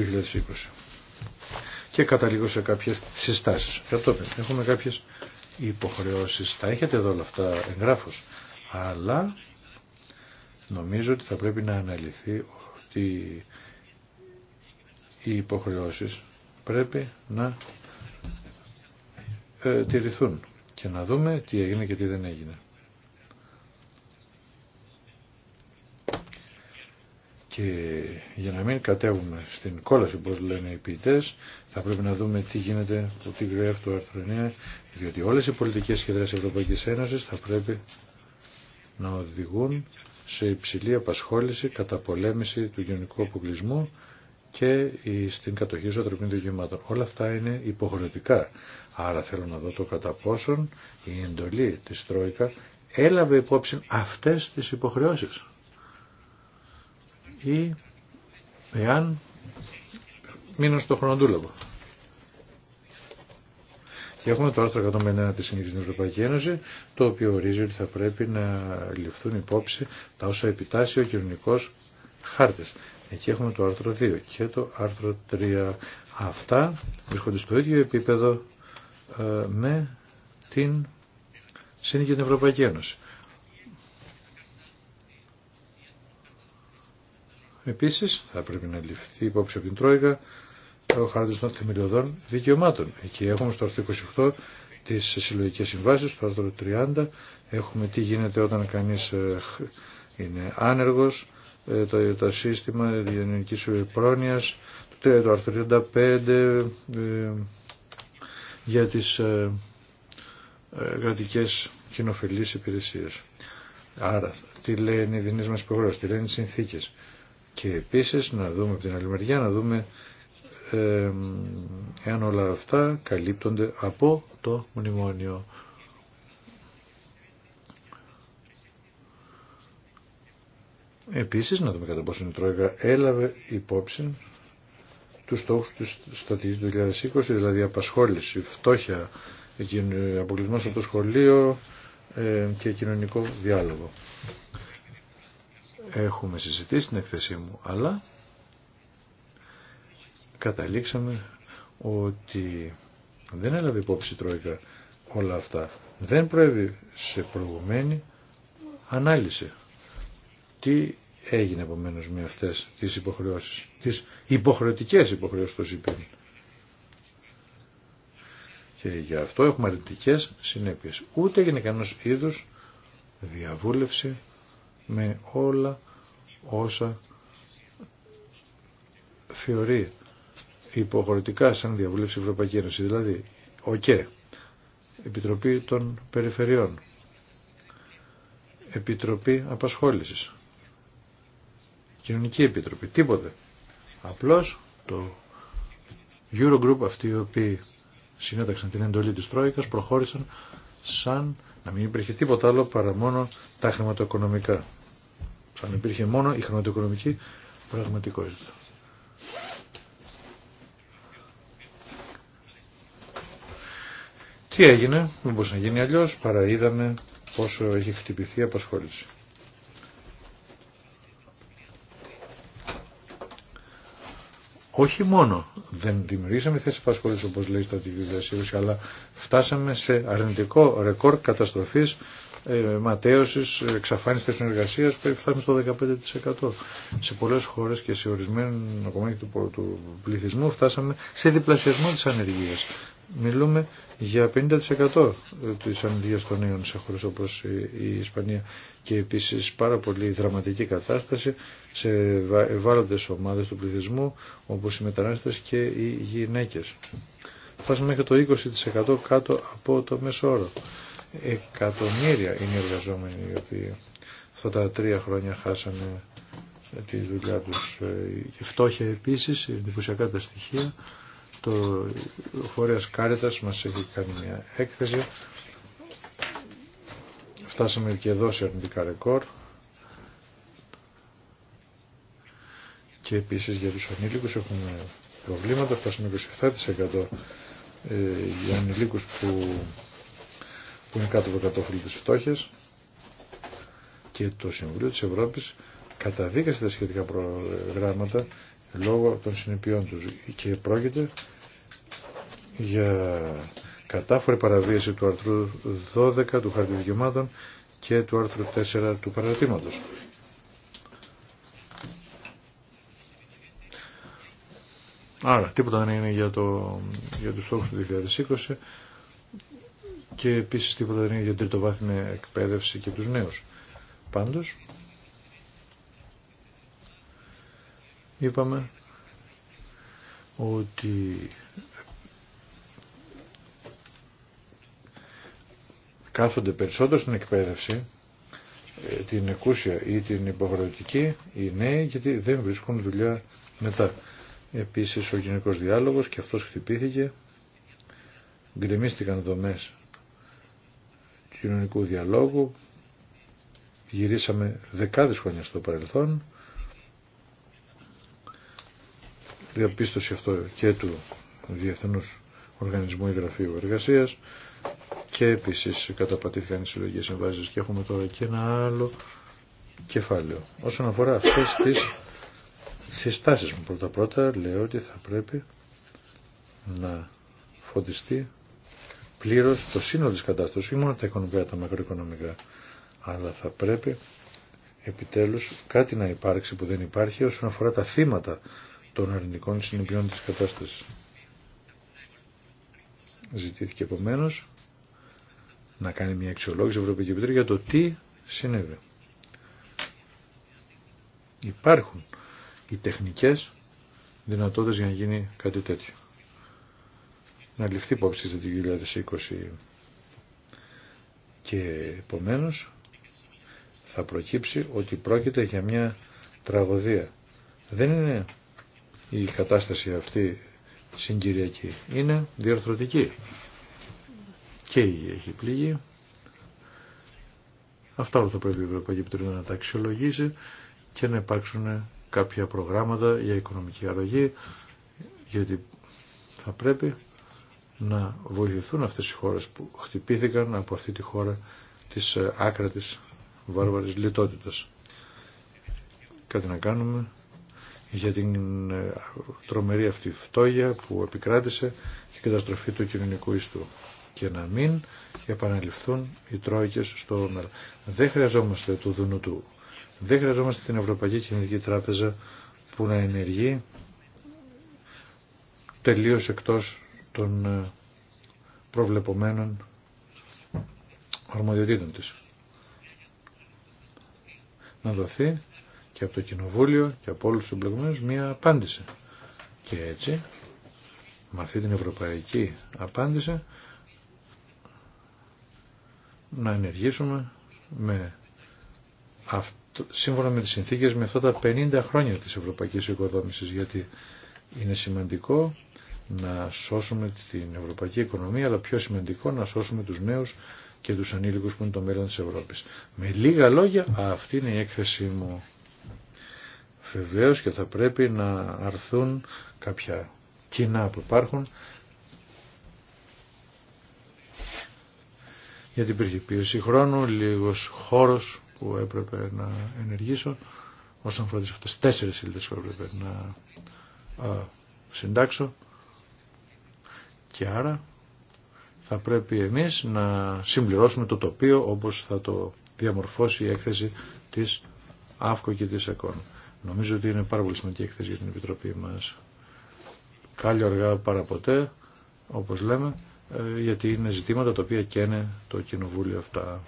2020 και καταλήγω σε κάποιες συστάσεις. Κατόπιν έχουμε κάποιες υποχρεώσεις. Τα έχετε εδώ όλα αυτά εγγράφως. Αλλά νομίζω ότι θα πρέπει να αναλυθεί ότι οι υποχρεώσεις πρέπει να ε, τηρηθούν και να δούμε τι έγινε και τι δεν έγινε. Και για να μην κατέβουμε στην κόλαση όπως λένε οι ποιητές, θα πρέπει να δούμε τι γίνεται το τι γράφει το άρθρο 9, διότι όλες οι πολιτικές σχεδρές Ευρωπαϊκής Ένωσης θα πρέπει να οδηγούν σε υψηλή απασχόληση, κατά πολέμηση του γενικού αποκλεισμού και στην κατοχή ζωοτροπίνων δικαιωμάτων. Όλα αυτά είναι υποχρεωτικά. Άρα θέλω να δω το κατά πόσον η εντολή της Τρόικα έλαβε υπόψη αυτές τις υποχρεώσεις ή εάν μείνουν στο χρονοτούλαβο. Και έχουμε το άρθρο 151 της Συνήθειας στην Ευρωπαϊκή Ένωση, το οποίο ορίζει ότι θα πρέπει να ληφθούν υπόψη τα όσα επιτάσσει ο κοινωνικός χάρτης. Εκεί έχουμε το άρθρο 2 και το άρθρο 3. Αυτά βρίσκονται στο ίδιο επίπεδο ε, με την Σύνήθεια στην Ευρωπαϊκή Ένωση. Επίση θα πρέπει να ληφθεί υπόψη από την Τρόικα ο χάρτη των θεμελιωδών δικαιωμάτων. Εκεί έχουμε στο άρθρο 28 τις συλλογικέ συμβάσει, στο άρθρο 30 έχουμε τι γίνεται όταν κανεί ε, είναι άνεργος, ε, το, το σύστημα διανοητική πρόνοια, το, το άρθρο 35 ε, για τις κρατικέ κοινοφελεί υπηρεσίες. Άρα, τι λένε οι δινείς μα υποχρεώσει, τι λένε οι συνθήκες. Και επίσης να δούμε από την άλλη μεριά, να δούμε εάν όλα αυτά καλύπτονται από το μνημόνιο. Επίσης, να δούμε κατά πόσο η Τρόικα έλαβε υπόψη τους στόχους του στρατηγής του 2020, δηλαδή απασχόληση, φτώχεια, αποκλεισμό από το σχολείο και κοινωνικό διάλογο έχουμε συζητήσει στην εκθεσή μου, αλλά καταλήξαμε ότι δεν έλαβε υπόψη η Τρόικα όλα αυτά. Δεν προέβη σε προηγουμένη ανάλυση. Τι έγινε επομένω με αυτές τις υποχρεώσεις, τις υποχρεωτικές υποχρεώσεις του ΣΥΠΗΝ. Και γι' αυτό έχουμε αρνητικέ συνέπειες. Ούτε έγινε κανένας είδους διαβούλευση με όλα όσα θεωρεί υποχρεωτικά σαν διαβούλευση Ευρωπαϊκή Ένωση, δηλαδή ΟΚΕ, Επιτροπή των Περιφερειών, Επιτροπή Απασχόλησης, Κοινωνική Επιτροπή, τίποτε. Απλώς το Eurogroup αυτοί οι οποίοι συνέταξαν την εντολή της Τρόικας προχώρησαν σαν να μην υπήρχε τίποτα άλλο παρά μόνο τα χρηματοοικονομικά. Σαν να υπήρχε μόνο η χρηματοοικονομική πραγματικότητα. Τι έγινε, δεν να γίνει αλλιώς, παρά είδαμε πόσο έχει χτυπηθεί η απασχόληση. όχι μόνο δεν δημιουργήσαμε θέσει απασχόληση όπως λέει το στρατηγική 2020, αλλά φτάσαμε σε αρνητικό ρεκόρ καταστροφής, ε, ματέωσης, εξαφάνισης της συνεργασίας, που φτάσαμε στο 15%. Σε πολλές χώρες και σε ορισμένων κομμάτια του, του πληθυσμού φτάσαμε σε διπλασιασμό της ανεργίας μιλούμε για 50% της ανηλίας των νέων σε χώρες όπως η Ισπανία και επίσης πάρα πολύ δραματική κατάσταση σε ευάλωτες ομάδες του πληθυσμού όπως οι μετανάστες και οι γυναίκες. Φτάσαμε μέχρι το 20% κάτω από το μέσο Εκατομμύρια είναι οι εργαζόμενοι οι οποίοι αυτά τα τρία χρόνια χάσανε τη δουλειά τους. Η ε, φτώχεια επίσης, εντυπωσιακά τα στοιχεία, το φορέα Κάρετα μας έχει κάνει μια έκθεση. Φτάσαμε και εδώ σε αρνητικά ρεκόρ. Και επίσης για τους ανήλικους έχουμε προβλήματα. Φτάσαμε 27% ε, για ανηλίκους που, που είναι κάτω από το κατόφυλλο της φτώχειας. Και το Συμβουλίο της Ευρώπης καταδίκασε τα σχετικά προγράμματα λόγω των συνεπειών τους και πρόκειται για κατάφορη παραβίαση του άρθρου 12 του Χάρτη και του άρθρου 4 του παρατήματος. Άρα, τίποτα δεν είναι για, το, για τους στόχους του 2020 και επίσης τίποτα δεν είναι για την τριτοβάθμια εκπαίδευση και τους νέους. Πάντως, είπαμε ότι κάθονται περισσότερο στην εκπαίδευση, ε, την εκούσια ή την υποχρεωτική, οι νέοι, γιατί δεν βρίσκουν δουλειά μετά. Επίσης ο κοινωνικός διάλογος και αυτός χτυπήθηκε, γκρεμίστηκαν δομές κοινωνικού διαλόγου, γυρίσαμε δεκάδες χρόνια στο παρελθόν, διαπίστωση αυτό και του διεθνούς Οργανισμού ή Γραφείου και επίση καταπατήθηκαν οι συλλογικέ συμβάσει. και έχουμε τώρα και ένα άλλο κεφάλαιο. Όσον αφορά αυτέ τι συστάσεις μου πρώτα πρώτα λέω ότι θα πρέπει να φωτιστεί πλήρω το σύνολο τη κατάσταση, όχι μόνο τα οικονομικά, τα μακροοικονομικά, αλλά θα πρέπει επιτέλους κάτι να υπάρξει που δεν υπάρχει όσον αφορά τα θύματα των αρνητικών συνεπειών της κατάστασης. Ζητήθηκε επομένω να κάνει μια αξιολόγηση η Ευρωπαϊκή Επιτροπή για το τι συνέβη. Υπάρχουν οι τεχνικές δυνατότητες για να γίνει κάτι τέτοιο. Να ληφθεί υπόψη το 2020 και επομένω θα προκύψει ότι πρόκειται για μια τραγωδία. Δεν είναι η κατάσταση αυτή συγκυριακή. Είναι διαρθρωτική. Και η έχει πληγεί. Αυτά όλα θα πρέπει η Ευρωπαϊκή Επιτροπή να τα αξιολογήσει και να υπάρξουν κάποια προγράμματα για οικονομική αρρωγή γιατί θα πρέπει να βοηθηθούν αυτές οι χώρες που χτυπήθηκαν από αυτή τη χώρα της ε, άκρατης βάρβαρης λιτότητας. Κάτι να κάνουμε για την ε, τρομερή αυτή φτώχεια που επικράτησε και καταστροφή του κοινωνικού ιστού και να μην επαναληφθούν οι τρόικες στο μέλλον. Δεν χρειαζόμαστε του Δουνουτου. Δεν χρειαζόμαστε την Ευρωπαϊκή Κοινωνική Τράπεζα που να ενεργεί τελείως εκτός των ε, προβλεπομένων αρμοδιοτήτων της. Να δοθεί και από το Κοινοβούλιο και από όλους τους εμπλεγμένους μία απάντηση. Και έτσι, με αυτή την ευρωπαϊκή απάντηση, να ενεργήσουμε με αυτό, σύμφωνα με τις συνθήκες με αυτά τα 50 χρόνια της ευρωπαϊκής οικοδόμησης γιατί είναι σημαντικό να σώσουμε την ευρωπαϊκή οικονομία αλλά πιο σημαντικό να σώσουμε τους νέους και τους ανήλικους που είναι το μέλλον της Ευρώπης. Με λίγα λόγια αυτή είναι η έκθεσή μου. Βεβαίως και θα πρέπει να αρθούν κάποια κοινά που υπάρχουν γιατί υπήρχε πίεση χρόνου, λίγος χώρος που έπρεπε να ενεργήσω όσον αφορά αυτές τέσσερις σύλλητες που έπρεπε να α, συντάξω και άρα θα πρέπει εμείς να συμπληρώσουμε το τοπίο όπως θα το διαμορφώσει η έκθεση της ΑΦΚΟ και της ΕΚΟΝ. Νομίζω ότι είναι πάρα πολύ σημαντική εκθέση για την Επιτροπή μας. Κάλλιο αργά παραποτέ, όπως λέμε, ε, γιατί είναι ζητήματα τα οποία καίνε το Κοινοβούλιο αυτά.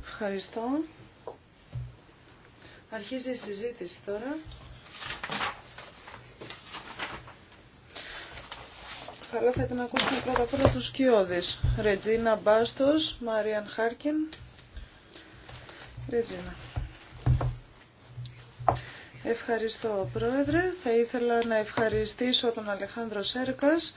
Ευχαριστώ. Αρχίζει η συζήτηση τώρα. Καλό θα ήταν να ακούσουμε πρώτα πρώτα τους Κιώδης. Ρετζίνα Μπάστος, Μαρίαν Χάρκιν. Ευχαριστώ, Πρόεδρε. Θα ήθελα να ευχαριστήσω τον Αλεχάνδρο Σέρκας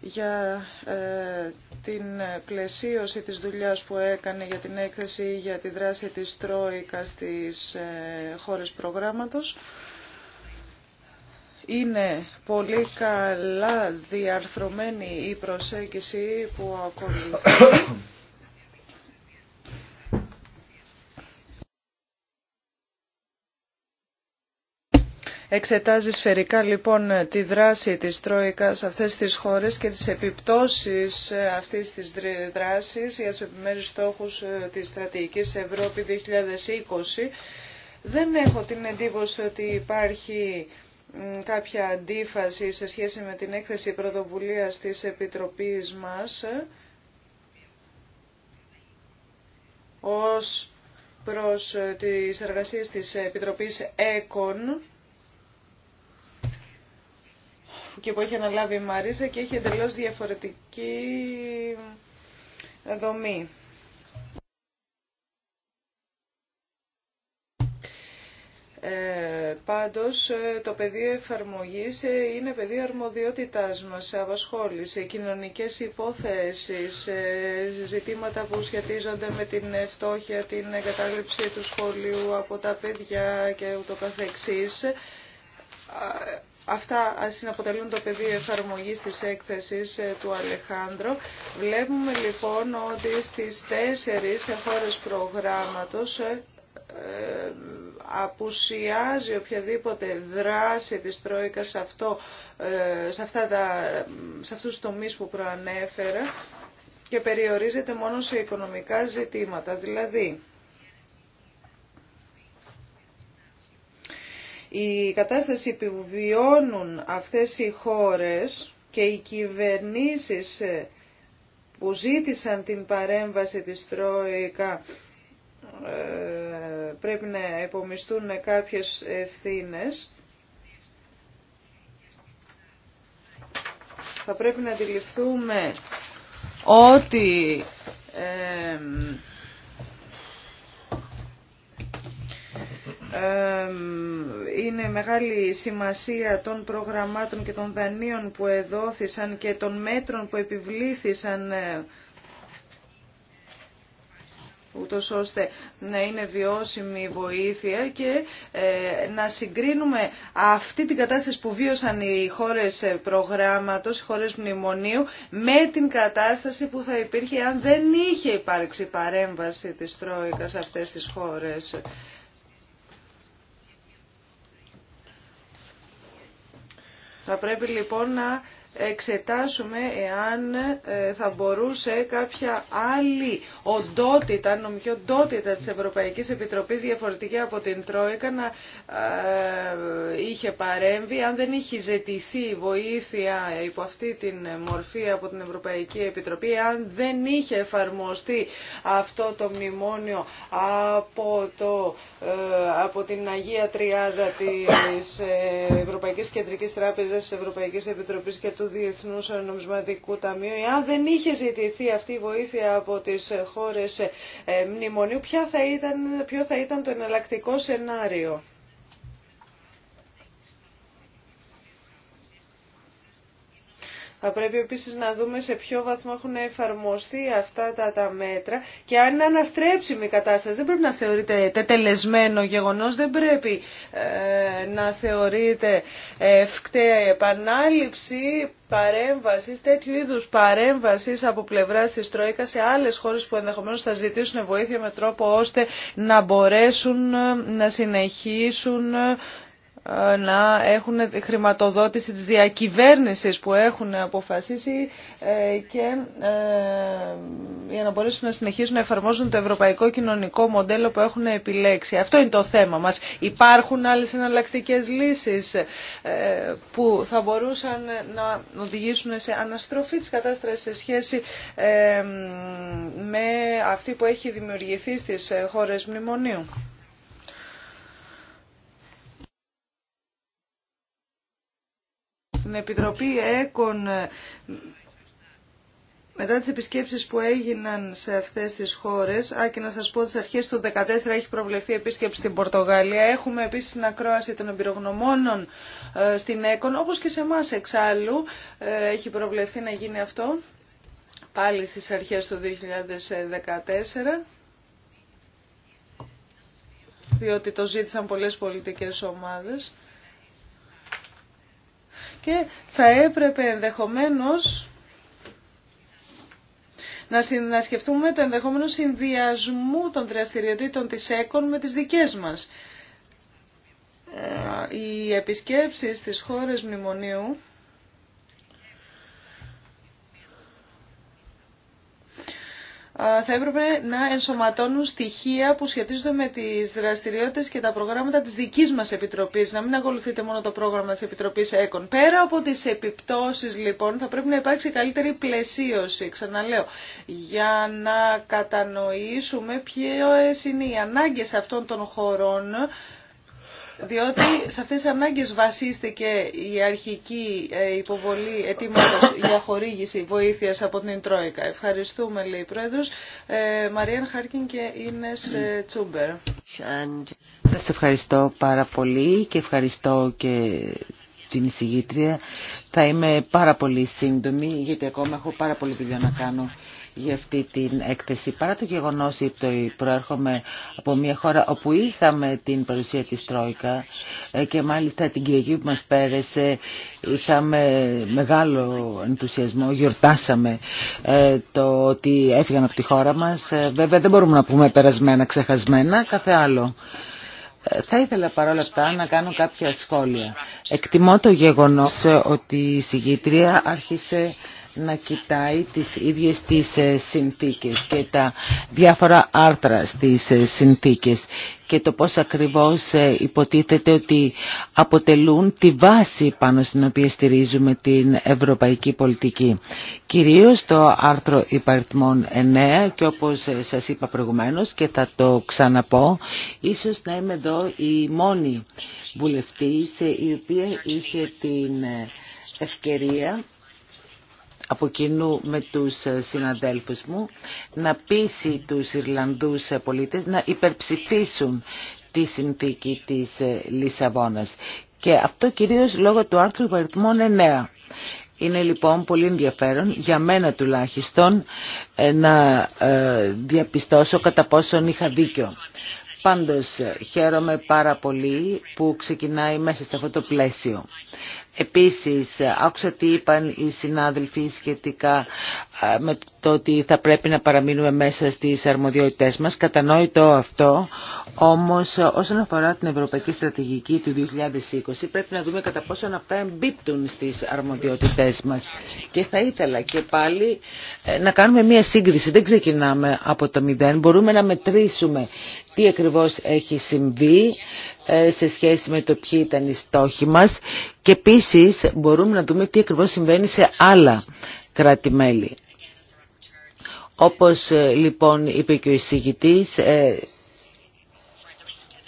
για ε, την πλαισίωση της δουλειάς που έκανε για την έκθεση για τη δράση της Τρόικα στις ε, χώρες προγράμματος. Είναι πολύ καλά διαρθρωμένη η προσέγγιση που ακολουθεί Εξετάζει σφαιρικά λοιπόν τη δράση της Τρόικας σε αυτές τις χώρες και τις επιπτώσεις ε, αυτής της δράσης για τους επιμέρους στόχους ε, της στρατηγικής Ευρώπη 2020. Δεν έχω την εντύπωση ότι υπάρχει κάποια αντίφαση σε σχέση με την έκθεση πρωτοβουλίας της Επιτροπής μας ε, ως προς τις εργασίες της Επιτροπής ΕΚΟΝ και που έχει αναλάβει η Μαρίσα και έχει εντελώς διαφορετική δομή. Ε, πάντως ε, το πεδίο εφαρμογής ε, είναι πεδίο αρμοδιότητάς μας, απασχόληση, κοινωνικές υποθέσεις, ε, ζητήματα που σχετίζονται με την φτώχεια, την εγκατάλειψη του σχολείου από τα παιδιά και ούτω καθεξής Αυτά συναποτελούν το πεδίο εφαρμογή της έκθεσης ε, του Αλεχάνδρου. Βλέπουμε λοιπόν ότι στις τέσσερις χώρε προγράμματο ε, ε, απουσιάζει οποιαδήποτε δράση της Τρόικας σε, αυτό, σε, σε αυτούς τους τομείς που προανέφερα και περιορίζεται μόνο σε οικονομικά ζητήματα. Δηλαδή, η κατάσταση που βιώνουν αυτές οι χώρες και οι κυβερνήσεις ε, που ζήτησαν την παρέμβαση της Τρόικα ε, πρέπει να επομιστούν κάποιες ευθύνες. Θα πρέπει να αντιληφθούμε ότι ε, Ε, είναι μεγάλη σημασία των προγραμμάτων και των δανείων που εδόθησαν και των μέτρων που επιβλήθησαν ε, ούτως ώστε να είναι βιώσιμη η βοήθεια και ε, να συγκρίνουμε αυτή την κατάσταση που βίωσαν οι χώρες προγράμματος, οι χώρες μνημονίου, με την κατάσταση που θα υπήρχε αν δεν είχε υπάρξει παρέμβαση της Τρόικας σε αυτές τις χώρες. Θα πρέπει λοιπόν να εξετάσουμε εάν ε, θα μπορούσε κάποια άλλη οντότητα, νομική οντότητα της Ευρωπαϊκής Επιτροπής διαφορετική από την Τρόικα να ε, είχε παρέμβει αν δεν είχε ζητηθεί βοήθεια υπό αυτή την μορφή από την Ευρωπαϊκή Επιτροπή αν δεν είχε εφαρμοστεί αυτό το μνημόνιο από, το, ε, από την Αγία Τριάδα της Ευρωπαϊκής Κεντρικής Τράπεζας της Ευρωπαϊκής Επιτροπής και του Διεθνούς Νομισματικού Ταμείου. Εάν δεν είχε ζητηθεί αυτή η βοήθεια από τις χώρες ε, μνημονίου, ποιο θα ήταν το εναλλακτικό σενάριο. Θα πρέπει επίσης να δούμε σε ποιο βαθμό έχουν εφαρμοστεί αυτά τα, τα μέτρα και αν είναι αναστρέψιμη η κατάσταση. Δεν πρέπει να θεωρείται τετελεσμένο γεγονός, δεν πρέπει ε, να θεωρείται ευκταία επανάληψη παρέμβασης, τέτοιου είδους παρέμβασης από πλευράς της Τρόικα σε άλλες χώρες που ενδεχομένως θα ζητήσουν βοήθεια με τρόπο ώστε να μπορέσουν ε, να συνεχίσουν ε, να έχουν χρηματοδότηση της διακυβέρνησης που έχουν αποφασίσει ε, και ε, για να μπορέσουν να συνεχίσουν να εφαρμόζουν το ευρωπαϊκό κοινωνικό μοντέλο που έχουν επιλέξει. Αυτό είναι το θέμα μας. Υπάρχουν άλλες εναλλακτικέ λύσεις ε, που θα μπορούσαν να οδηγήσουν σε αναστροφή της κατάστασης σε σχέση με αυτή που έχει δημιουργηθεί στις χώρες μνημονίου. στην Επιτροπή ΕΚΟΝ ε, μετά τις επισκέψεις που έγιναν σε αυτές τις χώρες, α, και να σας πω, ότι στις αρχές του 2014 έχει προβλεφθεί επίσκεψη στην Πορτογαλία. Έχουμε επίσης την ακρόαση των εμπειρογνωμόνων ε, στην ΕΚΟΝ, όπως και σε εμά εξάλλου ε, έχει προβλεφθεί να γίνει αυτό, πάλι στις αρχές του 2014 διότι το ζήτησαν πολλές πολιτικές ομάδες και θα έπρεπε ενδεχομένως να σκεφτούμε το ενδεχόμενο συνδυασμού των δραστηριοτήτων της ΕΚΟΝ με τις δικές μας. Ε, οι επισκέψεις στις χώρες μνημονίου θα έπρεπε να ενσωματώνουν στοιχεία που σχετίζονται με τις δραστηριότητες και τα προγράμματα της δική μας Επιτροπής, να μην ακολουθείτε μόνο το πρόγραμμα της Επιτροπής ΕΚΟΝ. Πέρα από τις επιπτώσεις λοιπόν θα πρέπει να υπάρξει καλύτερη πλαισίωση, ξαναλέω, για να κατανοήσουμε ποιε είναι οι ανάγκες αυτών των χωρών διότι σε αυτές τις ανάγκες βασίστηκε η αρχική ε, υποβολή ετοίματος για χορήγηση βοήθειας από την Τρόικα. Ευχαριστούμε, λέει η Πρόεδρος, ε, Μαριάν Χάρκιν και Ίνες ε, Τσούμπερ. Σας ευχαριστώ πάρα πολύ και ευχαριστώ και την εισηγήτρια. Θα είμαι πάρα πολύ σύντομη, γιατί ακόμα έχω πάρα πολύ δουλειά να κάνω για αυτή την έκθεση. Παρά το γεγονός ότι προέρχομαι από μια χώρα όπου είχαμε την παρουσία της Τρόικα ε, και μάλιστα την Κυριακή που μας πέρασε είχαμε μεγάλο ενθουσιασμό, γιορτάσαμε ε, το ότι έφυγαν από τη χώρα μας. Ε, βέβαια δεν μπορούμε να πούμε περασμένα, ξεχασμένα, κάθε άλλο. Θα ήθελα παρόλα αυτά να κάνω κάποια σχόλια. Εκτιμώ το γεγονός ότι η συγγήτρια άρχισε να κοιτάει τις ίδιες τις ε, συνθήκες και τα διάφορα άρθρα στις ε, συνθήκες και το πώς ακριβώς ε, υποτίθεται ότι αποτελούν τη βάση πάνω στην οποία στηρίζουμε την ευρωπαϊκή πολιτική. Κυρίως το άρθρο υπαριθμών 9 και όπως σας είπα προηγουμένως και θα το ξαναπώ, ίσως να είμαι εδώ η μόνη βουλευτής η οποία είχε την ευκαιρία από κοινού με τους ε, συναδέλφους μου να πείσει τους Ιρλανδούς ε, πολίτες να υπερψηφίσουν τη συνθήκη της ε, Λισαβόνας. Και αυτό κυρίως λόγω του άρθρου υπαριθμών 9. Είναι λοιπόν πολύ ενδιαφέρον, για μένα τουλάχιστον, να διαπιστώσω κατά πόσον είχα δίκιο. Πάντως χαίρομαι πάρα πολύ που ξεκινάει μέσα σε αυτό το πλαίσιο. Επίσης, άκουσα τι είπαν οι συνάδελφοι σχετικά με το ότι θα πρέπει να παραμείνουμε μέσα στις αρμοδιότητές μας. Κατανόητο αυτό, όμως όσον αφορά την Ευρωπαϊκή Στρατηγική του 2020 πρέπει να δούμε κατά πόσο αυτά εμπίπτουν στις αρμοδιότητές μας. Και θα ήθελα και πάλι ε, να κάνουμε μία σύγκριση. Δεν ξεκινάμε από το μηδέν. Μπορούμε να μετρήσουμε τι ακριβώς έχει συμβεί ε, σε σχέση με το ποιοι ήταν οι στόχοι μας και επίσης μπορούμε να δούμε τι ακριβώς συμβαίνει σε άλλα κράτη-μέλη. Όπως ε, λοιπόν είπε και ο εισηγητής, ε,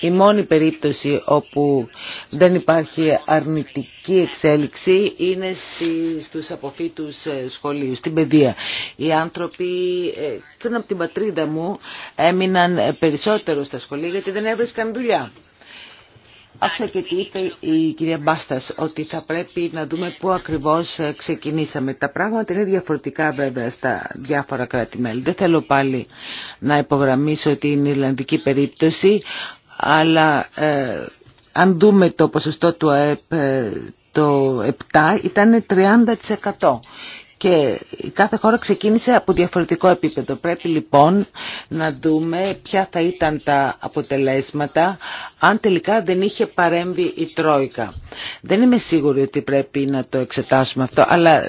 η μόνη περίπτωση όπου δεν υπάρχει αρνητική εξέλιξη είναι στους αποφύτους σχολείου, στην παιδεία. Οι άνθρωποι πριν από την πατρίδα μου έμειναν περισσότερο στα σχολεία γιατί δεν έβρισκαν δουλειά. Άκουσα και τι είπε η κυρία Μπάστας, ότι θα πρέπει να δούμε πού ακριβώς ξεκινήσαμε. Τα πράγματα είναι διαφορετικά βέβαια στα διάφορα κράτη-μέλη. Δεν θέλω πάλι να υπογραμμίσω την Ιρλανδική περίπτωση, αλλά ε, αν δούμε το ποσοστό του ΑΕΠ ε, το 7 ήταν 30% και κάθε χώρα ξεκίνησε από διαφορετικό επίπεδο. Πρέπει λοιπόν να δούμε ποια θα ήταν τα αποτελέσματα αν τελικά δεν είχε παρέμβει η Τρόικα. Δεν είμαι σίγουρη ότι πρέπει να το εξετάσουμε αυτό, αλλά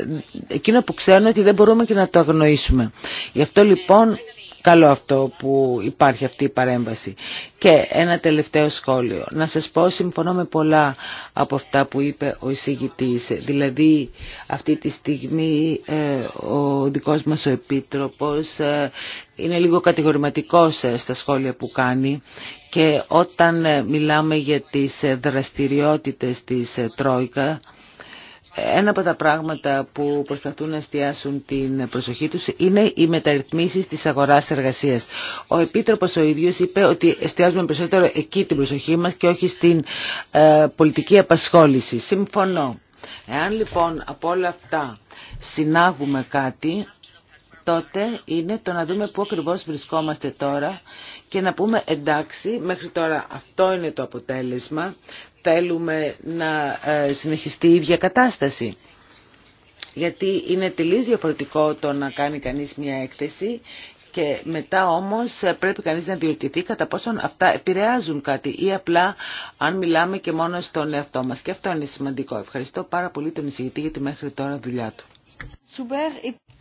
εκείνο που ξέρω είναι ότι δεν μπορούμε και να το αγνοήσουμε. Γι' αυτό λοιπόν Καλό αυτό που υπάρχει αυτή η παρέμβαση. Και ένα τελευταίο σχόλιο. Να σας πω, συμφωνώ με πολλά από αυτά που είπε ο εισηγητής. Δηλαδή, αυτή τη στιγμή ε, ο δικός μας ο Επίτροπος ε, είναι λίγο κατηγορηματικός ε, στα σχόλια που κάνει και όταν μιλάμε για τις δραστηριότητες της Τρόικα, ένα από τα πράγματα που προσπαθούν να εστιάσουν την προσοχή τους είναι οι μεταρρυθμίσεις της αγοράς εργασίας. Ο Επίτροπος ο ίδιος είπε ότι εστιάζουμε περισσότερο εκεί την προσοχή μας και όχι στην ε, πολιτική απασχόληση. Συμφωνώ. Εάν λοιπόν από όλα αυτά συνάγουμε κάτι, τότε είναι το να δούμε πού ακριβώς βρισκόμαστε τώρα και να πούμε εντάξει, μέχρι τώρα αυτό είναι το αποτέλεσμα, θέλουμε να ε, συνεχιστεί η ίδια κατάσταση. Γιατί είναι τελείως διαφορετικό το να κάνει κανείς μια έκθεση και μετά όμως πρέπει κανείς να διορτηθεί κατά πόσον αυτά επηρεάζουν κάτι ή απλά αν μιλάμε και μόνο στον εαυτό μας. Και αυτό είναι σημαντικό. Ευχαριστώ πάρα πολύ τον εισηγητή για τη μέχρι τώρα δουλειά του.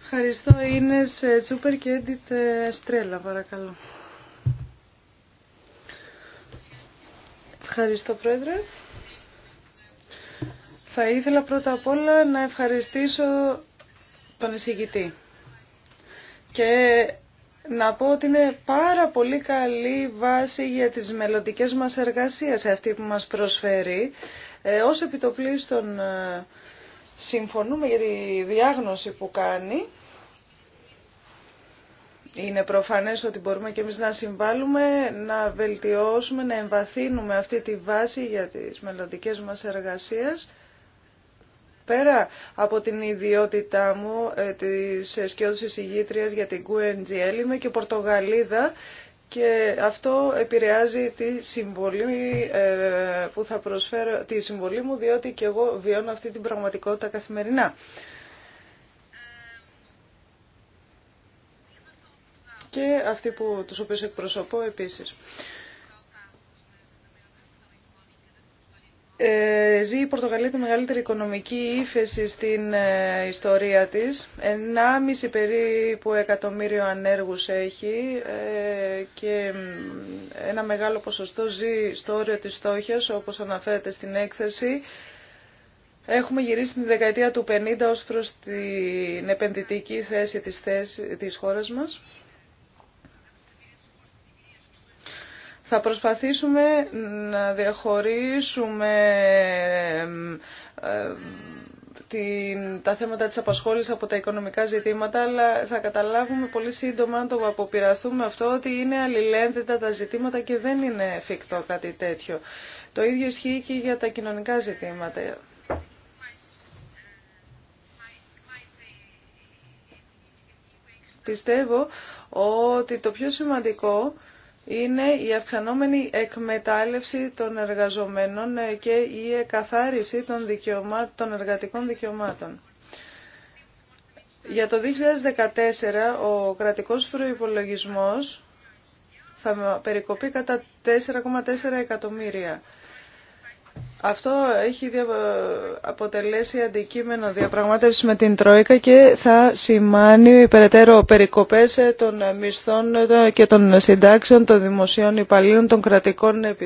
Ευχαριστώ Ίνες ε, Τσούπερ και Έντιτ ε, Στρέλα παρακαλώ. Ευχαριστώ Πρόεδρε. Θα ήθελα πρώτα απ' όλα να ευχαριστήσω τον εισηγητή και να πω ότι είναι πάρα πολύ καλή βάση για τις μελλοντικέ μας εργασίες αυτή που μας προσφέρει. Ε, ως επιτοπλίστων ε, συμφωνούμε για τη διάγνωση που κάνει είναι προφανές ότι μπορούμε και εμείς να συμβάλλουμε, να βελτιώσουμε, να εμβαθύνουμε αυτή τη βάση για τις μελλοντικές μας εργασίες. Πέρα από την ιδιότητά μου ε, της σκιώδης για την QNGL, είμαι και Πορτογαλίδα και αυτό επηρεάζει τη συμβολή ε, που θα προσφέρω, τη συμβολή μου, διότι και εγώ βιώνω αυτή την πραγματικότητα καθημερινά. και αυτοί που, τους οποίους εκπροσωπώ επίσης. Ε, ζει η Πορτογαλία τη μεγαλύτερη οικονομική ύφεση στην ε, ιστορία της. 1,5 περίπου εκατομμύριο ανέργους έχει ε, και ένα μεγάλο ποσοστό ζει στο όριο της στόχιας, όπως αναφέρεται στην έκθεση. Έχουμε γυρίσει την δεκαετία του 50 ως προς την επενδυτική θέση της, θέση, της χώρας μας. Θα προσπαθήσουμε να διαχωρίσουμε τα θέματα της απασχόλησης από τα οικονομικά ζητήματα, αλλά θα καταλάβουμε πολύ σύντομα αν το αποπειραθούμε αυτό ότι είναι αλληλένδετα τα ζητήματα και δεν είναι εφικτό κάτι τέτοιο. Το ίδιο ισχύει και για τα κοινωνικά ζητήματα. Πιστεύω ότι το πιο σημαντικό είναι η αυξανόμενη εκμετάλλευση των εργαζομένων ε, και η εκαθάριση των, δικαιωμάτων, των εργατικών δικαιωμάτων. Για το 2014 ο κρατικός προϋπολογισμός θα περικοπεί κατά 4,4 εκατομμύρια. Αυτό έχει αποτελέσει αντικείμενο διαπραγμάτευσης με την Τρόικα και θα σημάνει περαιτέρω περικοπές των μισθών και των συντάξεων των δημοσίων υπαλλήλων, των κρατικών ε,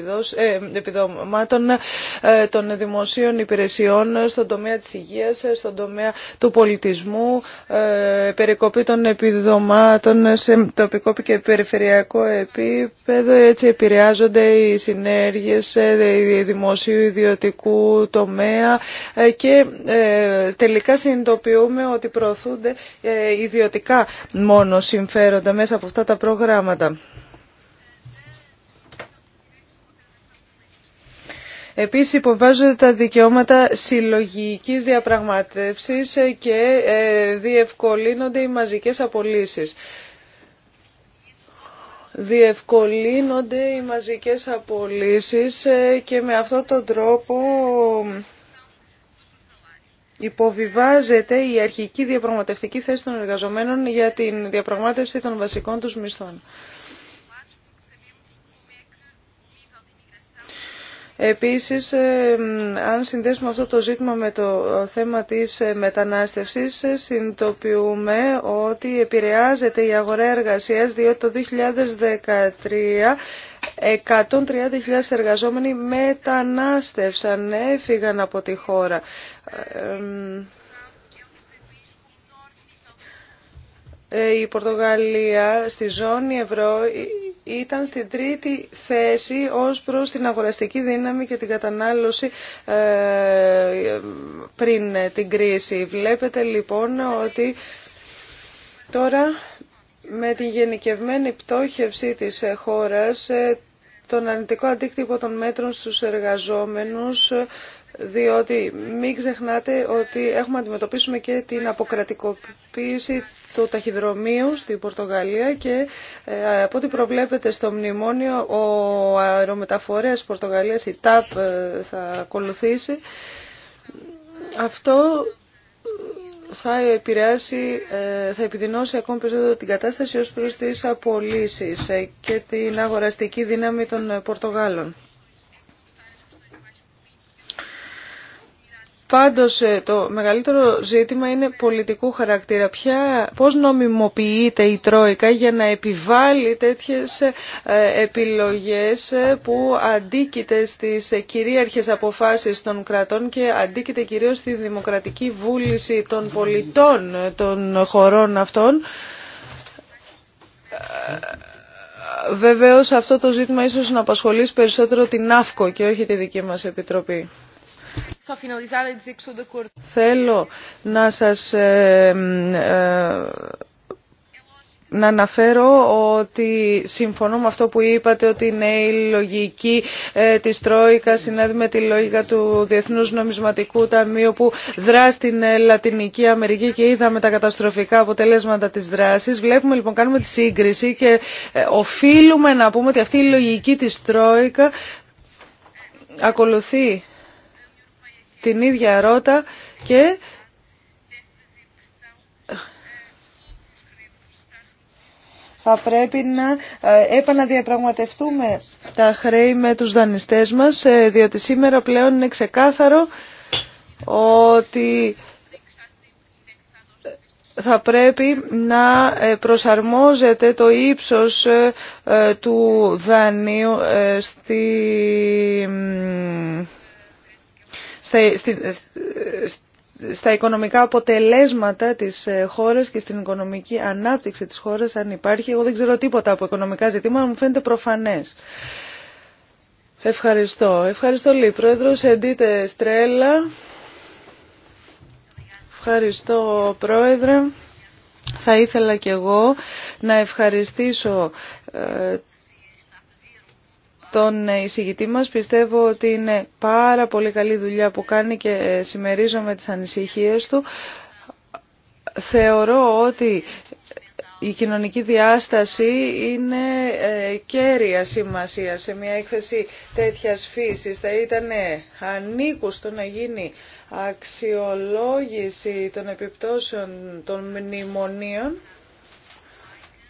επιδομάτων, ε, των δημοσίων υπηρεσιών στον τομέα της υγείας, στον τομέα του πολιτισμού, ε, περικοπή των επιδομάτων σε τοπικό και περιφερειακό επίπεδο. Έτσι επηρεάζονται οι συνέργειες δημοσίου ιδιωτικού τομέα ε, και ε, τελικά συνειδητοποιούμε ότι προωθούνται ε, ιδιωτικά μόνο συμφέροντα μέσα από αυτά τα προγράμματα. Επίσης υποβάζονται τα δικαιώματα συλλογικής διαπραγματεύσης και διευκολύνονται οι μαζικές απολύσεις διευκολύνονται οι μαζικές απολύσεις ε, και με αυτόν τον τρόπο υποβιβάζεται η αρχική διαπραγματευτική θέση των εργαζομένων για την διαπραγμάτευση των βασικών τους μισθών. Επίσης, ε, αν συνδέσουμε αυτό το ζήτημα με το θέμα της ε, μετανάστευσης, ε, συνειδητοποιούμε ότι επηρεάζεται η αγορά εργασίας, διότι το 2013 130.000 εργαζόμενοι μετανάστευσαν, έφυγαν από τη χώρα. Η Πορτογαλία στη ζώνη ευρώ ήταν στην τρίτη θέση ως προς την αγοραστική δύναμη και την κατανάλωση ε, πριν ε, την κρίση. Βλέπετε λοιπόν ότι τώρα με τη γενικευμένη πτώχευση της ε, χώρας, τον αρνητικό αντίκτυπο των μέτρων στους εργαζόμενους, διότι μην ξεχνάτε ότι έχουμε αντιμετωπίσουμε και την αποκρατικοποίηση του ταχυδρομείου στην Πορτογαλία και ε, από ό,τι προβλέπεται στο μνημόνιο ο αερομεταφορέας Πορτογαλίας, η ΤΑΠ, ε, θα ακολουθήσει. Αυτό θα επηρεάσει, ε, θα επιδεινώσει ακόμη περισσότερο την κατάσταση ως προς τις απολύσεις και την αγοραστική δύναμη των Πορτογάλων. Πάντως ε, το μεγαλύτερο ζήτημα είναι πολιτικού χαρακτήρα. Ποια, πώς νομιμοποιείται η Τρόικα για να επιβάλλει τέτοιες ε, επιλογές ε, που αντίκειται στις κυρίαρχες αποφάσεις των κρατών και αντίκειται κυρίως στη δημοκρατική βούληση των πολιτών των χωρών αυτών. Βεβαίως αυτό το ζήτημα ίσως να απασχολήσει περισσότερο την ΑΦΚΟ και όχι τη δική μας Επιτροπή. Θέλω να σας ε, ε, να αναφέρω ότι συμφωνώ με αυτό που είπατε ότι είναι η λογική ε, της Τρόικας συνάδει με τη λογική του Διεθνούς Νομισματικού Ταμείου που δρά στην ε, Λατινική Αμερική και είδαμε τα καταστροφικά αποτελέσματα της δράσης. Βλέπουμε λοιπόν, κάνουμε τη σύγκριση και οφείλουμε να πούμε ότι αυτή η λογική της Τρόικα ακολουθεί την ίδια ρότα και θα πρέπει να ε, επαναδιαπραγματευτούμε τα χρέη με τους δανειστές μας, ε, διότι σήμερα πλέον είναι ξεκάθαρο ότι θα πρέπει να ε, προσαρμόζεται το ύψος του δανείου στη στα οικονομικά αποτελέσματα της ε, χώρας και στην οικονομική ανάπτυξη της χώρας αν υπάρχει. Εγώ δεν ξέρω τίποτα από οικονομικά ζητήματα, μου φαίνεται προφανές. Ευχαριστώ. Ευχαριστώ λίγο. Πρόεδρος Εντίτε Στρέλα. Ευχαριστώ Πρόεδρε. Θα ήθελα κι εγώ να ευχαριστήσω ε, τον εισηγητή μας. Πιστεύω ότι είναι πάρα πολύ καλή δουλειά που κάνει και συμμερίζομαι τις ανησυχίες του. Θεωρώ ότι η κοινωνική διάσταση είναι ε, κέρια σημασία σε μια έκθεση τέτοιας φύσης. Θα ήταν ανήκουστο να γίνει αξιολόγηση των επιπτώσεων των μνημονίων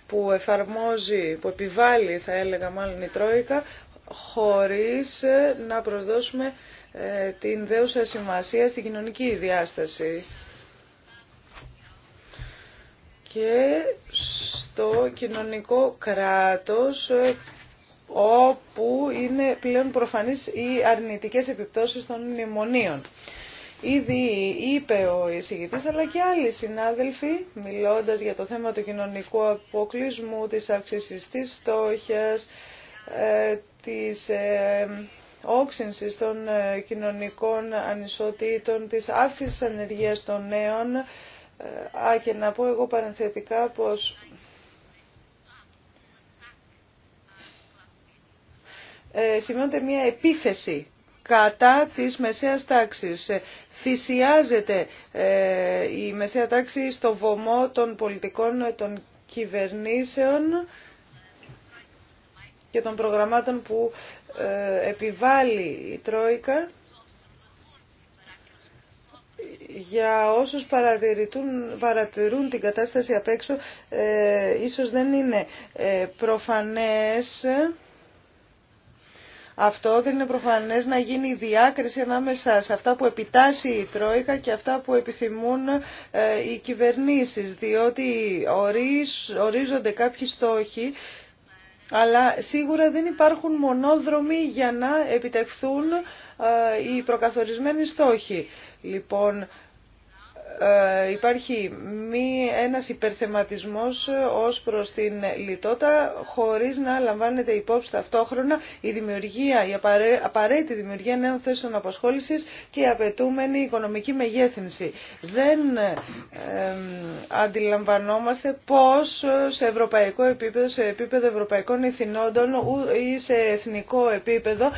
που εφαρμόζει, που επιβάλλει θα έλεγα μάλλον η Τρόικα χωρίς ε, να προσδώσουμε ε, την δέουσα σημασία στην κοινωνική διάσταση και στο κοινωνικό κράτος ε, όπου είναι πλέον προφανείς οι αρνητικές επιπτώσεις των νημονίων. Ήδη είπε ο εισηγητής αλλά και άλλοι συνάδελφοι μιλώντας για το θέμα του κοινωνικού αποκλεισμού, της αυξησιστής της της ε, όξυνσης των ε, κοινωνικών ανισοτήτων, της αύξησης ανεργίας των νέων. Ε, α, και να πω εγώ παρενθετικά πως σημειώνεται μια επίθεση κατά της μεσαίας τάξης. Θυσιάζεται η μεσαία τάξη στο βωμό των πολιτικών των κυβερνήσεων και των προγραμμάτων που ε, επιβάλλει η Τρόικα για όσους παρατηρούν, παρατηρούν την κατάσταση απ' έξω ε, ίσως δεν είναι ε, προφανές αυτό δεν είναι προφανές να γίνει η διάκριση ανάμεσα σε αυτά που επιτάσσει η Τρόικα και αυτά που επιθυμούν ε, οι κυβερνήσεις διότι ορίζονται κάποιοι στόχοι αλλά σίγουρα δεν υπάρχουν μονόδρομοι για να επιτευχθούν ε, οι προκαθορισμένοι στόχοι. Λοιπόν, ε, υπάρχει μη ένας υπερθεματισμός ε, ως προς την λιτότητα χωρίς να λαμβάνεται υπόψη ταυτόχρονα η δημιουργία, η απαραίτητη δημιουργία νέων θέσεων απασχόλησης και η απαιτούμενη οικονομική μεγέθυνση. Δεν αντιλαμβανόμαστε πώς ε, σε ευρωπαϊκό επίπεδο, σε επίπεδο ευρωπαϊκών ηθινόντων ή σε εθνικό επίπεδο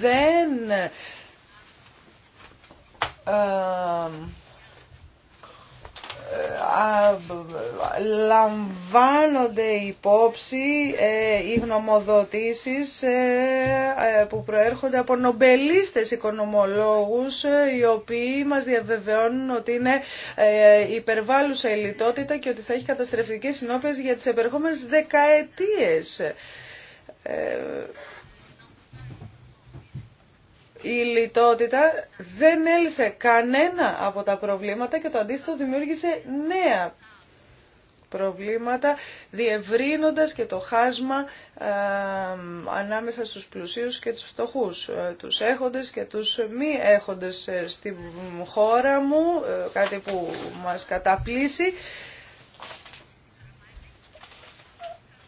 δεν λαμβάνονται υπόψη ε, οι γνωμοδοτήσεις ε, ε, που προέρχονται από νομπελίστες οικονομολόγους οι οποίοι μας διαβεβαιώνουν ότι είναι υπερβάλλουσα η λιτότητα και ότι θα έχει καταστρεφτικές συνόπειες για τις επερχόμενες δεκαετίες η λιτότητα δεν έλυσε κανένα από τα προβλήματα και το αντίθετο δημιούργησε νέα προβλήματα, διευρύνοντας και το χάσμα ε, ανάμεσα στους πλουσίους και τους φτωχούς, ε, τους έχοντες και τους μη έχοντες ε, στη χώρα μου, κάτι που μας καταπλήσει.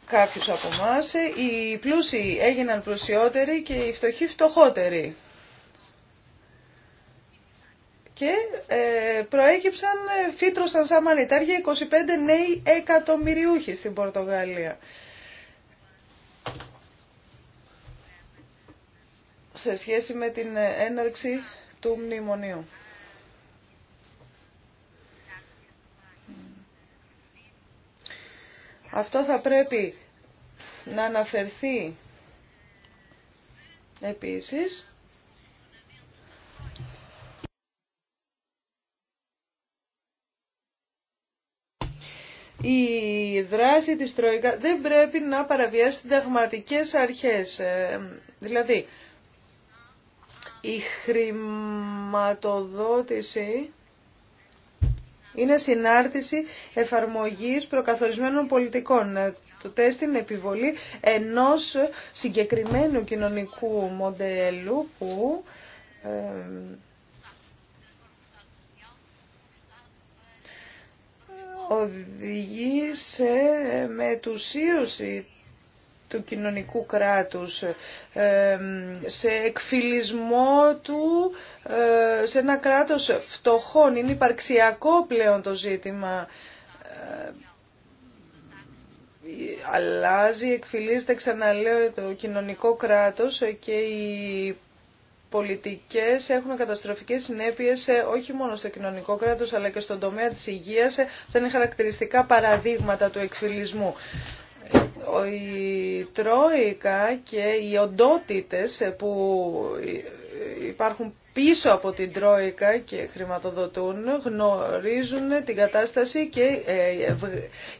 Κάποιους από εμά οι πλούσιοι έγιναν πλουσιότεροι και οι φτωχοί φτωχότεροι και ε, προέκυψαν ε, φύτρωσαν σαν μανιτάρια 25 νέοι εκατομμυριούχοι στην Πορτογαλία. σε σχέση με την ε, έναρξη του μνημονίου. Αυτό θα πρέπει να αναφερθεί επίσης δράση της Τρόικα δεν πρέπει να παραβιάσει συνταγματικές αρχές. Ε, δηλαδή, η χρηματοδότηση είναι συνάρτηση εφαρμογής προκαθορισμένων πολιτικών. Ε, το τεστ είναι επιβολή ενός συγκεκριμένου κοινωνικού μοντέλου που ε, οδηγεί σε μετουσίωση του κοινωνικού κράτους, σε εκφυλισμό του, ε, σε ένα κράτος φτωχών. Είναι υπαρξιακό πλέον το ζήτημα. Ε, αλλάζει, εκφυλίζεται, ξαναλέω, το κοινωνικό κράτος και η πολιτικές έχουν καταστροφικές συνέπειες όχι μόνο στο κοινωνικό κράτος αλλά και στον τομέα της υγείας. Αυτά είναι χαρακτηριστικά παραδείγματα του εκφυλισμού η Τρόικα και οι οντότητες που υπάρχουν πίσω από την Τρόικα και χρηματοδοτούν γνωρίζουν την κατάσταση και ε,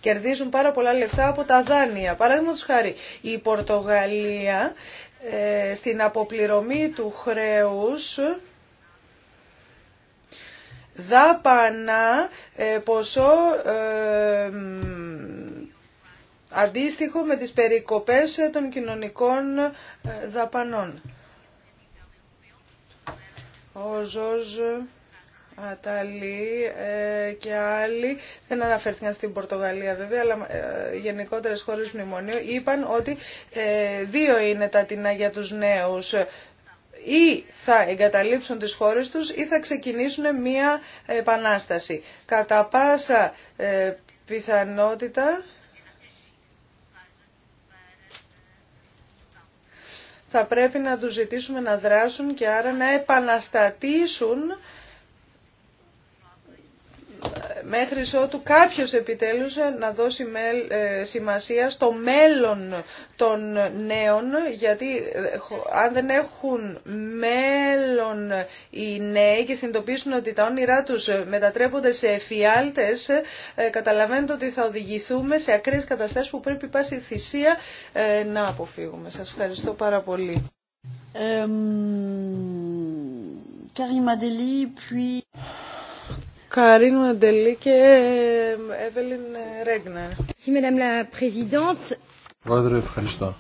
κερδίζουν πάρα πολλά λεφτά από τα δάνεια. Παράδειγμα τους χάρη, η Πορτογαλία ε, στην αποπληρωμή του χρέους δάπανα ε, ποσό ε, αντίστοιχο με τις περικοπές των κοινωνικών δαπανών. Ο Ζώζ Αταλή ε, και άλλοι δεν αναφέρθηκαν στην Πορτογαλία βέβαια, αλλά ε, γενικότερες χώρες μνημονίου είπαν ότι ε, δύο είναι τα τεινά για τους νέους. Ή θα εγκαταλείψουν τις χώρες τους ή θα ξεκινήσουν μία επανάσταση. Κατά πάσα ε, πιθανότητα θα πρέπει να τους ζητήσουμε να δράσουν και άρα να επαναστατήσουν μέχρι ότου κάποιος επιτέλους να δώσει ε, σημασία στο μέλλον των νέων, γιατί ε, αν δεν έχουν μέλλον οι νέοι και συνειδητοποιήσουν ότι τα όνειρά τους μετατρέπονται σε εφιάλτες, ε, καταλαβαίνετε ότι θα οδηγηθούμε σε ακραίες καταστάσεις που πρέπει πάση θυσία να αποφύγουμε. Σας ευχαριστώ πάρα πολύ. Ε, Karine Mandeli και ε, Εύελιν Ρέγνερ. Πρόεδρε, ευχαριστώ.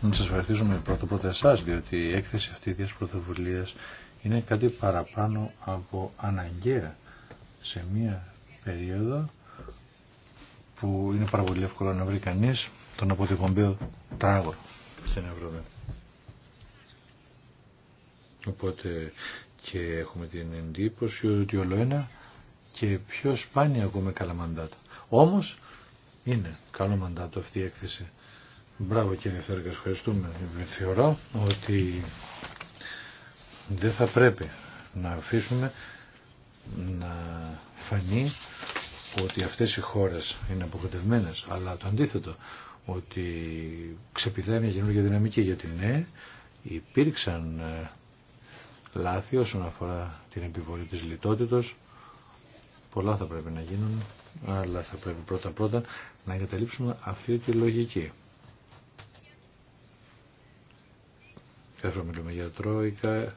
Να σα ευχαριστήσουμε πρώτα πρώτα εσάς, διότι η έκθεση αυτή τη πρωτοβουλία είναι κάτι παραπάνω από αναγκαία σε μία περίοδο που είναι πάρα πολύ εύκολο να βρει κανεί τον αποτυπωμπαίο τράγο στην Ευρώπη. Οπότε και έχουμε την εντύπωση ότι όλο ένα και πιο σπάνια ακούμε καλά μαντάτα. Όμως είναι καλό μαντάτο αυτή η έκθεση. Μπράβο κύριε Θέρκα, ευχαριστούμε. Θεωρώ ότι δεν θα πρέπει να αφήσουμε να φανεί ότι αυτές οι χώρες είναι αποκοτευμένες, αλλά το αντίθετο, ότι ξεπηδάει μια καινούργια δυναμική, γιατί ναι, υπήρξαν ε, λάθη όσον αφορά την επιβολή της λιτότητος. Πολλά θα πρέπει να γίνουν, αλλά θα πρέπει πρώτα-πρώτα να εγκαταλείψουμε αυτή τη λογική. Κάθε μιλούμε για τρόικα,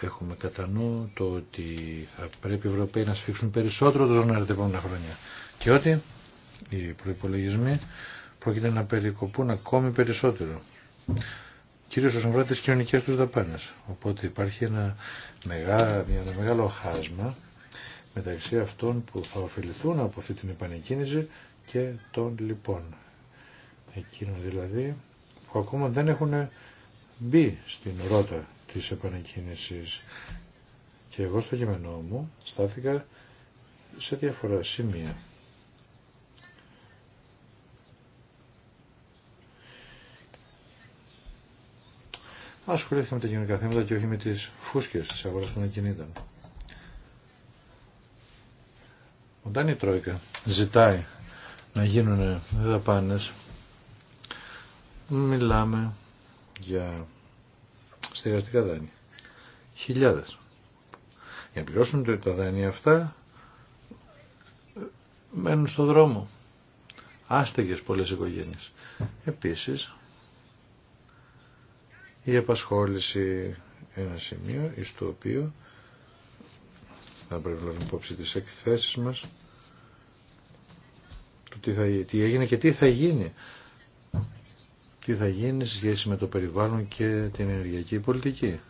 έχουμε κατά νου το ότι θα πρέπει οι Ευρωπαίοι να σφίξουν περισσότερο το ζωνάρι τα επόμενα χρόνια. Και ότι οι προϋπολογισμοί πρόκειται να περικοπούν ακόμη περισσότερο κυρίως όσον αφορά τις κοινωνικές τους δαπάνες. Οπότε υπάρχει ένα μεγάλο, χάσμα μεταξύ αυτών που θα ωφεληθούν από αυτή την επανεκκίνηση και των λοιπόν. Εκείνων δηλαδή που ακόμα δεν έχουν μπει στην ρότα της επανεκκίνησης. Και εγώ στο κείμενό μου στάθηκα σε διαφορά σημεία. ασχολήθηκα με τα κοινωνικά θέματα και όχι με τις φούσκες της αγοράς των ακινήτων. Όταν η Τρόικα ζητάει να γίνουν δαπάνες, μιλάμε για στεγαστικά δάνεια. Χιλιάδες. Για να πληρώσουν τα δάνεια αυτά, μένουν στο δρόμο. Άστεγες πολλές οικογένειες. Επίσης, η επασχόληση ένα σημείο εις το οποίο θα πρέπει να υπόψη τις εκθέσεις μας το τι, θα, τι έγινε και τι θα γίνει τι θα γίνει σε σχέση με το περιβάλλον και την ενεργειακή πολιτική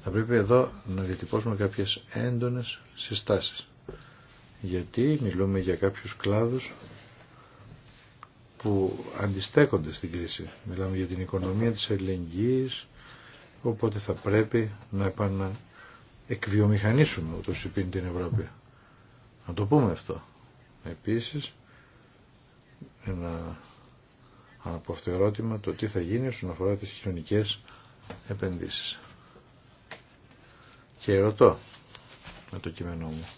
θα πρέπει εδώ να διατυπώσουμε κάποιες έντονες συστάσεις γιατί μιλούμε για κάποιους κλάδους που αντιστέκονται στην κρίση. Μιλάμε για την οικονομία της ελληνικής, οπότε θα πρέπει να επαναεκβιομηχανίσουμε ούτως υπήν την Ευρώπη. Να το πούμε αυτό. Επίσης, ένα το ερώτημα το τι θα γίνει όσον αφορά τις κοινωνικέ επενδύσεις. Και ρωτώ με το κείμενό μου,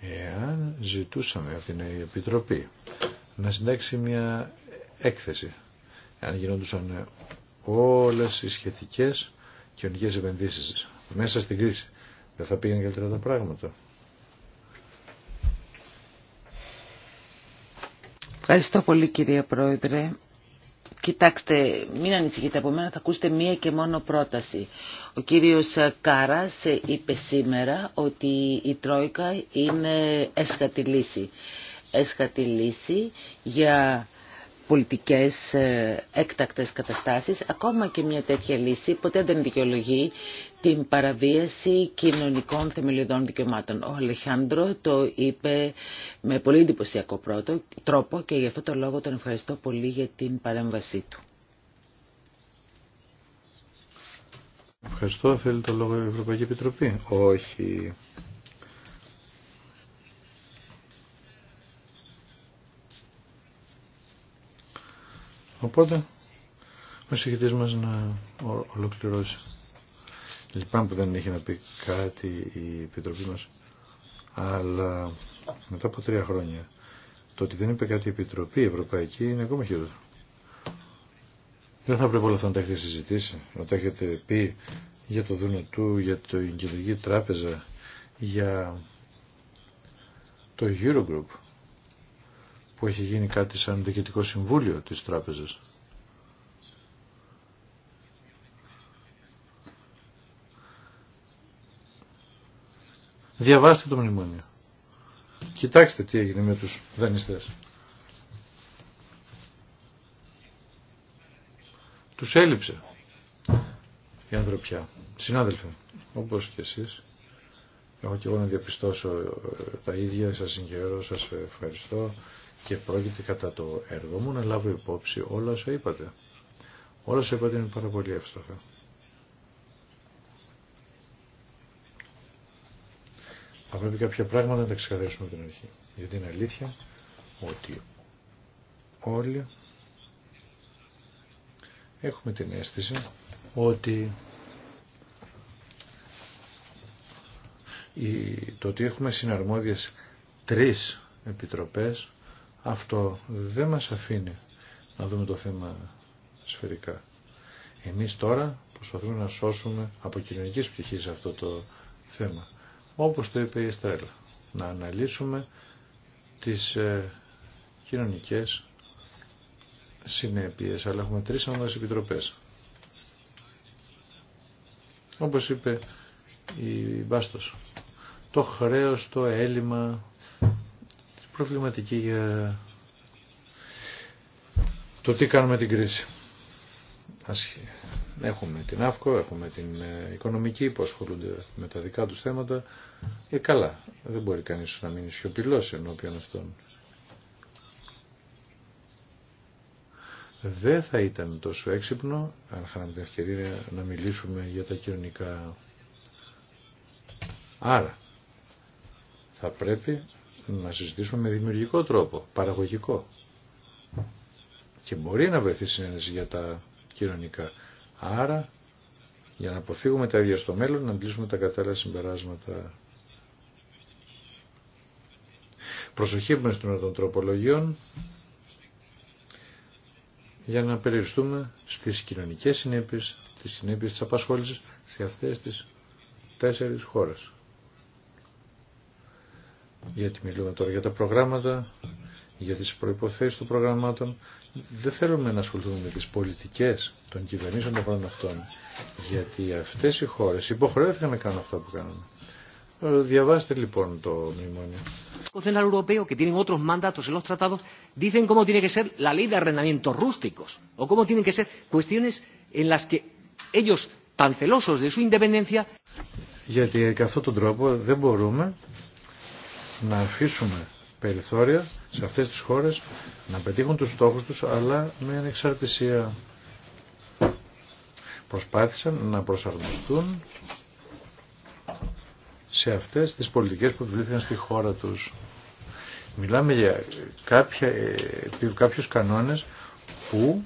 εάν ζητούσαμε από την Επιτροπή να συντάξει μια έκθεση. Αν γινόντουσαν όλες οι σχετικές κοινωνικές επενδύσεις μέσα στην κρίση. Δεν θα πήγαινε καλύτερα τα πράγματα. Ευχαριστώ πολύ κυρία Πρόεδρε. Κοιτάξτε, μην ανησυχείτε από μένα, θα ακούσετε μία και μόνο πρόταση. Ο κύριος Κάρας είπε σήμερα ότι η Τρόικα είναι έσχατη λύση έσχατη λύση για πολιτικές ε, έκτακτες καταστάσεις. Ακόμα και μια τέτοια λύση ποτέ δεν δικαιολογεί την παραβίαση κοινωνικών θεμελιωδών δικαιωμάτων. Ο Αλεχάνδρο το είπε με πολύ εντυπωσιακό τρόπο και γι' αυτό το λόγο τον ευχαριστώ πολύ για την παρέμβασή του. Ευχαριστώ. Θέλει το λόγο η Ευρωπαϊκή Επιτροπή. Όχι. Οπότε, ο συγκεκριτής μας να ολοκληρώσει. Λυπάμαι που δεν έχει να πει κάτι η Επιτροπή μας, αλλά μετά από τρία χρόνια, το ότι δεν είπε κάτι η Επιτροπή Ευρωπαϊκή είναι ακόμα χειρότερο. Δεν θα πρέπει όλα αυτά να τα έχετε συζητήσει, να τα έχετε πει για το Δούνε για την Κεντρική Τράπεζα, για το Eurogroup που έχει γίνει κάτι σαν διοικητικό συμβούλιο της τράπεζας. Διαβάστε το μνημόνιο. Κοιτάξτε τι έγινε με τους δανειστές. Τους έλειψε η ανθρωπιά. Συνάδελφοι, όπως και εσείς, έχω και εγώ να διαπιστώσω ε, τα ίδια, σας συγχαίρω, σας ευχαριστώ και πρόκειται κατά το έργο μου να λάβω υπόψη όλα όσα είπατε. Όλα όσα είπατε είναι πάρα πολύ εύστοχα. Θα πρέπει κάποια πράγματα να τα ξεκαθαρίσουμε από την αρχή. Γιατί είναι αλήθεια ότι όλοι έχουμε την αίσθηση ότι το ότι έχουμε συναρμόδιες τρεις επιτροπές αυτό δεν μας αφήνει να δούμε το θέμα σφαιρικά. Εμείς τώρα προσπαθούμε να σώσουμε από κοινωνική πτυχή σε αυτό το θέμα. Όπως το είπε η Εστρέλα, να αναλύσουμε τις ε, κοινωνικές συνέπειες, αλλά έχουμε τρεις άνθρωπες επιτροπές. Όπως είπε η Μπάστος, το χρέος, το έλλειμμα, προβληματική για το τι κάνουμε την κρίση. Έχουμε την ΑΦΚΟ, έχουμε την ε, οικονομική που ασχολούνται με τα δικά τους θέματα. και ε, καλά, δεν μπορεί κανείς να μείνει σιωπηλός ενώπιον αυτών. Δεν θα ήταν τόσο έξυπνο αν είχαμε την ευκαιρία να μιλήσουμε για τα κοινωνικά. Άρα, θα πρέπει να συζητήσουμε με δημιουργικό τρόπο, παραγωγικό. Και μπορεί να βρεθεί συνένεση για τα κοινωνικά. Άρα, για να αποφύγουμε τα ίδια στο μέλλον, να αντλήσουμε τα κατάλληλα συμπεράσματα. Προσοχή με των τροπολογιών για να περιοριστούμε στις κοινωνικές συνέπειες, τις συνέπειες της απασχόλησης σε αυτές τις τέσσερις χώρες γιατί μιλούμε τώρα για τα προγράμματα, για τις προϋποθέσεις των προγραμμάτων. Δεν θέλουμε να ασχοληθούμε με τις πολιτικές των κυβερνήσεων των πρώτων αυτών, γιατί αυτές οι χώρες υποχρεώθηκαν να κάνουν αυτά που κάνουν. Ε, διαβάστε λοιπόν το μνημόνιο. Το Central Europeo, que tienen otros mandatos en los tratados, dicen cómo tiene que ser la ley de arrendamientos rústicos o cómo tienen que ser cuestiones en las que ellos, tan celosos de su independencia. Γιατί ε, κατά αυτόν τον τρόπο δεν μπορούμε να αφήσουμε περιθώρια σε αυτές τις χώρες να πετύχουν τους στόχους τους αλλά με ανεξαρτησία. Προσπάθησαν να προσαρμοστούν σε αυτές τις πολιτικές που επιβλήθηκαν στη χώρα τους. Μιλάμε για κάποια, ε, κάποιους κανόνες που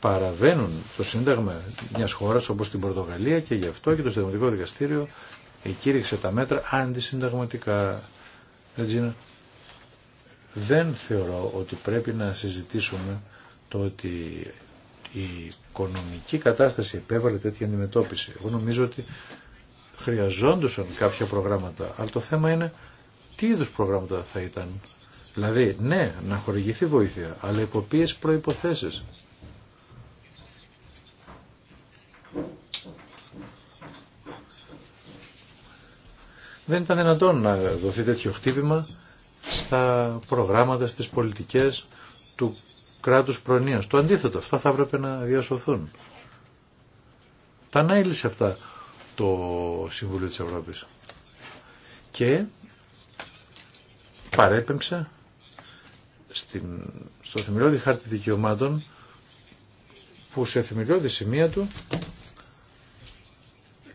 παραβαίνουν το Σύνταγμα μιας χώρας όπως την Πορτογαλία και γι' αυτό και το Συνταγματικό Δικαστήριο εκήρυξε τα μέτρα αντισυνταγματικά. Ρετζίνα, δεν θεωρώ ότι πρέπει να συζητήσουμε το ότι η οικονομική κατάσταση επέβαλε τέτοια αντιμετώπιση. Εγώ νομίζω ότι χρειαζόντουσαν κάποια προγράμματα, αλλά το θέμα είναι τι είδους προγράμματα θα ήταν. Δηλαδή, ναι, να χορηγηθεί βοήθεια, αλλά υπό ποιες προϋποθέσεις. δεν ήταν δυνατόν να δοθεί τέτοιο χτύπημα στα προγράμματα, στις πολιτικές του κράτους προνοίας. Το αντίθετο, αυτά θα έπρεπε να διασωθούν. Τα ανάειλησε αυτά το Συμβούλιο της Ευρώπης. Και παρέπεμψε στην, στο θεμελιώδη χάρτη δικαιωμάτων που σε θεμελιώδη σημεία του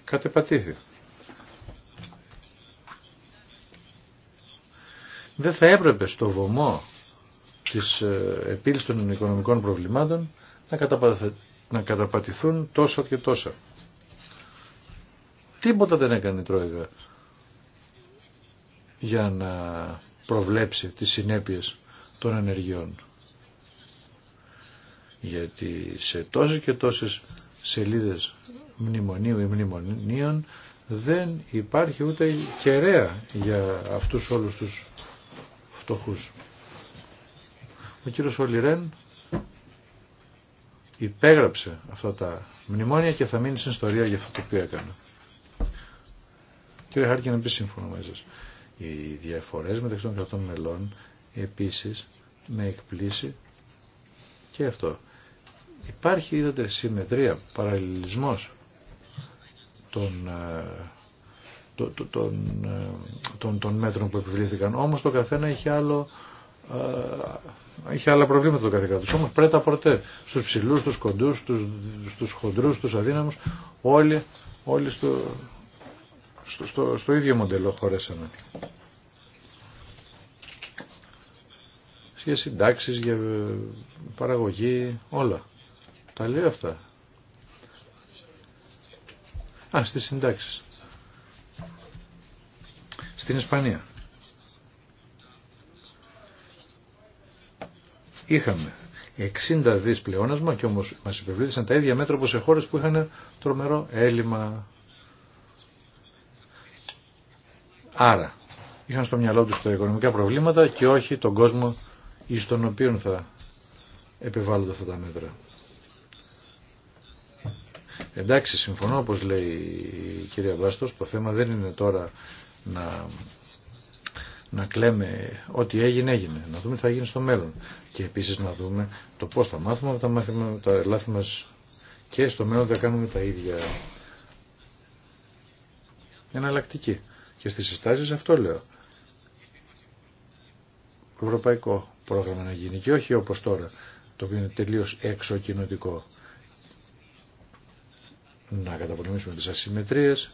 κατεπατήθηκε. δεν θα έπρεπε στο βωμό της ε, επίλυσης των οικονομικών προβλημάτων να καταπατηθούν τόσο και τόσα. Τίποτα δεν έκανε η Τρόικα για να προβλέψει τις συνέπειες των ενεργειών. Γιατί σε τόσες και τόσες σελίδες μνημονίου ή μνημονίων δεν υπάρχει ούτε κεραία για αυτούς όλους τους φτωχούς. Ο κύριος Ολιρέν υπέγραψε αυτά τα μνημόνια και θα μείνει στην ιστορία για αυτό το οποίο έκανε. Κύριε Χάρκιν, επίση. συμφωνώ μαζί σας. Οι διαφορές μεταξύ των κρατών μελών επίσης με εκπλήσει και αυτό. Υπάρχει, είδατε, συμμετρία, παραλληλισμός των ε, των, ε, των, των μέτρων που επιβλήθηκαν. Όμως το καθένα είχε άλλο είχε άλλα προβλήματα το καθένα κράτος. Όμως πρέτα ποτέ στους ψηλού, στους κοντούς, στους, χοντρού, χοντρούς, στους αδύναμους, όλοι, όλοι στο, στο, στο, ίδιο μοντέλο χωρέσαμε. Για συντάξεις, για παραγωγή, όλα. Τα λέει αυτά. Α, στι συντάξει στην Ισπανία. Είχαμε 60 δις πλεόνασμα και όμως μας υπευλήθησαν τα ίδια μέτρα όπως σε χώρες που είχαν τρομερό έλλειμμα. Άρα, είχαν στο μυαλό τους τα οικονομικά προβλήματα και όχι τον κόσμο εις τον οποίο θα επιβάλλονται αυτά τα μέτρα. Εντάξει, συμφωνώ όπως λέει η κυρία Βάστος, το θέμα δεν είναι τώρα να, να κλαίμε ό,τι έγινε έγινε, να δούμε τι θα γίνει στο μέλλον και επίσης να δούμε το πώς θα μάθουμε τα, μάθημα, τα λάθη και στο μέλλον θα κάνουμε τα ίδια εναλλακτική και στις συστάσεις αυτό λέω ευρωπαϊκό πρόγραμμα να γίνει και όχι όπως τώρα το οποίο είναι τελείως έξω να καταπολεμήσουμε τις ασυμμετρίες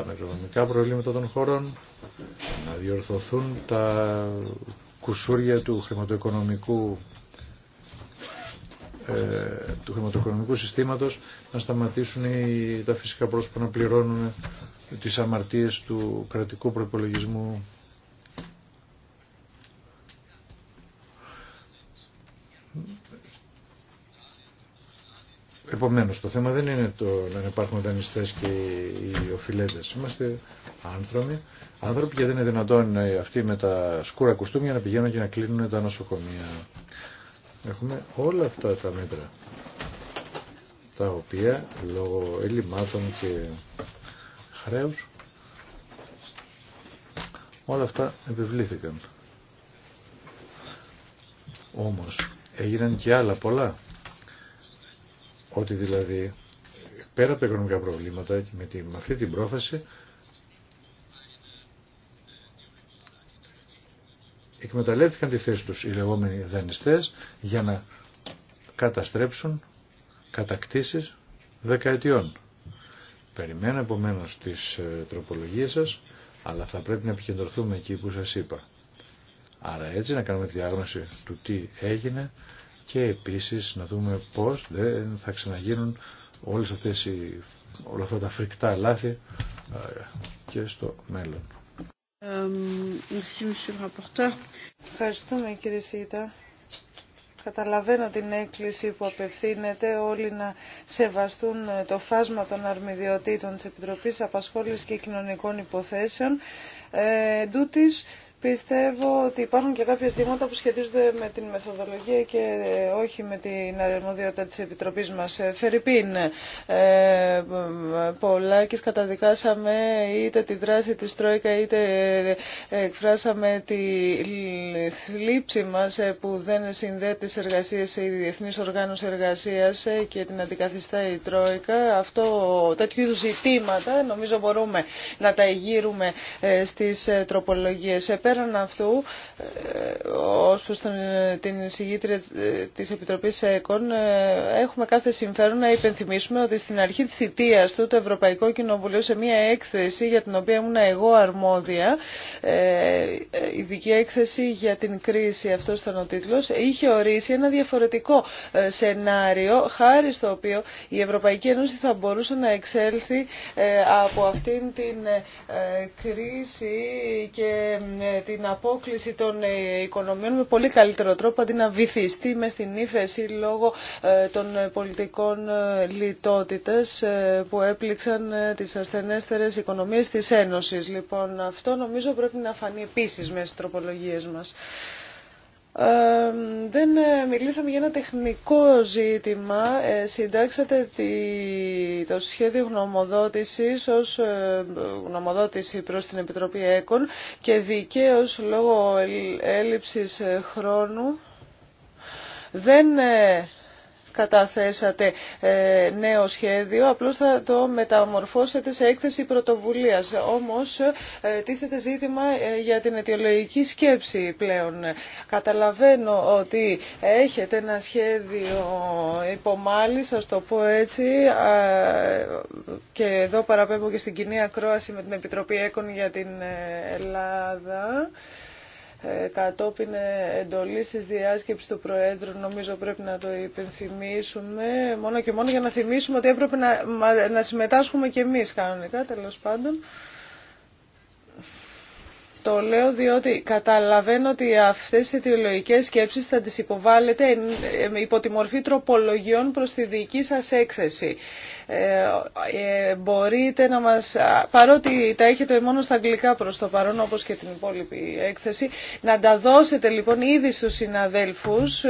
τα μακροοικονομικά προβλήματα των χωρών, να διορθωθούν τα κουσούρια του χρηματοοικονομικού ε, του χρηματοοικονομικού συστήματος να σταματήσουν οι, τα φυσικά πρόσωπα να πληρώνουν τις αμαρτίες του κρατικού προπολογισμού. Επομένως, το θέμα δεν είναι το να υπάρχουν δανειστέ και οι οφειλέτε. Είμαστε άνθρωποι, άνθρωποι και δεν είναι δυνατόν αυτοί με τα σκούρα κουστούμια να πηγαίνουν και να κλείνουν τα νοσοκομεία. Έχουμε όλα αυτά τα μέτρα, τα οποία λόγω ελλημάτων και χρέους, όλα αυτά επιβλήθηκαν. Όμως έγιναν και άλλα πολλά ότι δηλαδή πέρα από τα οικονομικά προβλήματα και με, τη, με αυτή την πρόφαση εκμεταλλεύτηκαν τη θέση τους οι λεγόμενοι δανειστές για να καταστρέψουν κατακτήσεις δεκαετιών. Περιμένω επομένω τις ε, τροπολογίες σας, αλλά θα πρέπει να επικεντρωθούμε εκεί που σας είπα. Άρα έτσι να κάνουμε τη διάγνωση του τι έγινε και επίσης να δούμε πώς δεν θα ξαναγίνουν όλες αυτές οι, όλα αυτά τα φρικτά λάθη και στο μέλλον. Ευχαριστούμε κύριε Σίτα. Καταλαβαίνω την έκκληση που απευθύνεται όλοι να σεβαστούν ε, το φάσμα των αρμιδιοτήτων της Επιτροπής Απασχόλησης και Κοινωνικών Υποθέσεων. Ε, Πιστεύω ότι υπάρχουν και κάποια ζητήματα που σχετίζονται με την μεθοδολογία και όχι με την αρμοδιότητα της Επιτροπής μας. Ε, Φερρυπίν, ε, πολλά και καταδικάσαμε είτε τη δράση της Τρόικα είτε ε, εκφράσαμε τη θλίψη μας ε, που δεν συνδέεται στις εργασίες η Διεθνής Οργάνωση Εργασίας και την αντικαθιστά η Τρόικα. Αυτό, τέτοιου είδου ζητήματα νομίζω μπορούμε να τα εγείρουμε στι τροπολογίε. Πέραν αυτού, ε, ω προ την συγγήτρια της επιτροπή ΕΚΟΝ, ε, έχουμε κάθε συμφέρον να υπενθυμίσουμε ότι στην αρχή τη θητεία του το Ευρωπαϊκό Κοινοβουλίο σε μια έκθεση για την οποία ήμουν εγώ αρμόδια, ε, ειδική έκθεση για την κρίση, αυτό ήταν ο τίτλο, είχε ορίσει ένα διαφορετικό σενάριο, χάρη στο οποίο η Ευρωπαϊκή Ένωση θα μπορούσε να εξέλθει από αυτήν την κρίση και την απόκληση των ε, οικονομιών με πολύ καλύτερο τρόπο αντί να βυθιστεί με στην ύφεση λόγω ε, των πολιτικών ε, λιτότητες που έπληξαν τις ασθενέστερες οικονομίες της Ένωσης. Λοιπόν, αυτό νομίζω πρέπει να φανεί επίσης μέσα στις τροπολογίες μας δεν ε, μιλήσαμε για ένα τεχνικό ζήτημα. Ε, συντάξατε το σχέδιο γνωμοδότησης ως ε, γνωμοδότηση προς την Επιτροπή ΕΚΟΝ και δικαίως λόγω έλλειψης χρόνου δεν καταθέσατε ε, νέο σχέδιο, απλώς θα το μεταμορφώσετε σε έκθεση πρωτοβουλίας. Όμως ε, τίθεται ζήτημα ε, για την αιτιολογική σκέψη πλέον. Καταλαβαίνω ότι έχετε ένα σχέδιο υπομάλης, ας το πω έτσι, και εδώ παραπέμπω και στην κοινή ακρόαση με την Επιτροπή έκων για την Ελλάδα. Ε, κατόπιν εντολή τη διάσκεψης του Προέδρου, νομίζω πρέπει να το υπενθυμίσουμε, μόνο και μόνο για να θυμίσουμε ότι έπρεπε να, να συμμετάσχουμε και εμείς κανονικά, τέλος πάντων. Το λέω διότι καταλαβαίνω ότι αυτές οι αιτιολογικές σκέψεις θα τις υποβάλλετε ε, υπό τη μορφή τροπολογιών προς τη δική σας έκθεση. Ε, ε, μπορείτε να μας, παρότι τα έχετε μόνο στα αγγλικά προς το παρόν όπως και την υπόλοιπη έκθεση, να τα δώσετε λοιπόν ήδη στους συναδέλφους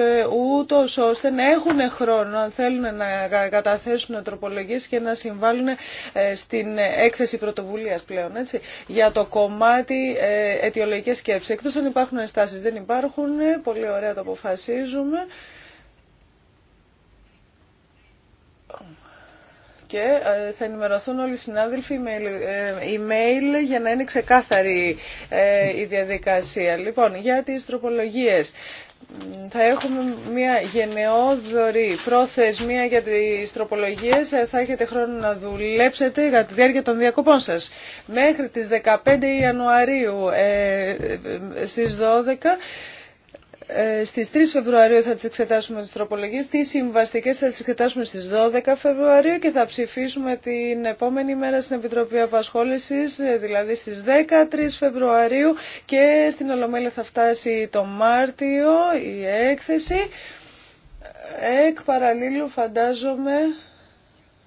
ούτω ώστε να έχουν χρόνο αν θέλουν να καταθέσουν τροπολογίες και να συμβάλλουν στην έκθεση πρωτοβουλίας πλέον. Έτσι. Για το κομμάτι αιτιολογικέ σκέψει. Εκτός αν υπάρχουν ενστάσει, δεν υπάρχουν. Πολύ ωραία το αποφασίζουμε. και ε, θα ενημερωθούν όλοι οι συνάδελφοι με ε, email για να είναι ξεκάθαρη ε, η διαδικασία. Λοιπόν, για τις τροπολογίες θα έχουμε μια γενναιόδορη προθεσμία για τις τροπολογίες. Ε, θα έχετε χρόνο να δουλέψετε για τη διάρκεια των διακοπών σας. Μέχρι τις 15 Ιανουαρίου ε, ε, ε στις 12 ε, στις 3 Φεβρουαρίου θα τις εξετάσουμε τις τροπολογίες, τις συμβαστικές θα τις εξετάσουμε στις 12 Φεβρουαρίου και θα ψηφίσουμε την επόμενη μέρα στην Επιτροπή Απασχόλησης, ε, δηλαδή στις 13 Φεβρουαρίου και στην Ολομέλεια θα φτάσει το Μάρτιο η έκθεση. Εκ παραλίλου φαντάζομαι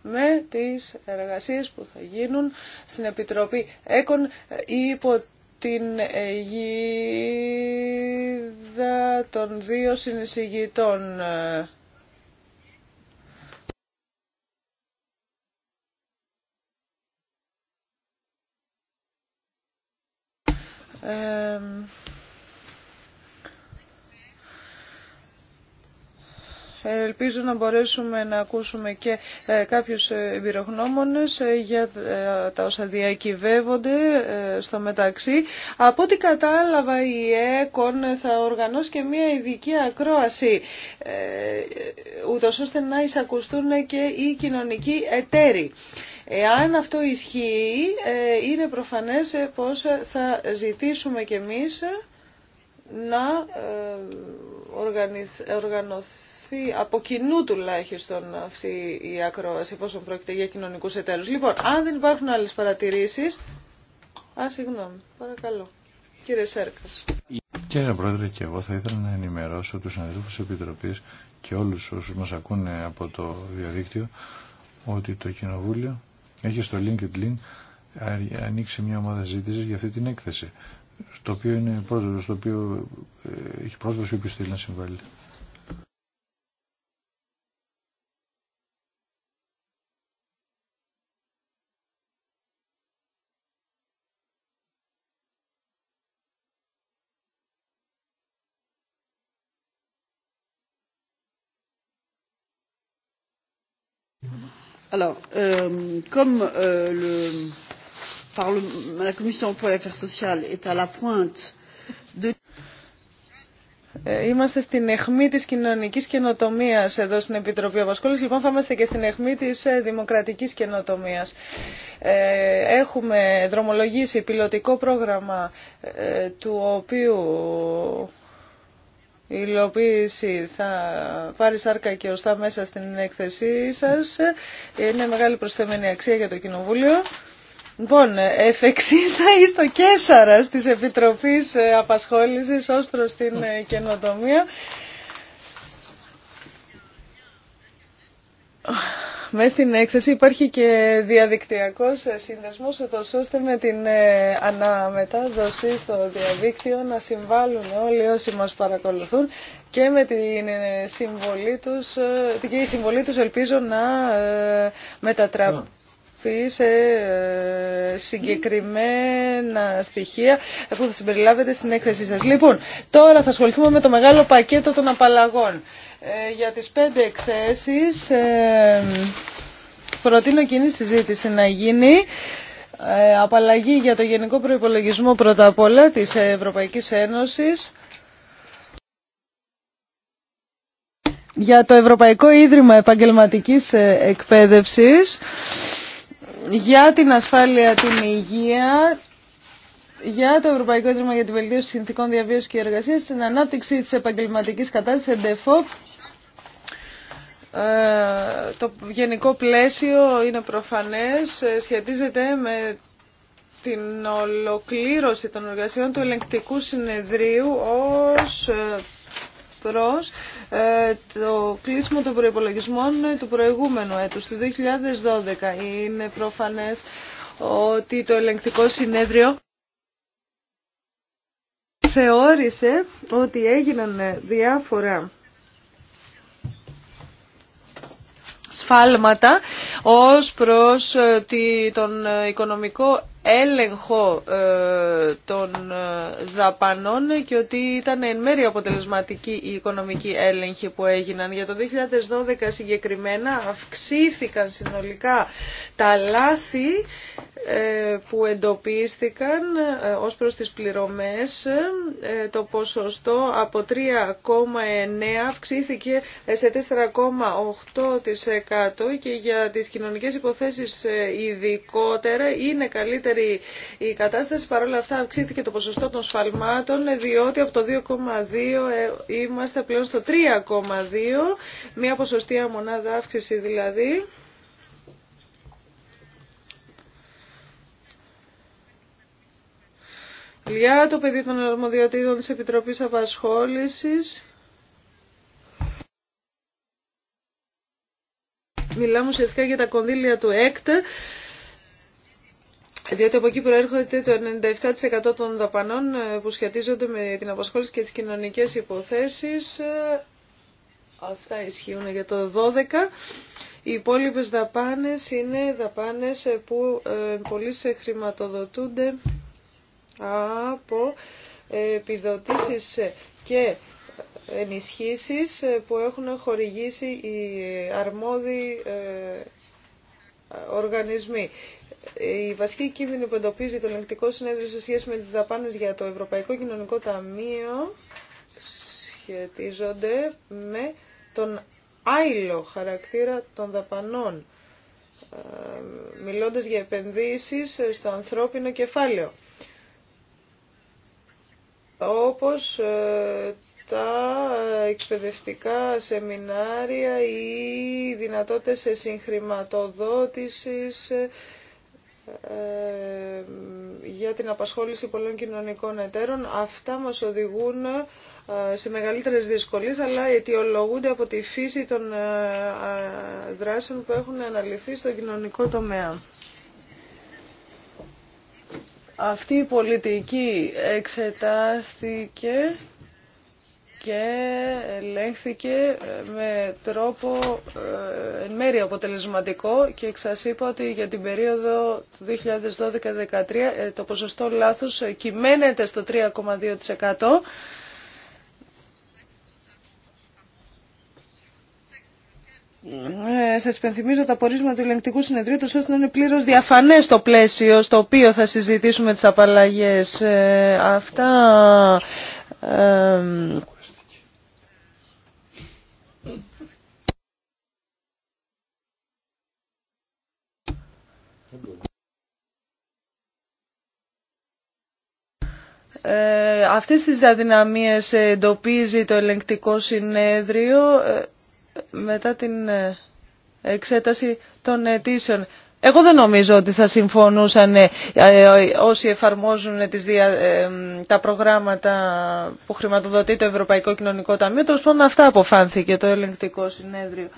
με τις εργασίες που θα γίνουν στην Επιτροπή ΕΚΟΝ ε, υπό την αιγίδα των δύο συνεισηγητών. Ε, ελπίζω να μπορέσουμε να ακούσουμε και ε, κάποιους ε, εμπειρογνώμονες για τα όσα διακυβεύονται στο μεταξύ. Από ό,τι κατάλαβα η ΕΚΟΝ θα οργανώσει και μια ειδική ακρόαση ούτως ώστε να εισακουστούν και οι κοινωνικοί εταίροι. Εάν αυτό ισχύει, είναι προφανές πως θα ζητήσουμε κι εμείς να ε, οργανωθεί από κοινού τουλάχιστον αυτή η ακρόαση εφόσον πρόκειται για κοινωνικούς εταίρους. Λοιπόν, αν δεν υπάρχουν άλλες παρατηρήσεις... Α, συγγνώμη, παρακαλώ. Κύριε Σέρκας. Κύριε Πρόεδρε, και εγώ θα ήθελα να ενημερώσω τους τη Επιτροπής και όλους όσους μας ακούνε από το διαδίκτυο ότι το Κοινοβούλιο έχει στο LinkedIn ανοίξει μια ομάδα ζήτησης για αυτή την έκθεση στο οποίο είναι πρόσβαση, στο οποίο ε, έχει πρόσβαση όποιος θέλει να συμβάλλει. Alors, euh, comme euh, le la Commission de l'emploi et des affaires sociales est à la pointe de... Είμαστε στην αιχμή της κοινωνικής καινοτομία εδώ στην Επιτροπή Απασχόληση. Λοιπόν, θα είμαστε και στην αιχμή της ε, δημοκρατικής καινοτομίας. Ε, έχουμε δρομολογήσει πιλωτικό πρόγραμμα ε, του οποίου η υλοποίηση θα πάρει σάρκα και ωστά μέσα στην έκθεσή σας. Είναι μεγάλη προσθεμένη αξία για το Κοινοβούλιο. Λοιπόν, θα είστε στο Κέσαρα της Επιτροπής ε, Απασχόλησης ως προς την ε, καινοτομία. Μέσα στην έκθεση υπάρχει και διαδικτυακός ε, σύνδεσμος, ώστε με την αναμετάδοση στο διαδίκτυο να συμβάλλουν όλοι όσοι μας παρακολουθούν και με την συμβολή τους, και συμβολή τους ελπίζω να μετατραπεί σε ε, συγκεκριμένα στοιχεία που θα συμπεριλάβετε στην έκθεσή σας. Λοιπόν, τώρα θα ασχοληθούμε με το μεγάλο πακέτο των απαλλαγών. Ε, για τις πέντε εκθέσεις ε, προτείνω κοινή συζήτηση να γίνει απαλλαγή για το Γενικό Προϋπολογισμό πρώτα απ' όλα της Ευρωπαϊκής Ένωσης. για το Ευρωπαϊκό Ίδρυμα Επαγγελματικής Εκπαίδευσης για την ασφάλεια, την υγεία, για το Ευρωπαϊκό Ίδρυμα για τη Βελτίωση Συνθήκων Διαβίωσης και εργασία, στην ανάπτυξη τη επαγγελματική κατάσταση εντεφό, ε, το γενικό πλαίσιο είναι προφανές, ε, σχετίζεται με την ολοκλήρωση των εργασιών του ελεγκτικού συνεδρίου ως ε, προς ε, το κλείσιμο των προϋπολογισμών του προηγούμενου έτους, του 2012. Είναι προφανές ότι το ελεγκτικό συνέδριο θεώρησε ότι έγιναν διάφορα σφάλματα ως προς ε, τον ε, οικονομικό έλεγχο ε, των ε, δαπανών και ότι ήταν εν μέρει αποτελεσματική η οικονομική έλεγχη που έγιναν. Για το 2012 συγκεκριμένα αυξήθηκαν συνολικά τα λάθη ε, που εντοπίστηκαν ως προς τις πληρωμές. Το ποσοστό από 3,9 αυξήθηκε σε 4,8% και για τις κοινωνικές υποθέσεις ειδικότερα είναι καλύτερα η κατάσταση. Παρ' αυτά αυξήθηκε το ποσοστό των σφαλμάτων διότι από το 2,2 ε, είμαστε πλέον στο 3,2 μια ποσοστία μονάδα αύξηση δηλαδή. Για το παιδί των αρμοδιοτήτων της Επιτροπής Απασχόλησης. Μιλάμε ουσιαστικά για τα κονδύλια του ΕΚΤ. Διότι από εκεί προέρχονται το 97% των δαπανών ε, που σχετίζονται με την απασχόληση και τις κοινωνικές υποθέσεις. Αυτά ισχύουν για το 12. Οι υπόλοιπε δαπάνες είναι δαπάνες ε, που ε, πολύ σε χρηματοδοτούνται από επιδοτήσεις και ενισχύσεις που έχουν χορηγήσει οι αρμόδιοι οργανισμοί. Η βασική κίνδυνη που εντοπίζει το ελεγκτικό συνέδριο σε σχέση με τις δαπάνες για το Ευρωπαϊκό Κοινωνικό Ταμείο σχετίζονται με τον άειλο χαρακτήρα των δαπανών, ε, μιλώντας για επενδύσεις στο ανθρώπινο κεφάλαιο, όπως ε, τα εκπαιδευτικά σεμινάρια ή δυνατότητες συγχρηματοδότηση ε, για την απασχόληση πολλών κοινωνικών εταίρων. Αυτά μας οδηγούν ε, σε μεγαλύτερες δυσκολίες, αλλά αιτιολογούνται από τη φύση των ε, δράσεων που έχουν αναλυθεί στο κοινωνικό τομέα. Αυτή η πολιτική εξετάστηκε και ελέγχθηκε ε, με τρόπο ε, εν μέρει αποτελεσματικό και σας είπα ότι για την περίοδο του 2012-2013 ε, το ποσοστό λάθους κυμαίνεται στο 3,2%. Ε, σας υπενθυμίζω τα πορίσματα του ελεγκτικού συνεδρίου τους ώστε να είναι πλήρως διαφανές το πλαίσιο στο οποίο θα συζητήσουμε τις απαλλαγές. αυτά Ε, αυτές τις αδυναμίες εντοπίζει το ελεγκτικό συνέδριο ε, μετά την ε, εξέταση των αιτήσεων. Εγώ δεν νομίζω ότι θα συμφωνούσαν ε, όσοι εφαρμόζουν τις δια, τα προγράμματα που χρηματοδοτεί το Ευρωπαϊκό Κοινωνικό Ταμείο. Τέλο πάντων αυτά αποφάνθηκε το ελεγκτικό συνέδριο.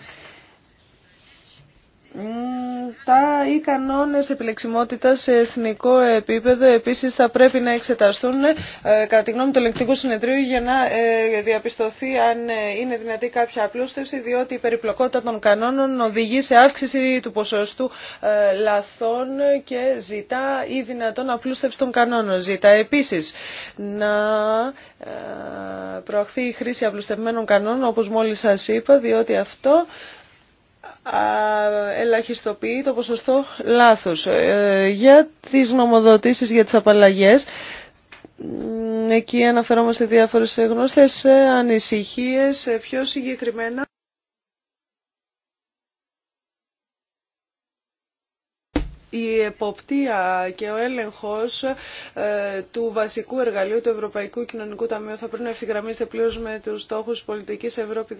Τα ή κανόνες επιλεξιμότητας σε εθνικό επίπεδο επίσης θα πρέπει να εξεταστούν ε, κατά τη γνώμη του ελεκτικού συνεδρίου για να ε, διαπιστωθεί αν ε, είναι δυνατή κάποια απλούστευση διότι η περιπλοκότητα των κανόνων οδηγεί σε αύξηση του ποσοστού λαθών και ζητά ή δυνατόν απλούστευση των κανόνων. Ζητά επίσης να προαχθεί η χρήση απλουστευμένων κανόνων όπως μόλις σας είπα διότι αυτό ελαχιστοποιεί το ποσοστό λάθος. Ε, για τις νομοδοτήσεις για τις απαλλαγές, εκεί αναφερόμαστε διάφορες γνώστες ανησυχίες πιο συγκεκριμένα. η εποπτεία και ο έλεγχος ε, του βασικού εργαλείου του Ευρωπαϊκού Κοινωνικού Ταμείου θα πρέπει να ευθυγραμμίσετε πλήρως με τους στόχους πολιτικής Ευρώπη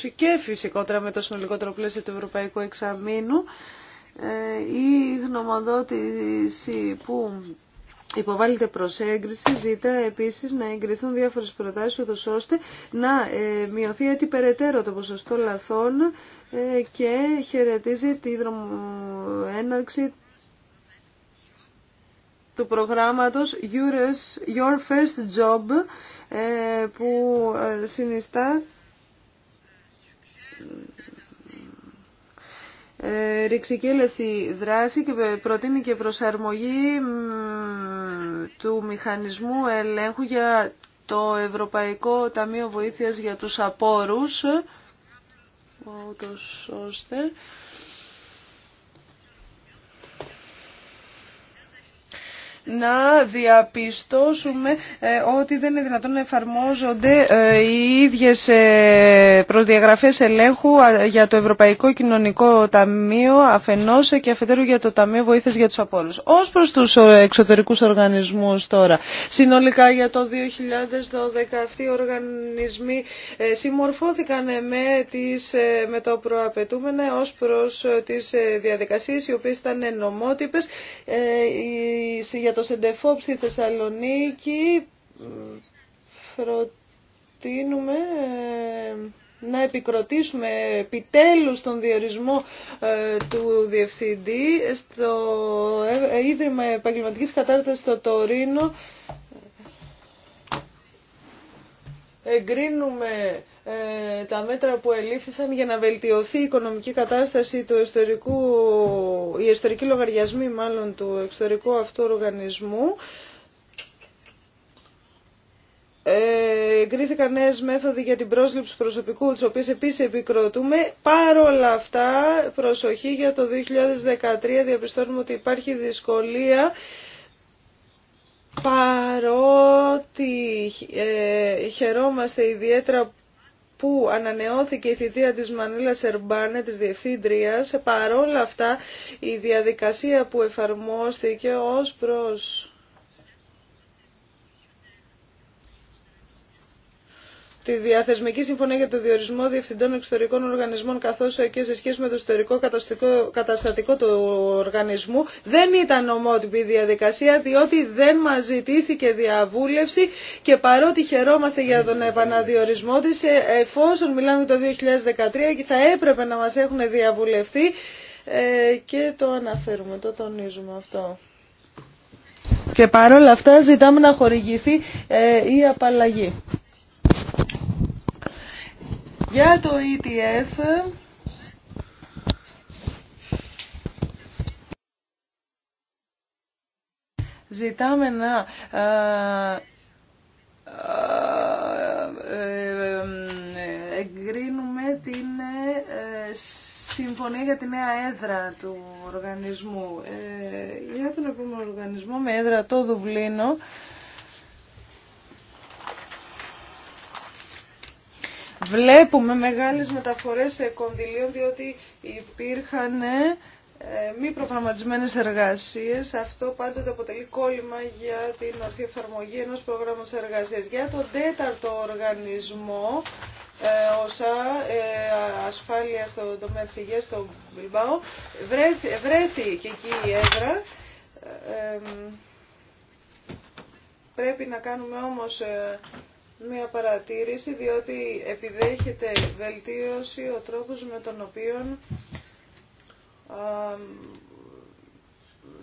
2020 και φυσικότερα με το συνολικό πλαίσιο του Ευρωπαϊκού Εξαμήνου. Ε, η γνωμοδότηση που υποβάλλεται προς έγκριση ζητά επίσης να εγκριθούν διάφορες προτάσεις ώστε να ε, μειωθεί έτσι περαιτέρω το ποσοστό λαθών ε, και χαιρετίζει τη δρομοέναρξη του προγράμματος Your First Job ε, που ε, συνιστά ρηξικέλευτη δράση και προτείνει και προσαρμογή του μηχανισμού ελέγχου για το Ευρωπαϊκό Ταμείο Βοήθειας για τους Απόρους ούτως ώστε να διαπιστώσουμε ε, ότι δεν είναι δυνατόν να εφαρμόζονται ε, οι ίδιες ε, προδιαγραφές ελέγχου για το Ευρωπαϊκό Κοινωνικό Ταμείο αφενός και αφετέρου για το Ταμείο Βοήθειας για τους Απόλους. Ως προς τους εξωτερικούς οργανισμούς τώρα, συνολικά για το 2012 αυτοί οι οργανισμοί συμμορφώθηκαν με, τις, με το προαπαιτούμενο ως προς τις διαδικασίες οι οποίες ήταν νομότυπες για το το ΣΕΝΤΕΦΟΠ στη Θεσσαλονίκη προτείνουμε ε, να επικροτήσουμε επιτέλους τον διορισμό ε, του Διευθυντή στο ε, Ίδρυμα Επαγγελματικής Κατάρτασης στο Τωρίνο. Εγκρίνουμε ε, τα μέτρα που ελήφθησαν για να βελτιωθεί η οικονομική κατάσταση του ιστορικού, οι ιστορικοί λογαριασμοί μάλλον του εξωτερικού αυτού οργανισμού. Ε, εγκρίθηκαν νέε μέθοδοι για την πρόσληψη προσωπικού, τι οποίες επίσης επικροτούμε. όλα αυτά, προσοχή για το 2013, διαπιστώνουμε ότι υπάρχει δυσκολία παρότι ε, χαιρόμαστε ιδιαίτερα που ανανεώθηκε η θητεία της Μανίλα Σερμπάνε, της Διευθύντριας, παρόλα αυτά η διαδικασία που εφαρμόστηκε ως προς τη διαθεσμική συμφωνία για το διορισμό διευθυντών εξωτερικών οργανισμών καθώς και σε σχέση με το ιστορικό καταστατικό του οργανισμού δεν ήταν ομότυπη η διαδικασία διότι δεν μας ζητήθηκε διαβούλευση και παρότι χαιρόμαστε για τον επαναδιορισμό της εφόσον μιλάμε το 2013 θα έπρεπε να μας έχουν διαβουλευτεί ε, και το αναφέρουμε, το τονίζουμε αυτό. Και παρόλα αυτά ζητάμε να χορηγηθεί ε, η απαλλαγή. Για το ETF... Ζητάμε να ε, ε, ε, εγκρίνουμε την συμφωνία για τη νέα έδρα του οργανισμού. Για τον επόμενο οργανισμό με έδρα το Δουβλίνο βλέπουμε μεγάλες μεταφορές κονδυλίων διότι υπήρχαν ε, μη προγραμματισμένες εργασίες. Αυτό πάντοτε αποτελεί κόλλημα για την ορθή εφαρμογή ενός προγράμματος εργασίας. Για τον τέταρτο οργανισμό, ε, όσα ε, ασφάλεια στον τομέα της υγείας, στο Μπιλμπάο, βρέθη και εκεί η έδρα. Πρέπει να κάνουμε όμως μια παρατήρηση διότι επιδέχεται βελτίωση ο τρόπος με τον οποίο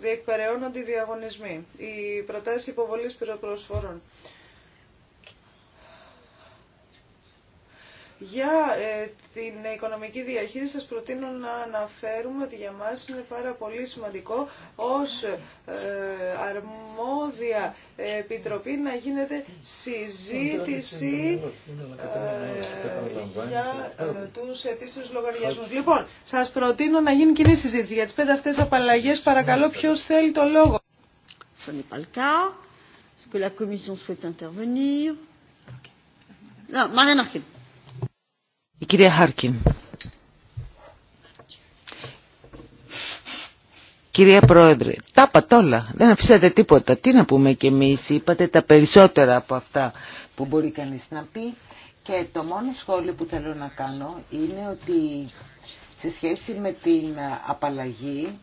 διεκπεραιώνονται οι διαγωνισμοί. Η προτάση υποβολής πυροπροσφόρων. Για ε, την οικονομική διαχείριση σας προτείνω να αναφέρουμε ότι για μας είναι πάρα πολύ σημαντικό ως ε, αρμόδια επιτροπή να γίνεται συζήτηση ε, για τους αιτήσεις λογαριασμούς. Λοιπόν, σας προτείνω να γίνει κοινή συζήτηση για τις πέντε αυτές απαλλαγές. Παρακαλώ ποιος θέλει το λόγο. Non, Marianne η κυρία Χάρκιν. Κυρία Πρόεδρε, τα είπατε όλα, δεν αφήσατε τίποτα. Τι να πούμε κι εμείς, είπατε τα περισσότερα από αυτά που μπορεί κανείς να πει. Και το μόνο σχόλιο που θέλω να κάνω είναι ότι σε σχέση με την απαλλαγή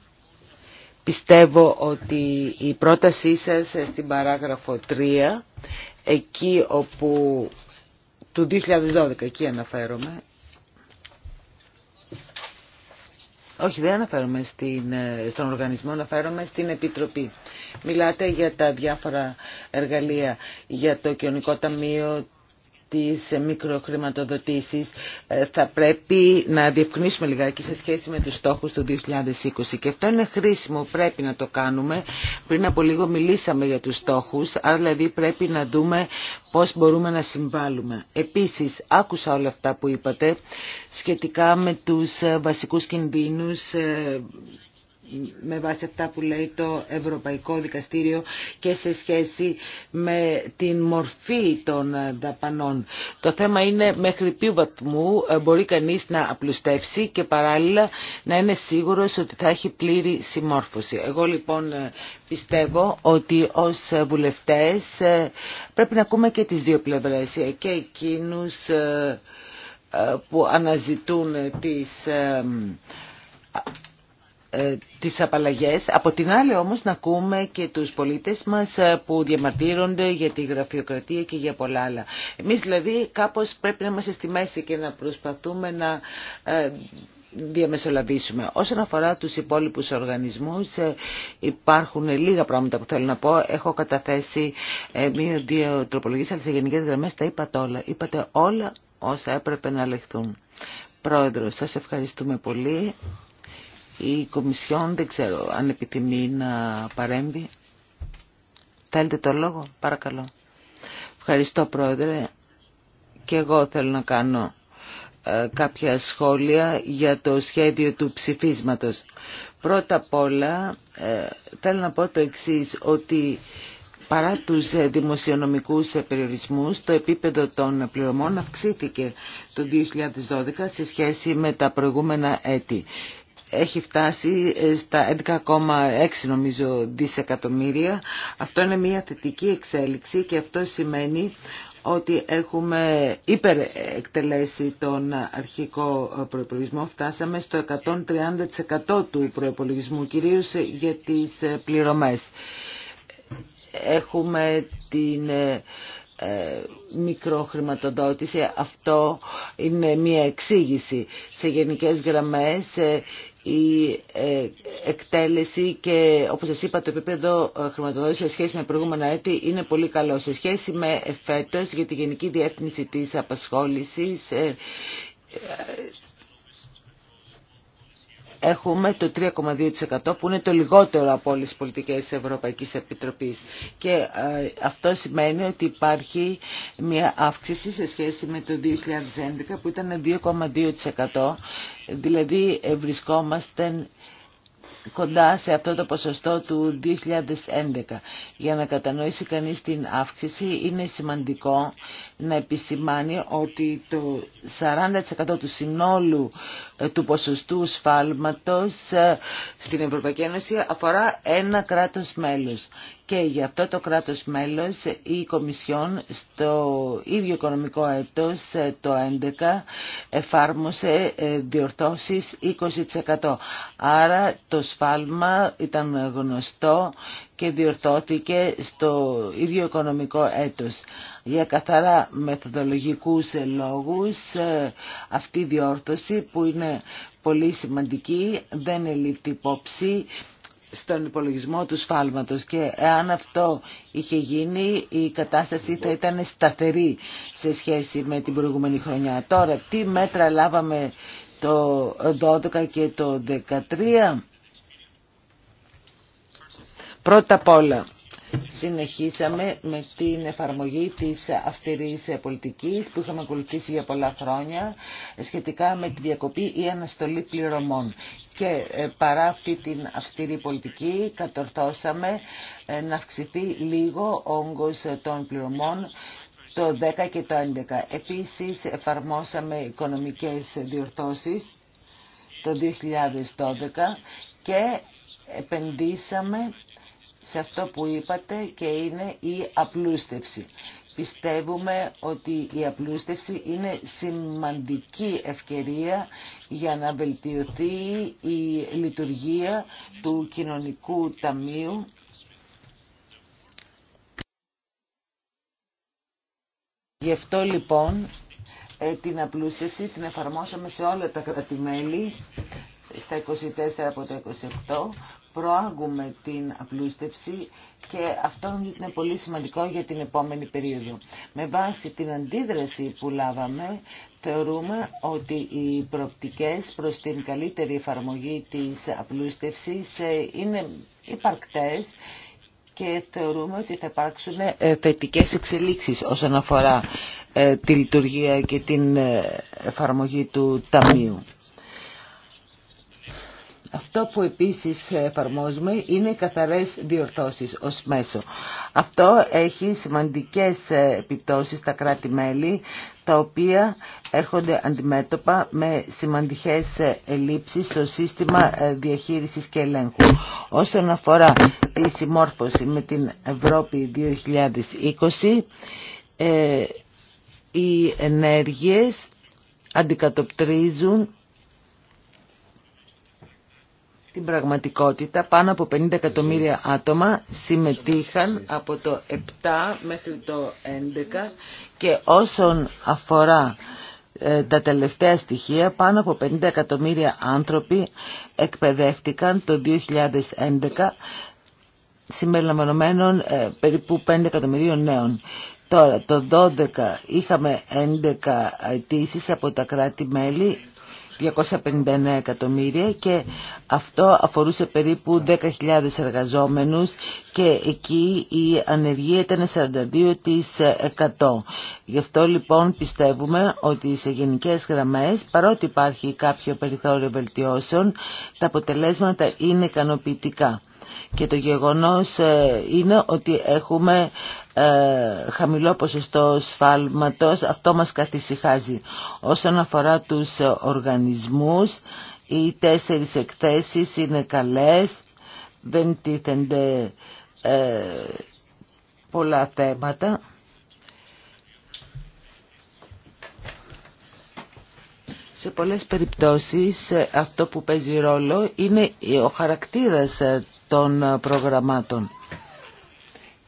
πιστεύω ότι η πρότασή σας στην παράγραφο 3 εκεί όπου του 2012, εκεί αναφέρομαι. Όχι, δεν αναφέρομαι στην, ε, στον οργανισμό, αναφέρομαι στην Επιτροπή. Μιλάτε για τα διάφορα εργαλεία, για το κοινωνικό ταμείο, τις μικροχρηματοδοτήσεις ε, θα πρέπει να διευκρινίσουμε λιγάκι σε σχέση με τους στόχους του 2020 και αυτό είναι χρήσιμο, πρέπει να το κάνουμε. Πριν από λίγο μιλήσαμε για τους στόχους, άρα δηλαδή πρέπει να δούμε πώς μπορούμε να συμβάλλουμε. Επίσης, άκουσα όλα αυτά που είπατε σχετικά με τους ε, βασικούς κινδύνους ε, με βάση αυτά που λέει το Ευρωπαϊκό Δικαστήριο και σε σχέση με την μορφή των ε, δαπανών. Το θέμα είναι μέχρι ποιο βαθμού ε, μπορεί κανείς να απλουστεύσει και παράλληλα να είναι σίγουρος ότι θα έχει πλήρη συμμόρφωση. Εγώ λοιπόν ε, πιστεύω ότι ως βουλευτές πρέπει να ακούμε και τις δύο πλευρές και εκείνους που αναζητούν τις ε, τις απαλλαγές. Από την άλλη όμως να ακούμε και τους πολίτες μας ε, που διαμαρτύρονται για τη γραφειοκρατία και για πολλά άλλα. Εμείς δηλαδή κάπως πρέπει να είμαστε στη μέση και να προσπαθούμε να ε, διαμεσολαβήσουμε. Όσον αφορά τους υπόλοιπους οργανισμούς υπάρχουν λίγα πράγματα που θέλω να πω. Έχω καταθέσει μία-δύο τροπολογίες αλλά σε γενικές γραμμές τα είπατε όλα. Είπατε όλα όσα έπρεπε να λεχθούν. Πρόεδρο, σας ευχαριστούμε πολύ. Η Κομισιόν δεν ξέρω αν επιθυμεί να παρέμβει. Θέλετε το λόγο, παρακαλώ. Ευχαριστώ πρόεδρε. Και εγώ θέλω να κάνω ε, κάποια σχόλια για το σχέδιο του ψηφίσματος. Πρώτα απ' όλα ε, θέλω να πω το εξής, ότι παρά τους ε, δημοσιονομικούς περιορισμούς, το επίπεδο των πληρωμών αυξήθηκε το 2012 σε σχέση με τα προηγούμενα έτη έχει φτάσει ε, στα 11,6 νομίζω δισεκατομμύρια. Αυτό είναι μια θετική εξέλιξη και αυτό σημαίνει ότι έχουμε υπερεκτελέσει τον αρχικό προϋπολογισμό. Φτάσαμε στο 130% του προϋπολογισμού, κυρίως για τις ε, πληρωμές. Έχουμε την ε, μικροχρηματοδότηση. Αυτό είναι μια εξήγηση. Σε γενικές γραμμές η ε, εκτέλεση και όπως σας είπα το επίπεδο ε, χρηματοδότηση σε σχέση με προηγούμενα έτη είναι πολύ καλό. Σε σχέση με φέτος για τη Γενική Διεύθυνση της Απασχόλησης ε, έχουμε το 3,2% που είναι το λιγότερο από όλες τις πολιτικές της Ευρωπαϊκής Επιτροπής. Και ε, αυτό σημαίνει ότι υπάρχει μια αύξηση σε σχέση με το 2011 που ήταν 2,2%. Δηλαδή ε, βρισκόμαστε κοντά σε αυτό το ποσοστό του 2011. Για να κατανοήσει κανείς την αύξηση είναι σημαντικό να επισημάνει ότι το 40% του συνόλου του ποσοστού σφάλματος ε, στην Ευρωπαϊκή Ένωση αφορά ένα κράτος μέλος. Και για αυτό το κράτος μέλος η Κομισιόν στο ίδιο οικονομικό έτος ε, το 2011 εφάρμοσε ε, διορθώσεις 20%. Άρα το σφάλμα ήταν γνωστό και διορθώθηκε στο ίδιο οικονομικό έτος. Για καθαρά μεθοδολογικούς λόγους ε, αυτή η διόρθωση που είναι πολύ σημαντική δεν ελήφθη υπόψη στον υπολογισμό του σφάλματος και εάν αυτό είχε γίνει η κατάσταση θα ήταν σταθερή σε σχέση με την προηγούμενη χρονιά. Τώρα τι μέτρα λάβαμε το 12 και το 2013. Πρώτα απ' όλα, συνεχίσαμε με την εφαρμογή της αυστηρής πολιτικής που είχαμε ακολουθήσει για πολλά χρόνια σχετικά με τη διακοπή ή αναστολή πληρωμών. Και ε, παρά αυτή την αυστηρή πολιτική κατορθώσαμε ε, να αυξηθεί λίγο όγκος των πληρωμών το 10 και το 11. Επίσης εφαρμόσαμε οικονομικές διορθώσεις το 2012 και επενδύσαμε σε αυτό που είπατε και είναι η απλούστευση. Πιστεύουμε ότι η απλούστευση είναι σημαντική ευκαιρία για να βελτιωθεί η λειτουργία του κοινωνικού ταμείου Γι' αυτό λοιπόν ε, την απλούστευση την εφαρμόσαμε σε όλα τα κρατημέλη, στα 24 από τα 28 προάγουμε την απλούστευση και αυτό είναι πολύ σημαντικό για την επόμενη περίοδο. Με βάση την αντίδραση που λάβαμε, θεωρούμε ότι οι προοπτικές προς την καλύτερη εφαρμογή της απλούστευσης ε, είναι υπαρκτές και θεωρούμε ότι θα υπάρξουν ε, θετικέ εξελίξεις όσον αφορά ε, τη λειτουργία και την εφαρμογή του Ταμείου. Αυτό που επίσης εφαρμόζουμε είναι οι καθαρές διορθώσεις ως μέσο. Αυτό έχει σημαντικές επιπτώσεις στα κράτη-μέλη, τα οποία έρχονται αντιμέτωπα με σημαντικές ελλείψεις στο σύστημα διαχείρισης και ελέγχου. Όσον αφορά τη συμμόρφωση με την Ευρώπη 2020, ε, οι ενέργειες αντικατοπτρίζουν στην πραγματικότητα πάνω από 50 εκατομμύρια άτομα συμμετείχαν από το 7 μέχρι το 11 και όσον αφορά ε, τα τελευταία στοιχεία πάνω από 50 εκατομμύρια άνθρωποι εκπαιδεύτηκαν το 2011 συμπεριλαμβανομένων ε, περίπου 5 εκατομμυρίων νέων. Τώρα το 12 είχαμε 11 αιτήσει από τα κράτη-μέλη 259 εκατομμύρια και αυτό αφορούσε περίπου 10.000 εργαζόμενους και εκεί η ανεργία ήταν 42%. Γι' αυτό λοιπόν πιστεύουμε ότι σε γενικές γραμμές παρότι υπάρχει κάποιο περιθώριο βελτιώσεων τα αποτελέσματα είναι ικανοποιητικά. Και το γεγονός ε, είναι ότι έχουμε ε, χαμηλό ποσοστό σφάλματος, αυτό μας καθησυχάζει. Όσον αφορά τους οργανισμούς, οι τέσσερις εκθέσεις είναι καλές, δεν τίθενται ε, πολλά θέματα. Σε πολλές περιπτώσεις αυτό που παίζει ρόλο είναι ο χαρακτήρας των ε, προγραμμάτων.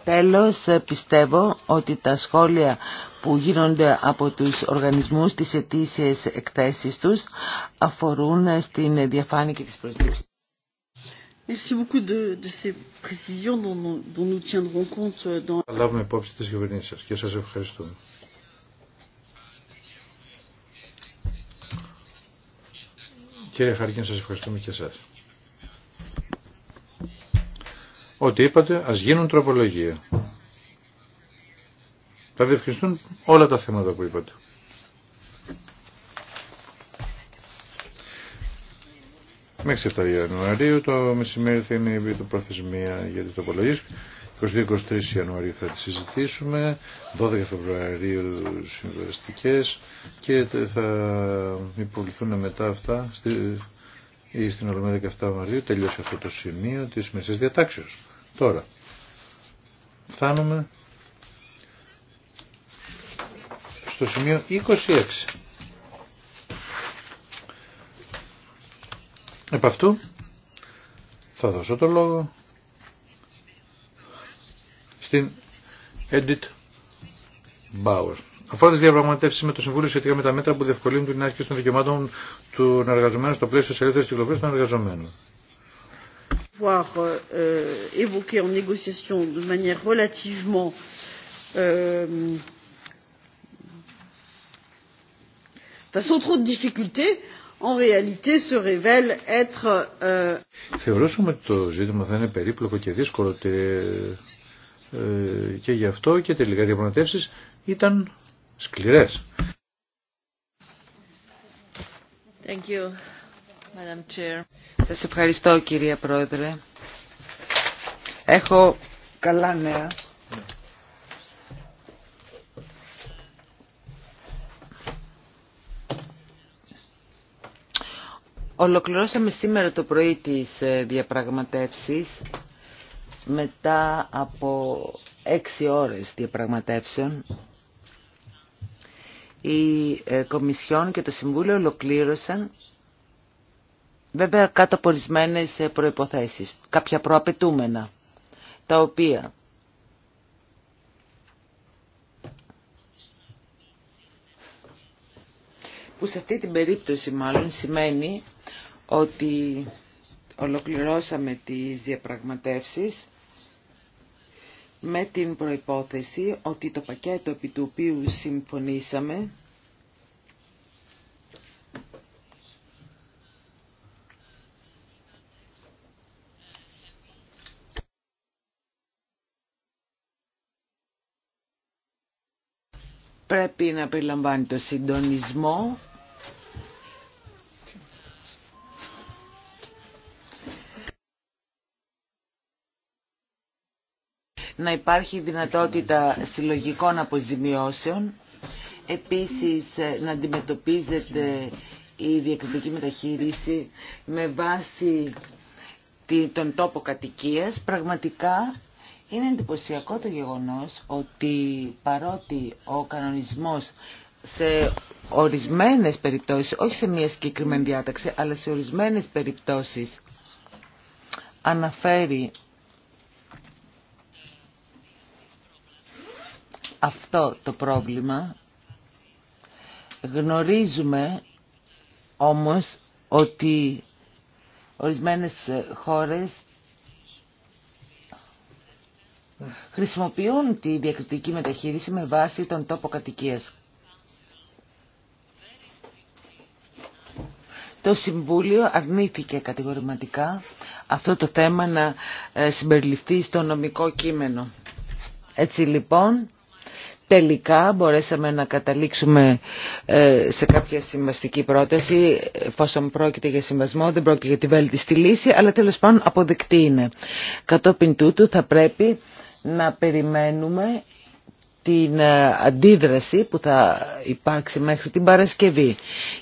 Τέλος, ε, πιστεύω ότι τα σχόλια που γίνονται από τους οργανισμούς, τις ετήσιες εκθέσεις τους, αφορούν ε, στην διαφάνεια και τις προσλήψεις. Merci beaucoup de, de ces précisions dont, dont nous tiendrons compte euh, dans... λάβουμε υπόψη της κυβερνήσεις και σας ευχαριστούμε. Κύριε Χαρκίν, σας ευχαριστούμε και εσάς. Ό,τι είπατε, ας γίνουν τροπολογία. Θα διευκρινιστούν όλα τα θέματα που είπατε. Μέχρι 7 Ιανουαρίου το μεσημέρι θα είναι η προθεσμία για την τροπολογια 22 22-23 Ιανουαρίου θα τη συζητήσουμε, 12 Φεβρουαρίου συμβαστικές και θα υποβληθούν μετά αυτά ή στην Ολομέλεια 17 Μαρτίου τελειώσει αυτό το σημείο της μεσής διατάξεως. Τώρα, φτάνουμε στο σημείο 26. Επ' αυτού θα δώσω το λόγο στην Edit Bauer αφορά τι διαπραγματεύσει με το Συμβούλιο σχετικά με τα μέτρα που διευκολύνουν την άσκηση των δικαιωμάτων των εργαζομένων στο πλαίσιο τη ελεύθερη κυκλοφορία των εργαζομένων. Voir euh, évoquer en négociation de manière relativement euh, sans trop de difficultés, en réalité se révèle être. Euh... Θεωρούσαμε ότι το ζήτημα θα είναι περίπλοκο και δύσκολο και, ε, και γι' αυτό και τελικά οι διαπραγματεύσει ήταν σκληρές. Thank you, Σας ευχαριστώ κυρία Πρόεδρε. Έχω καλά νέα. Ολοκληρώσαμε σήμερα το πρωί τις ε, διαπραγματεύσεις μετά από έξι ώρες διαπραγματεύσεων η ε, Κομισιόν και το Συμβούλιο ολοκλήρωσαν βέβαια κάτω από ορισμένε ε, προϋποθέσεις, κάποια προαπαιτούμενα, τα οποία που σε αυτή την περίπτωση μάλλον σημαίνει ότι ολοκληρώσαμε τις διαπραγματεύσεις με την προϋπόθεση ότι το πακέτο επί του οποίου συμφωνήσαμε πρέπει να περιλαμβάνει το συντονισμό να υπάρχει δυνατότητα συλλογικών αποζημιώσεων, επίσης ε, να αντιμετωπίζεται η διακριτική μεταχείριση με βάση τον τόπο κατοικίας. Πραγματικά είναι εντυπωσιακό το γεγονός ότι παρότι ο κανονισμός σε ορισμένες περιπτώσεις, όχι σε μία συγκεκριμένη διάταξη, αλλά σε ορισμένες περιπτώσεις αναφέρει αυτό το πρόβλημα. Γνωρίζουμε όμως ότι ορισμένες χώρες χρησιμοποιούν τη διακριτική μεταχείριση με βάση τον τόπο κατοικίας. Το Συμβούλιο αρνήθηκε κατηγορηματικά αυτό το θέμα να ε, συμπεριληφθεί στο νομικό κείμενο. Έτσι λοιπόν Τελικά μπορέσαμε να καταλήξουμε ε, σε κάποια συμβαστική πρόταση, εφόσον πρόκειται για συμβασμό, δεν πρόκειται για τη βέλτιστη λύση, αλλά τέλος πάντων αποδεκτή είναι. Κατόπιν τούτου θα πρέπει να περιμένουμε την ε, αντίδραση που θα υπάρξει μέχρι την Παρασκευή.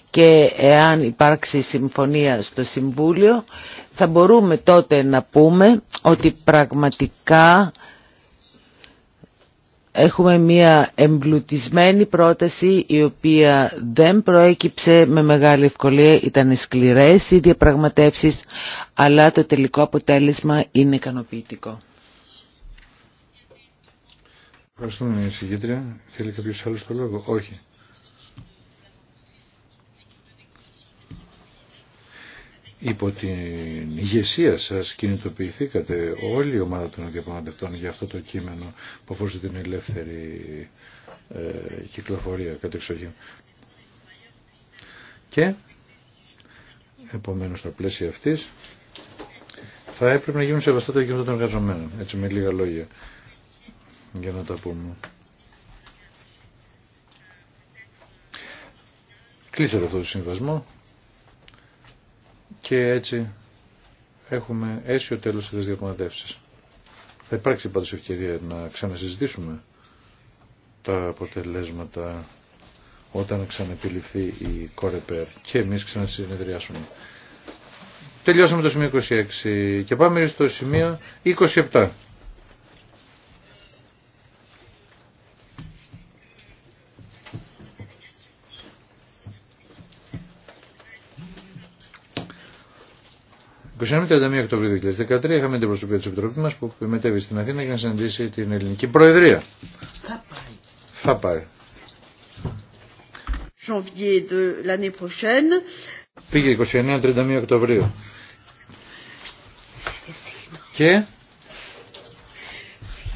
Και εάν υπάρξει συμφωνία στο Συμβούλιο, θα μπορούμε τότε να πούμε ότι πραγματικά Έχουμε μια εμπλουτισμένη πρόταση η οποία δεν προέκυψε με μεγάλη ευκολία, ήταν σκληρές οι διαπραγματεύσεις, αλλά το τελικό αποτέλεσμα είναι ικανοποιητικό. Ευχαριστούμε, συγκήτρια. Θέλει κάποιος άλλος το λόγο. Όχι. υπό την ηγεσία σας κινητοποιηθήκατε όλη η ομάδα των διαπραγματευτών για αυτό το κείμενο που αφορούσε την ελεύθερη ε, κυκλοφορία κατεξοχήν. Και επομένως στα πλαίσια αυτής θα έπρεπε να γίνουν σεβαστά τα κοινότητα των εργαζομένων. Έτσι με λίγα λόγια για να τα πούμε. Κλείσατε αυτό το συμβασμό και έτσι έχουμε αίσιο τέλος της διαπραγματεύσεις. Θα υπάρξει πάντως ευκαιρία να ξανασυζητήσουμε τα αποτελέσματα όταν ξανεπιληφθεί η Κορεπέρ και εμείς ξανασυνεδριάσουμε. Τελειώσαμε το σημείο 26 και πάμε στο σημείο 27. 29-31 Οκτωβρίου 2013 είχαμε την προσωπία της Επιτροπής μας που μετέβη στην Αθήνα για να συναντήσει την ελληνική προεδρία. Θα πάει. Θα Πήγε 29-31 Οκτωβρίου. Και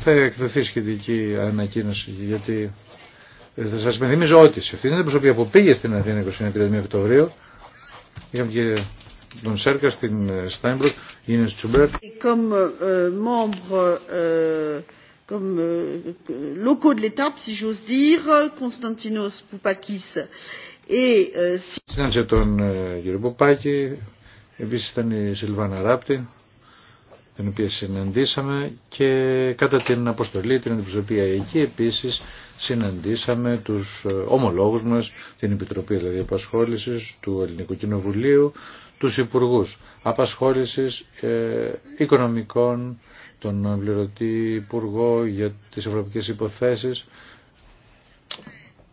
θα εκδοθεί σχετική ανακοίνωση γιατί θα σας υπενθυμίζω ότι σε αυτήν την προσωπία που πήγε στην Αθήνα 29-31 Οκτωβρίου είχαμε και τον Σέρκα, στην ε, Στάιμπρουκ, είναι Τσουμπέρ. Comme euh, euh, euh, locaux de l'État, si j'ose dire, Constantinos Poupakis et. Συνάντησε τον ε, κύριο Πουπάκη, ήταν η Σιλβάνα Ράπτη, την οποία συναντήσαμε και κατά την αποστολή, την αντιπροσωπεία εκεί επίση συναντήσαμε τους ε, ομολόγους μας, την Επιτροπή δηλαδή Επασχόλησης του Ελληνικού Κοινοβουλίου, τους υπουργούς απασχόλησης οικονομικών, τον πληρωτή υπουργό για τις ευρωπαϊκές υποθέσεις,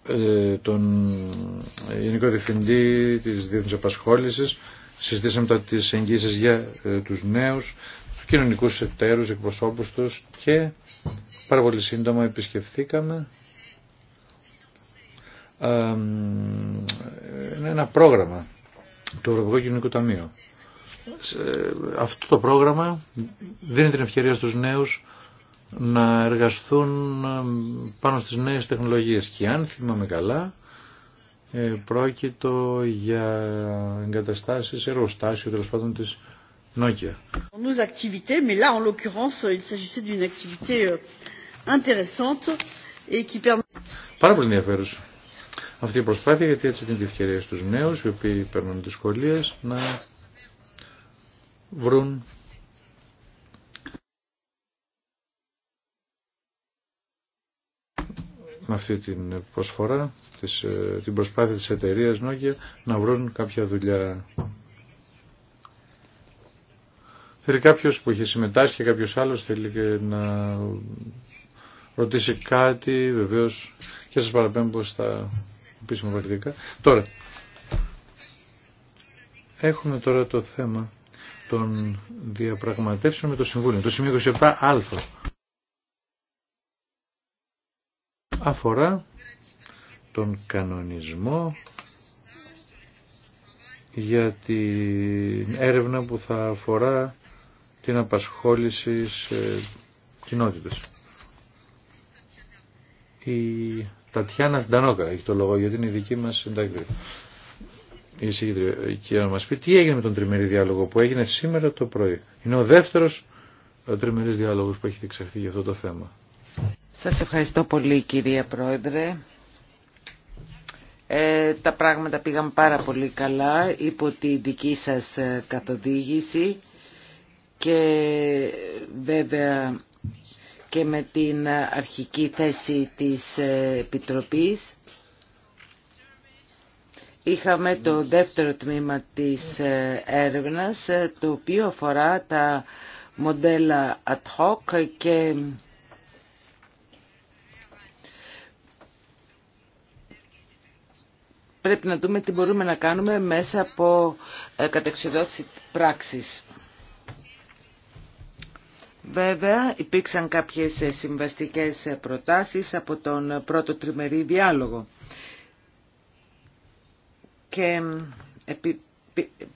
ε, τον γενικό διευθυντή της διεθνής απασχόλησης, συζητήσαμε τα τις εγγύσεις για ε, τους νέους, τους κοινωνικούς εταίρους, εκπροσώπους τους και πάρα πολύ σύντομα επισκεφθήκαμε ε, ένα πρόγραμμα το Ευρωπαϊκό Κοινωνικό Ταμείο. Αυτό το πρόγραμμα δίνει την ευκαιρία στους νέους να εργαστούν ε, πάνω στις νέες τεχνολογίες. Και αν θυμάμαι καλά, ε, πρόκειτο για εγκαταστάσεις, εργοστάσιο τέλο πάντων της Nokia. Nos activités, mais là en l'occurrence il s'agissait d'une activité euh, intéressante et qui permet... Πάρα πολύ ενδιαφέρουσα αυτή η προσπάθεια γιατί έτσι δίνει τη ευκαιρία στους νέους οι οποίοι παίρνουν δυσκολίε να βρουν με αυτή την προσφορά, της, ε, την προσπάθεια της εταιρείας να βρουν κάποια δουλειά. Θέλει κάποιος που έχει συμμετάσχει και κάποιος άλλος θέλει και να ρωτήσει κάτι βεβαίως και σας παραπέμπω στα Τώρα, έχουμε τώρα το θέμα των διαπραγματεύσεων με το Συμβούλιο. Το σημείο 27α αφορά τον κανονισμό για την έρευνα που θα αφορά την απασχόληση σε κοινότητες. Η Τατιάνα Ντανόκα έχει το λόγο γιατί είναι η δική μας συντάκτη. Η και να μας πει τι έγινε με τον τριμερή διάλογο που έγινε σήμερα το πρωί. Είναι ο δεύτερος ε, τριμερής διάλογος που έχει διεξαχθεί για αυτό το θέμα. Σας ευχαριστώ πολύ κυρία Πρόεδρε. Ε, τα πράγματα πήγαν πάρα πολύ καλά υπό τη δική σας ε, καθοδήγηση και βέβαια και με την αρχική θέση της Επιτροπής. Είχαμε το δεύτερο τμήμα της έρευνας, το οποίο αφορά τα μοντέλα ad hoc και πρέπει να δούμε τι μπορούμε να κάνουμε μέσα από ε, κατεξοδότηση πράξης. Βέβαια υπήρξαν κάποιες ε, συμβαστικές ε, προτάσεις από τον πρώτο τριμερή διάλογο και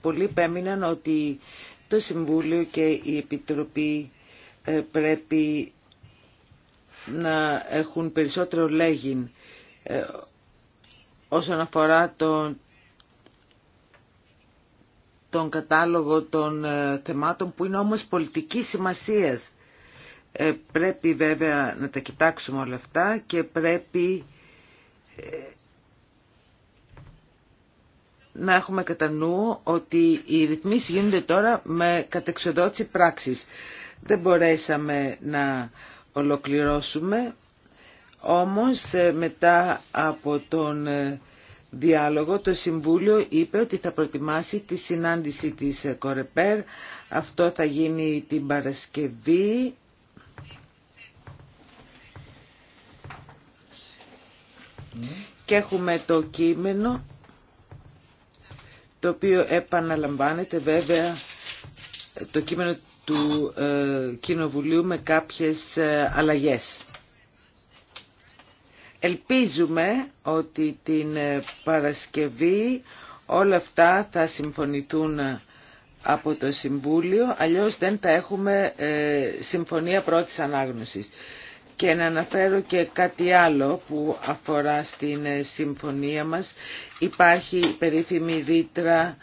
πολλοί πέμειναν ότι το Συμβούλιο και η Επιτροπή ε, πρέπει να έχουν περισσότερο λέγειν όσον αφορά το τον κατάλογο των ε, θεμάτων που είναι όμως πολιτικής σημασίας. Ε, πρέπει βέβαια να τα κοιτάξουμε όλα αυτά και πρέπει ε, να έχουμε κατά νου ότι οι ρυθμίσεις γίνονται τώρα με κατεξοδότηση πράξης. Δεν μπορέσαμε να ολοκληρώσουμε, όμως μετά από τον διάλογο το Συμβούλιο είπε ότι θα προτιμάσει τη συνάντηση της Κορεπέρ. Αυτό θα γίνει την Παρασκευή. Και έχουμε το κείμενο το οποίο επαναλαμβάνεται βέβαια το κείμενο του ε, Κοινοβουλίου με κάποιες ε, αλλαγές. Ελπίζουμε ότι την ε, Παρασκευή όλα αυτά θα συμφωνηθούν ε, από το Συμβούλιο, αλλιώς δεν θα έχουμε ε, συμφωνία πρώτης ανάγνωσης. Και να αναφέρω και κάτι άλλο που αφορά στην συμφωνία μας. Υπάρχει η περίφημη δίτρα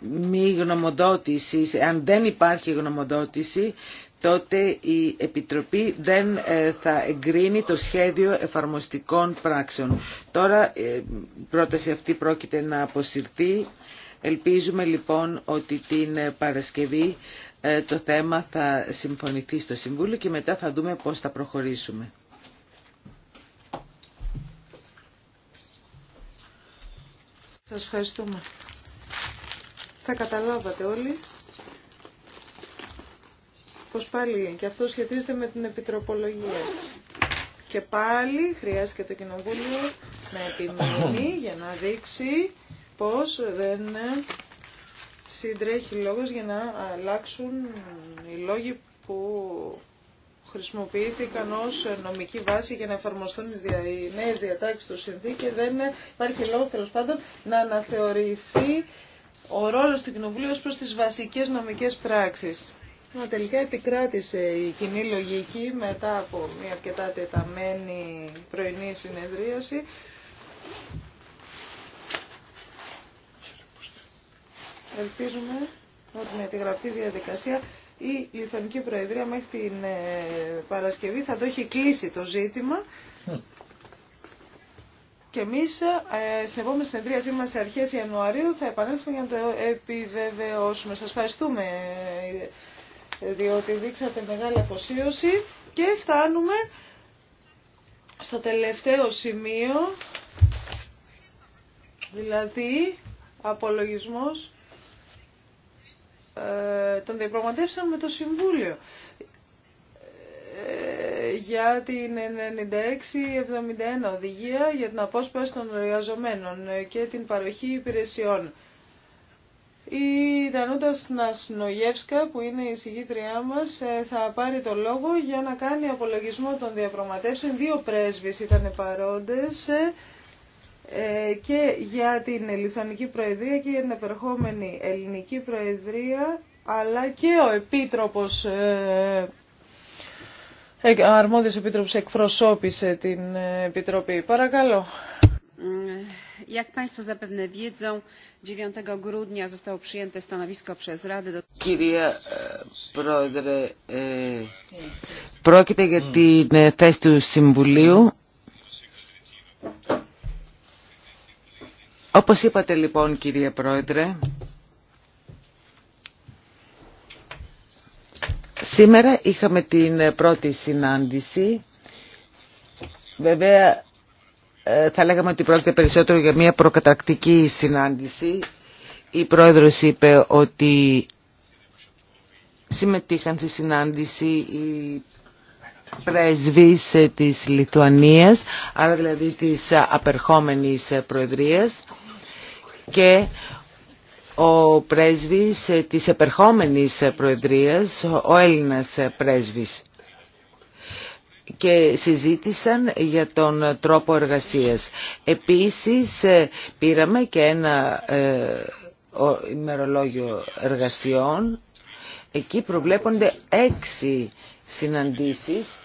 μη γνωμοδότησης. Αν δεν υπάρχει γνωμοδότηση, τότε η Επιτροπή δεν ε, θα εγκρίνει το σχέδιο εφαρμοστικών πράξεων. Τώρα η ε, πρόταση αυτή πρόκειται να αποσυρθεί. Ελπίζουμε λοιπόν ότι την Παρασκευή ε, το θέμα θα συμφωνηθεί στο Συμβούλιο και μετά θα δούμε πώς θα προχωρήσουμε. Σας ευχαριστούμε. Θα καταλάβατε όλοι πως πάλι και αυτό σχετίζεται με την επιτροπολογία. Και πάλι χρειάζεται το Κοινοβούλιο να επιμείνει για να δείξει πως δεν συντρέχει λόγος για να αλλάξουν οι λόγοι που χρησιμοποιήθηκαν ως νομική βάση για να εφαρμοστούν οι νέες διατάξεις του συνθήκη και δεν υπάρχει λόγος τέλος πάντων να αναθεωρηθεί ο ρόλος του Κοινοβουλίου ως προς τις βασικές νομικές πράξεις. Μα τελικά επικράτησε η κοινή λογική μετά από μια αρκετά τεταμένη πρωινή συνεδρίαση. Ελπίζουμε ότι με τη γραπτή διαδικασία η Λιθωνική Προεδρία μέχρι την ε, Παρασκευή θα το έχει κλείσει το ζήτημα. Hm. Και εμεί ε, στην επόμενη συνεδρίασή μα σε αρχέ Ιανουαρίου θα επανέλθουμε για να το επιβεβαιώσουμε. Σα ευχαριστούμε ε, διότι δείξατε μεγάλη αποσίωση και φτάνουμε στο τελευταίο σημείο, δηλαδή απολογισμός ε, των διαπραγματεύσεων με το Συμβούλιο ε, για την 96-71 οδηγία για την απόσπαση των εργαζομένων και την παροχή υπηρεσιών. Η Δανούτα Νασνογεύσκα που είναι η συγγήτριά μας, ε, θα πάρει το λόγο για να κάνει απολογισμό των διαπραγματεύσεων. Δύο πρέσβεις ήταν παρόντες ε, ε, και για την Λιθουανική Προεδρία και για την επερχόμενη Ελληνική Προεδρία, αλλά και ο Επίτροπος ο αρμόδιος επίτροπος εκπροσώπησε την Επιτροπή. Παρακαλώ, jak państwo zapewne wiedzą dziewięć grudnia zostało przyjęte stanowisko przez radę do ε, ε, Πρόκειται για την ε, θέση του Συμβουλίου. Όπως είπατε λοιπόν κύριε Πρόεδρε, σήμερα είχαμε την πρώτη συνάντηση. Βέβαια ε, θα λέγαμε ότι πρόκειται περισσότερο για μια προκατακτική συνάντηση. Η πρόεδρος είπε ότι συμμετείχαν στη συνάντηση οι πρέσβεις της Λιθουανίας, άρα δηλαδή της απερχόμενης προεδρίας και ο πρέσβης της επερχόμενης προεδρίας, ο Έλληνας πρέσβης και συζήτησαν για τον τρόπο εργασίας. Επίσης ε, πήραμε και ένα ε, ημερολόγιο εργασιών. Εκεί προβλέπονται έξι συναντήσεις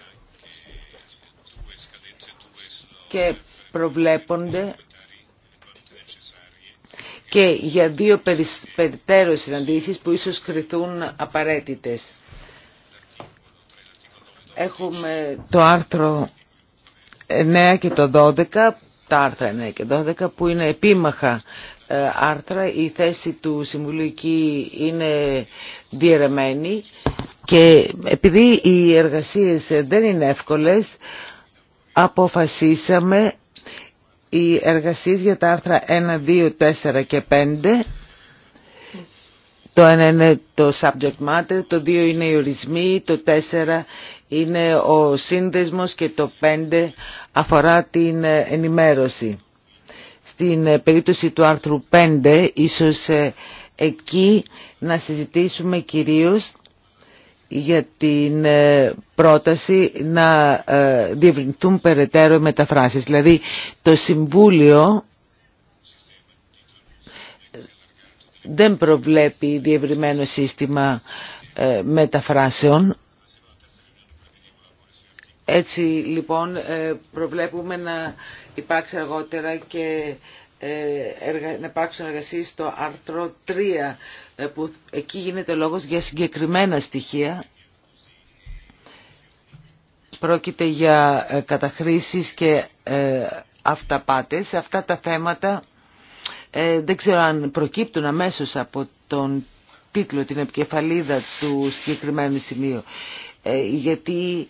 και προβλέπονται και για δύο περιττέρω συναντήσεις που ίσως κριθούν απαραίτητες. Έχουμε το άρθρο 9 και το 12, τα άρθρα 9 και 12 που είναι επίμαχα ε, άρθρα. Η θέση του Συμβουλίου εκεί είναι διαιρεμένη και επειδή οι εργασίες δεν είναι εύκολες, αποφασίσαμε οι εργασίες για τα άρθρα 1, 2, 4 και 5 το ένα είναι το subject matter, το δύο είναι οι ορισμοί, το τέσσερα είναι ο σύνδεσμος και το 5 αφορά την ενημέρωση. Στην ε, περίπτωση του άρθρου 5 ίσως ε, εκεί να συζητήσουμε κυρίως για την ε, πρόταση να διευρυνθούν περαιτέρω μεταφράσεις. Δηλαδή το Συμβούλιο δεν προβλέπει διευρυμένο σύστημα μεταφράσεων έτσι λοιπόν ε, προβλέπουμε να υπάρξει αργότερα και ε, να υπάρξουν εργασίε στο άρθρο 3 ε, που εκεί γίνεται λόγος για συγκεκριμένα στοιχεία πρόκειται για καταχρήσεις και αυταπάτες. Αυτά τα θέματα δεν ξέρω αν προκύπτουν αμέσως από τον τίτλο, την επικεφαλίδα του συγκεκριμένου σημείου. Γιατί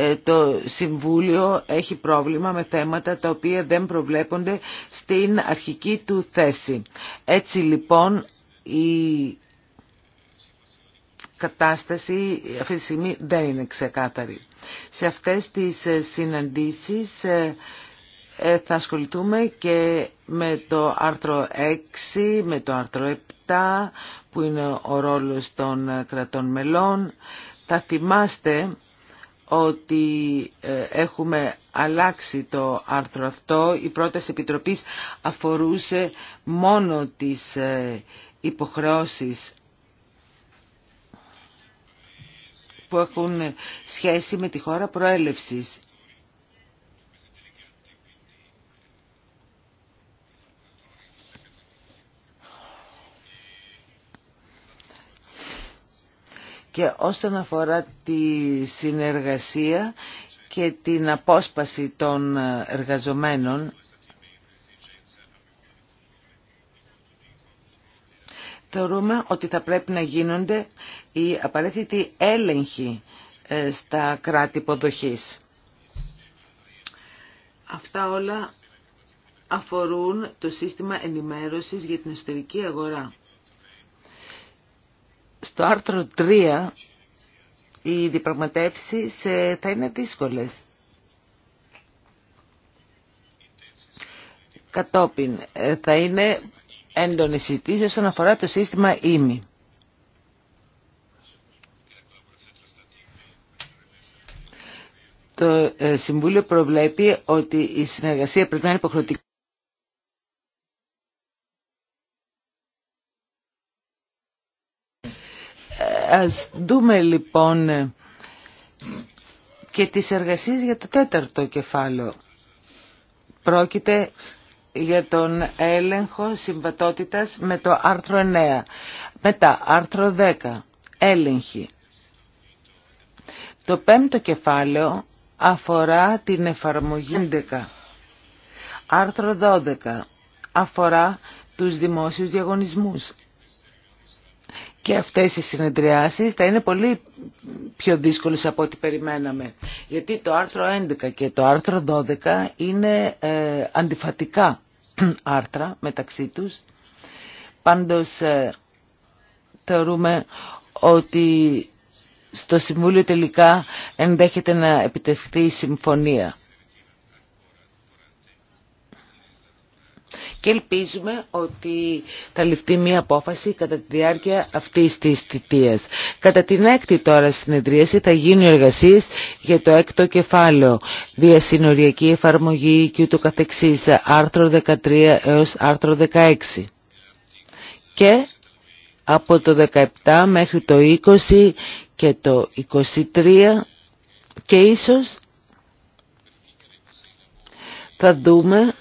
ε, το Συμβούλιο έχει πρόβλημα με θέματα τα οποία δεν προβλέπονται στην αρχική του θέση. Έτσι λοιπόν η κατάσταση αυτή τη στιγμή δεν είναι ξεκάθαρη. Σε αυτές τις ε, συναντήσεις ε, θα ασχοληθούμε και με το άρθρο 6, με το άρθρο 7 που είναι ο ρόλος των κρατών μελών. Θα θυμάστε ότι ε, έχουμε αλλάξει το άρθρο αυτό. Η πρόταση επιτροπής αφορούσε μόνο τις ε, υποχρεώσεις που έχουν σχέση με τη χώρα προέλευσης. και όσον αφορά τη συνεργασία και την απόσπαση των εργαζομένων θεωρούμε ότι θα πρέπει να γίνονται οι απαραίτητοι έλεγχοι ε, στα κράτη υποδοχής. Αυτά όλα αφορούν το σύστημα ενημέρωσης για την εσωτερική αγορά στο άρθρο 3 οι διπραγματεύσει ε, θα είναι δύσκολες. Κατόπιν ε, θα είναι έντονες συζητήσει όσον αφορά το σύστημα ΙΜΗ. Το ε, Συμβούλιο προβλέπει ότι η συνεργασία πρέπει να είναι υποχρεωτική Ας δούμε λοιπόν και τις εργασίες για το τέταρτο κεφάλαιο. Πρόκειται για τον έλεγχο συμβατότητας με το άρθρο 9. Μετά άρθρο 10. Έλεγχη. Το πέμπτο κεφάλαιο αφορά την εφαρμογή 11. Άρθρο 12. Αφορά τους δημόσιους διαγωνισμούς και αυτές οι συνεδριάσεις θα είναι πολύ πιο δύσκολες από ό,τι περιμέναμε. Γιατί το άρθρο 11 και το άρθρο 12 είναι ε, αντιφατικά άρθρα μεταξύ τους. Πάντως ε, θεωρούμε ότι στο Συμβούλιο τελικά ενδέχεται να επιτευχθεί η συμφωνία. και ελπίζουμε ότι θα ληφθεί μια απόφαση κατά τη διάρκεια αυτής της θητείας. Κατά την έκτη τώρα συνεδρίαση θα γίνουν εργασίες για το έκτο κεφάλαιο, διασυνοριακή εφαρμογή και ούτω καθεξής, άρθρο 13 έως άρθρο 16. Και από το 17 μέχρι το 20 και το 23 και ίσως θα δούμε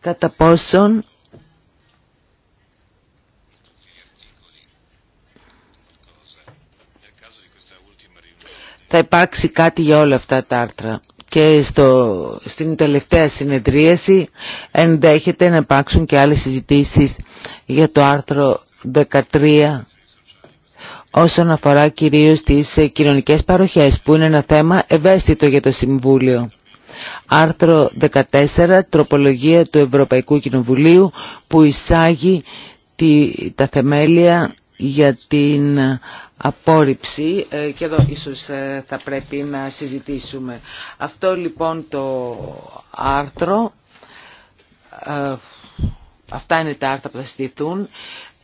κατά πόσον θα υπάρξει κάτι για όλα αυτά τα άρθρα. Και στο, στην τελευταία συνεδρίαση ενδέχεται να υπάρξουν και άλλες συζητήσεις για το άρθρο 13 όσον αφορά κυρίως τις κοινωνικές παροχές που είναι ένα θέμα ευαίσθητο για το Συμβούλιο. Άρθρο 14, τροπολογία του Ευρωπαϊκού Κοινοβουλίου που εισάγει τη, τα θεμέλια για την απόρριψη ε, και εδώ ίσως ε, θα πρέπει να συζητήσουμε. Αυτό λοιπόν το άρθρο, ε, αυτά είναι τα άρθρα που θα στηθούν.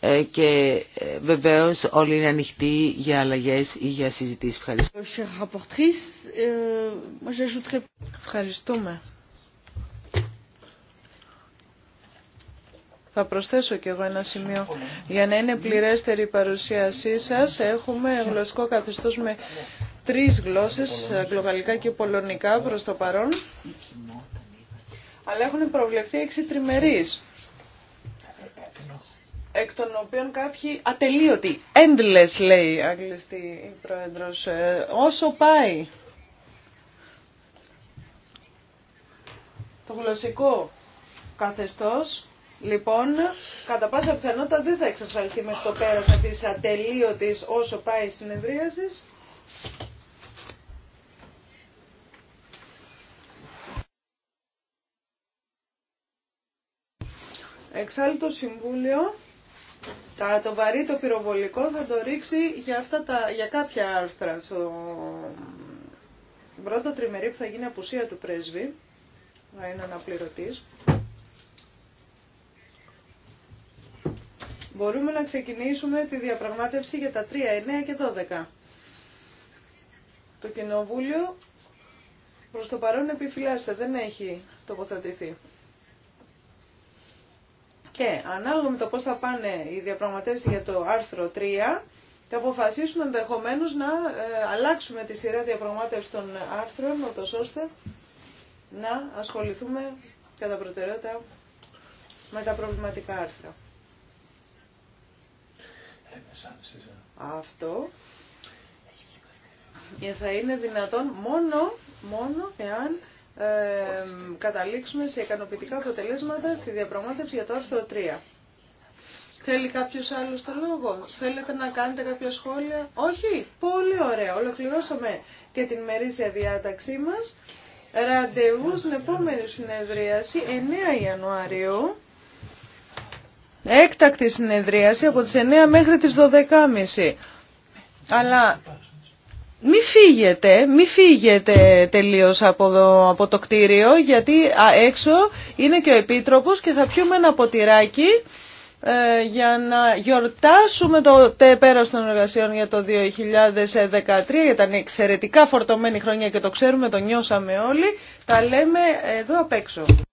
Ε, και ε, βεβαίως όλοι είναι ανοιχτοί για αλλαγές ή για συζητήσεις. Ευχαριστώ. Euh, Ευχαριστούμε. Θα προσθέσω κι εγώ ένα σημείο. Για να είναι πληρέστερη η παρουσίασή σας, έχουμε γλωσσικό καθεστώς με τρεις γλώσσες, αγγλογαλλικά και πολωνικά προς το παρόν. Αλλά έχουν προβλεφθεί έξι τριμερείς εκ των οποίων κάποιοι ατελείωτοι, endless λέει αγγλιστή η Πρόεδρος, ε, όσο πάει. Το γλωσσικό καθεστώς, λοιπόν, κατά πάσα πιθανότητα δεν θα εξασφαλιστεί με το πέρας αυτής της ατελείωτης όσο πάει συνεδρίασης. Εξάλλου το Συμβούλιο τα, το βαρύ το πυροβολικό θα το ρίξει για, αυτά τα, για κάποια άρθρα. Στο πρώτο τριμερί που θα γίνει απουσία του πρέσβη, θα είναι αναπληρωτής, μπορούμε να ξεκινήσουμε τη διαπραγμάτευση για τα 3, 9 και 12. Το Κοινοβούλιο προς το παρόν επιφυλάσσεται, δεν έχει τοποθετηθεί. Και ανάλογα με το πώς θα πάνε οι διαπραγματεύσεις για το άρθρο 3, θα αποφασίσουμε ενδεχομένω να ε, αλλάξουμε τη σειρά διαπραγμάτευση των άρθρων, ούτως ώστε να ασχοληθούμε κατά προτεραιότητα με τα προβληματικά άρθρα. Αυτό θα είναι δυνατόν μόνο, μόνο εάν καταλήξουμε σε ικανοποιητικά αποτελέσματα στη διαπραγμάτευση για το άρθρο 3. Θέλει κάποιο άλλο το λόγο, θέλετε να κάνετε κάποια σχόλια. Όχι, πολύ ωραία. Ολοκληρώσαμε και την μερίσια διάταξή μα. Ραντεβού στην επόμενη συνεδρίαση 9 Ιανουαρίου. Έκτακτη συνεδρίαση από τις 9 μέχρι τις 12.30. Αλλά μη φύγετε, μη φύγετε τελείως από, εδώ, από το κτίριο γιατί έξω είναι και ο Επίτροπος και θα πιούμε ένα ποτηράκι ε, για να γιορτάσουμε το τε, των εργασιών για το 2013 ήταν εξαιρετικά φορτωμένη χρονιά και το ξέρουμε, το νιώσαμε όλοι. Τα λέμε εδώ απ' έξω.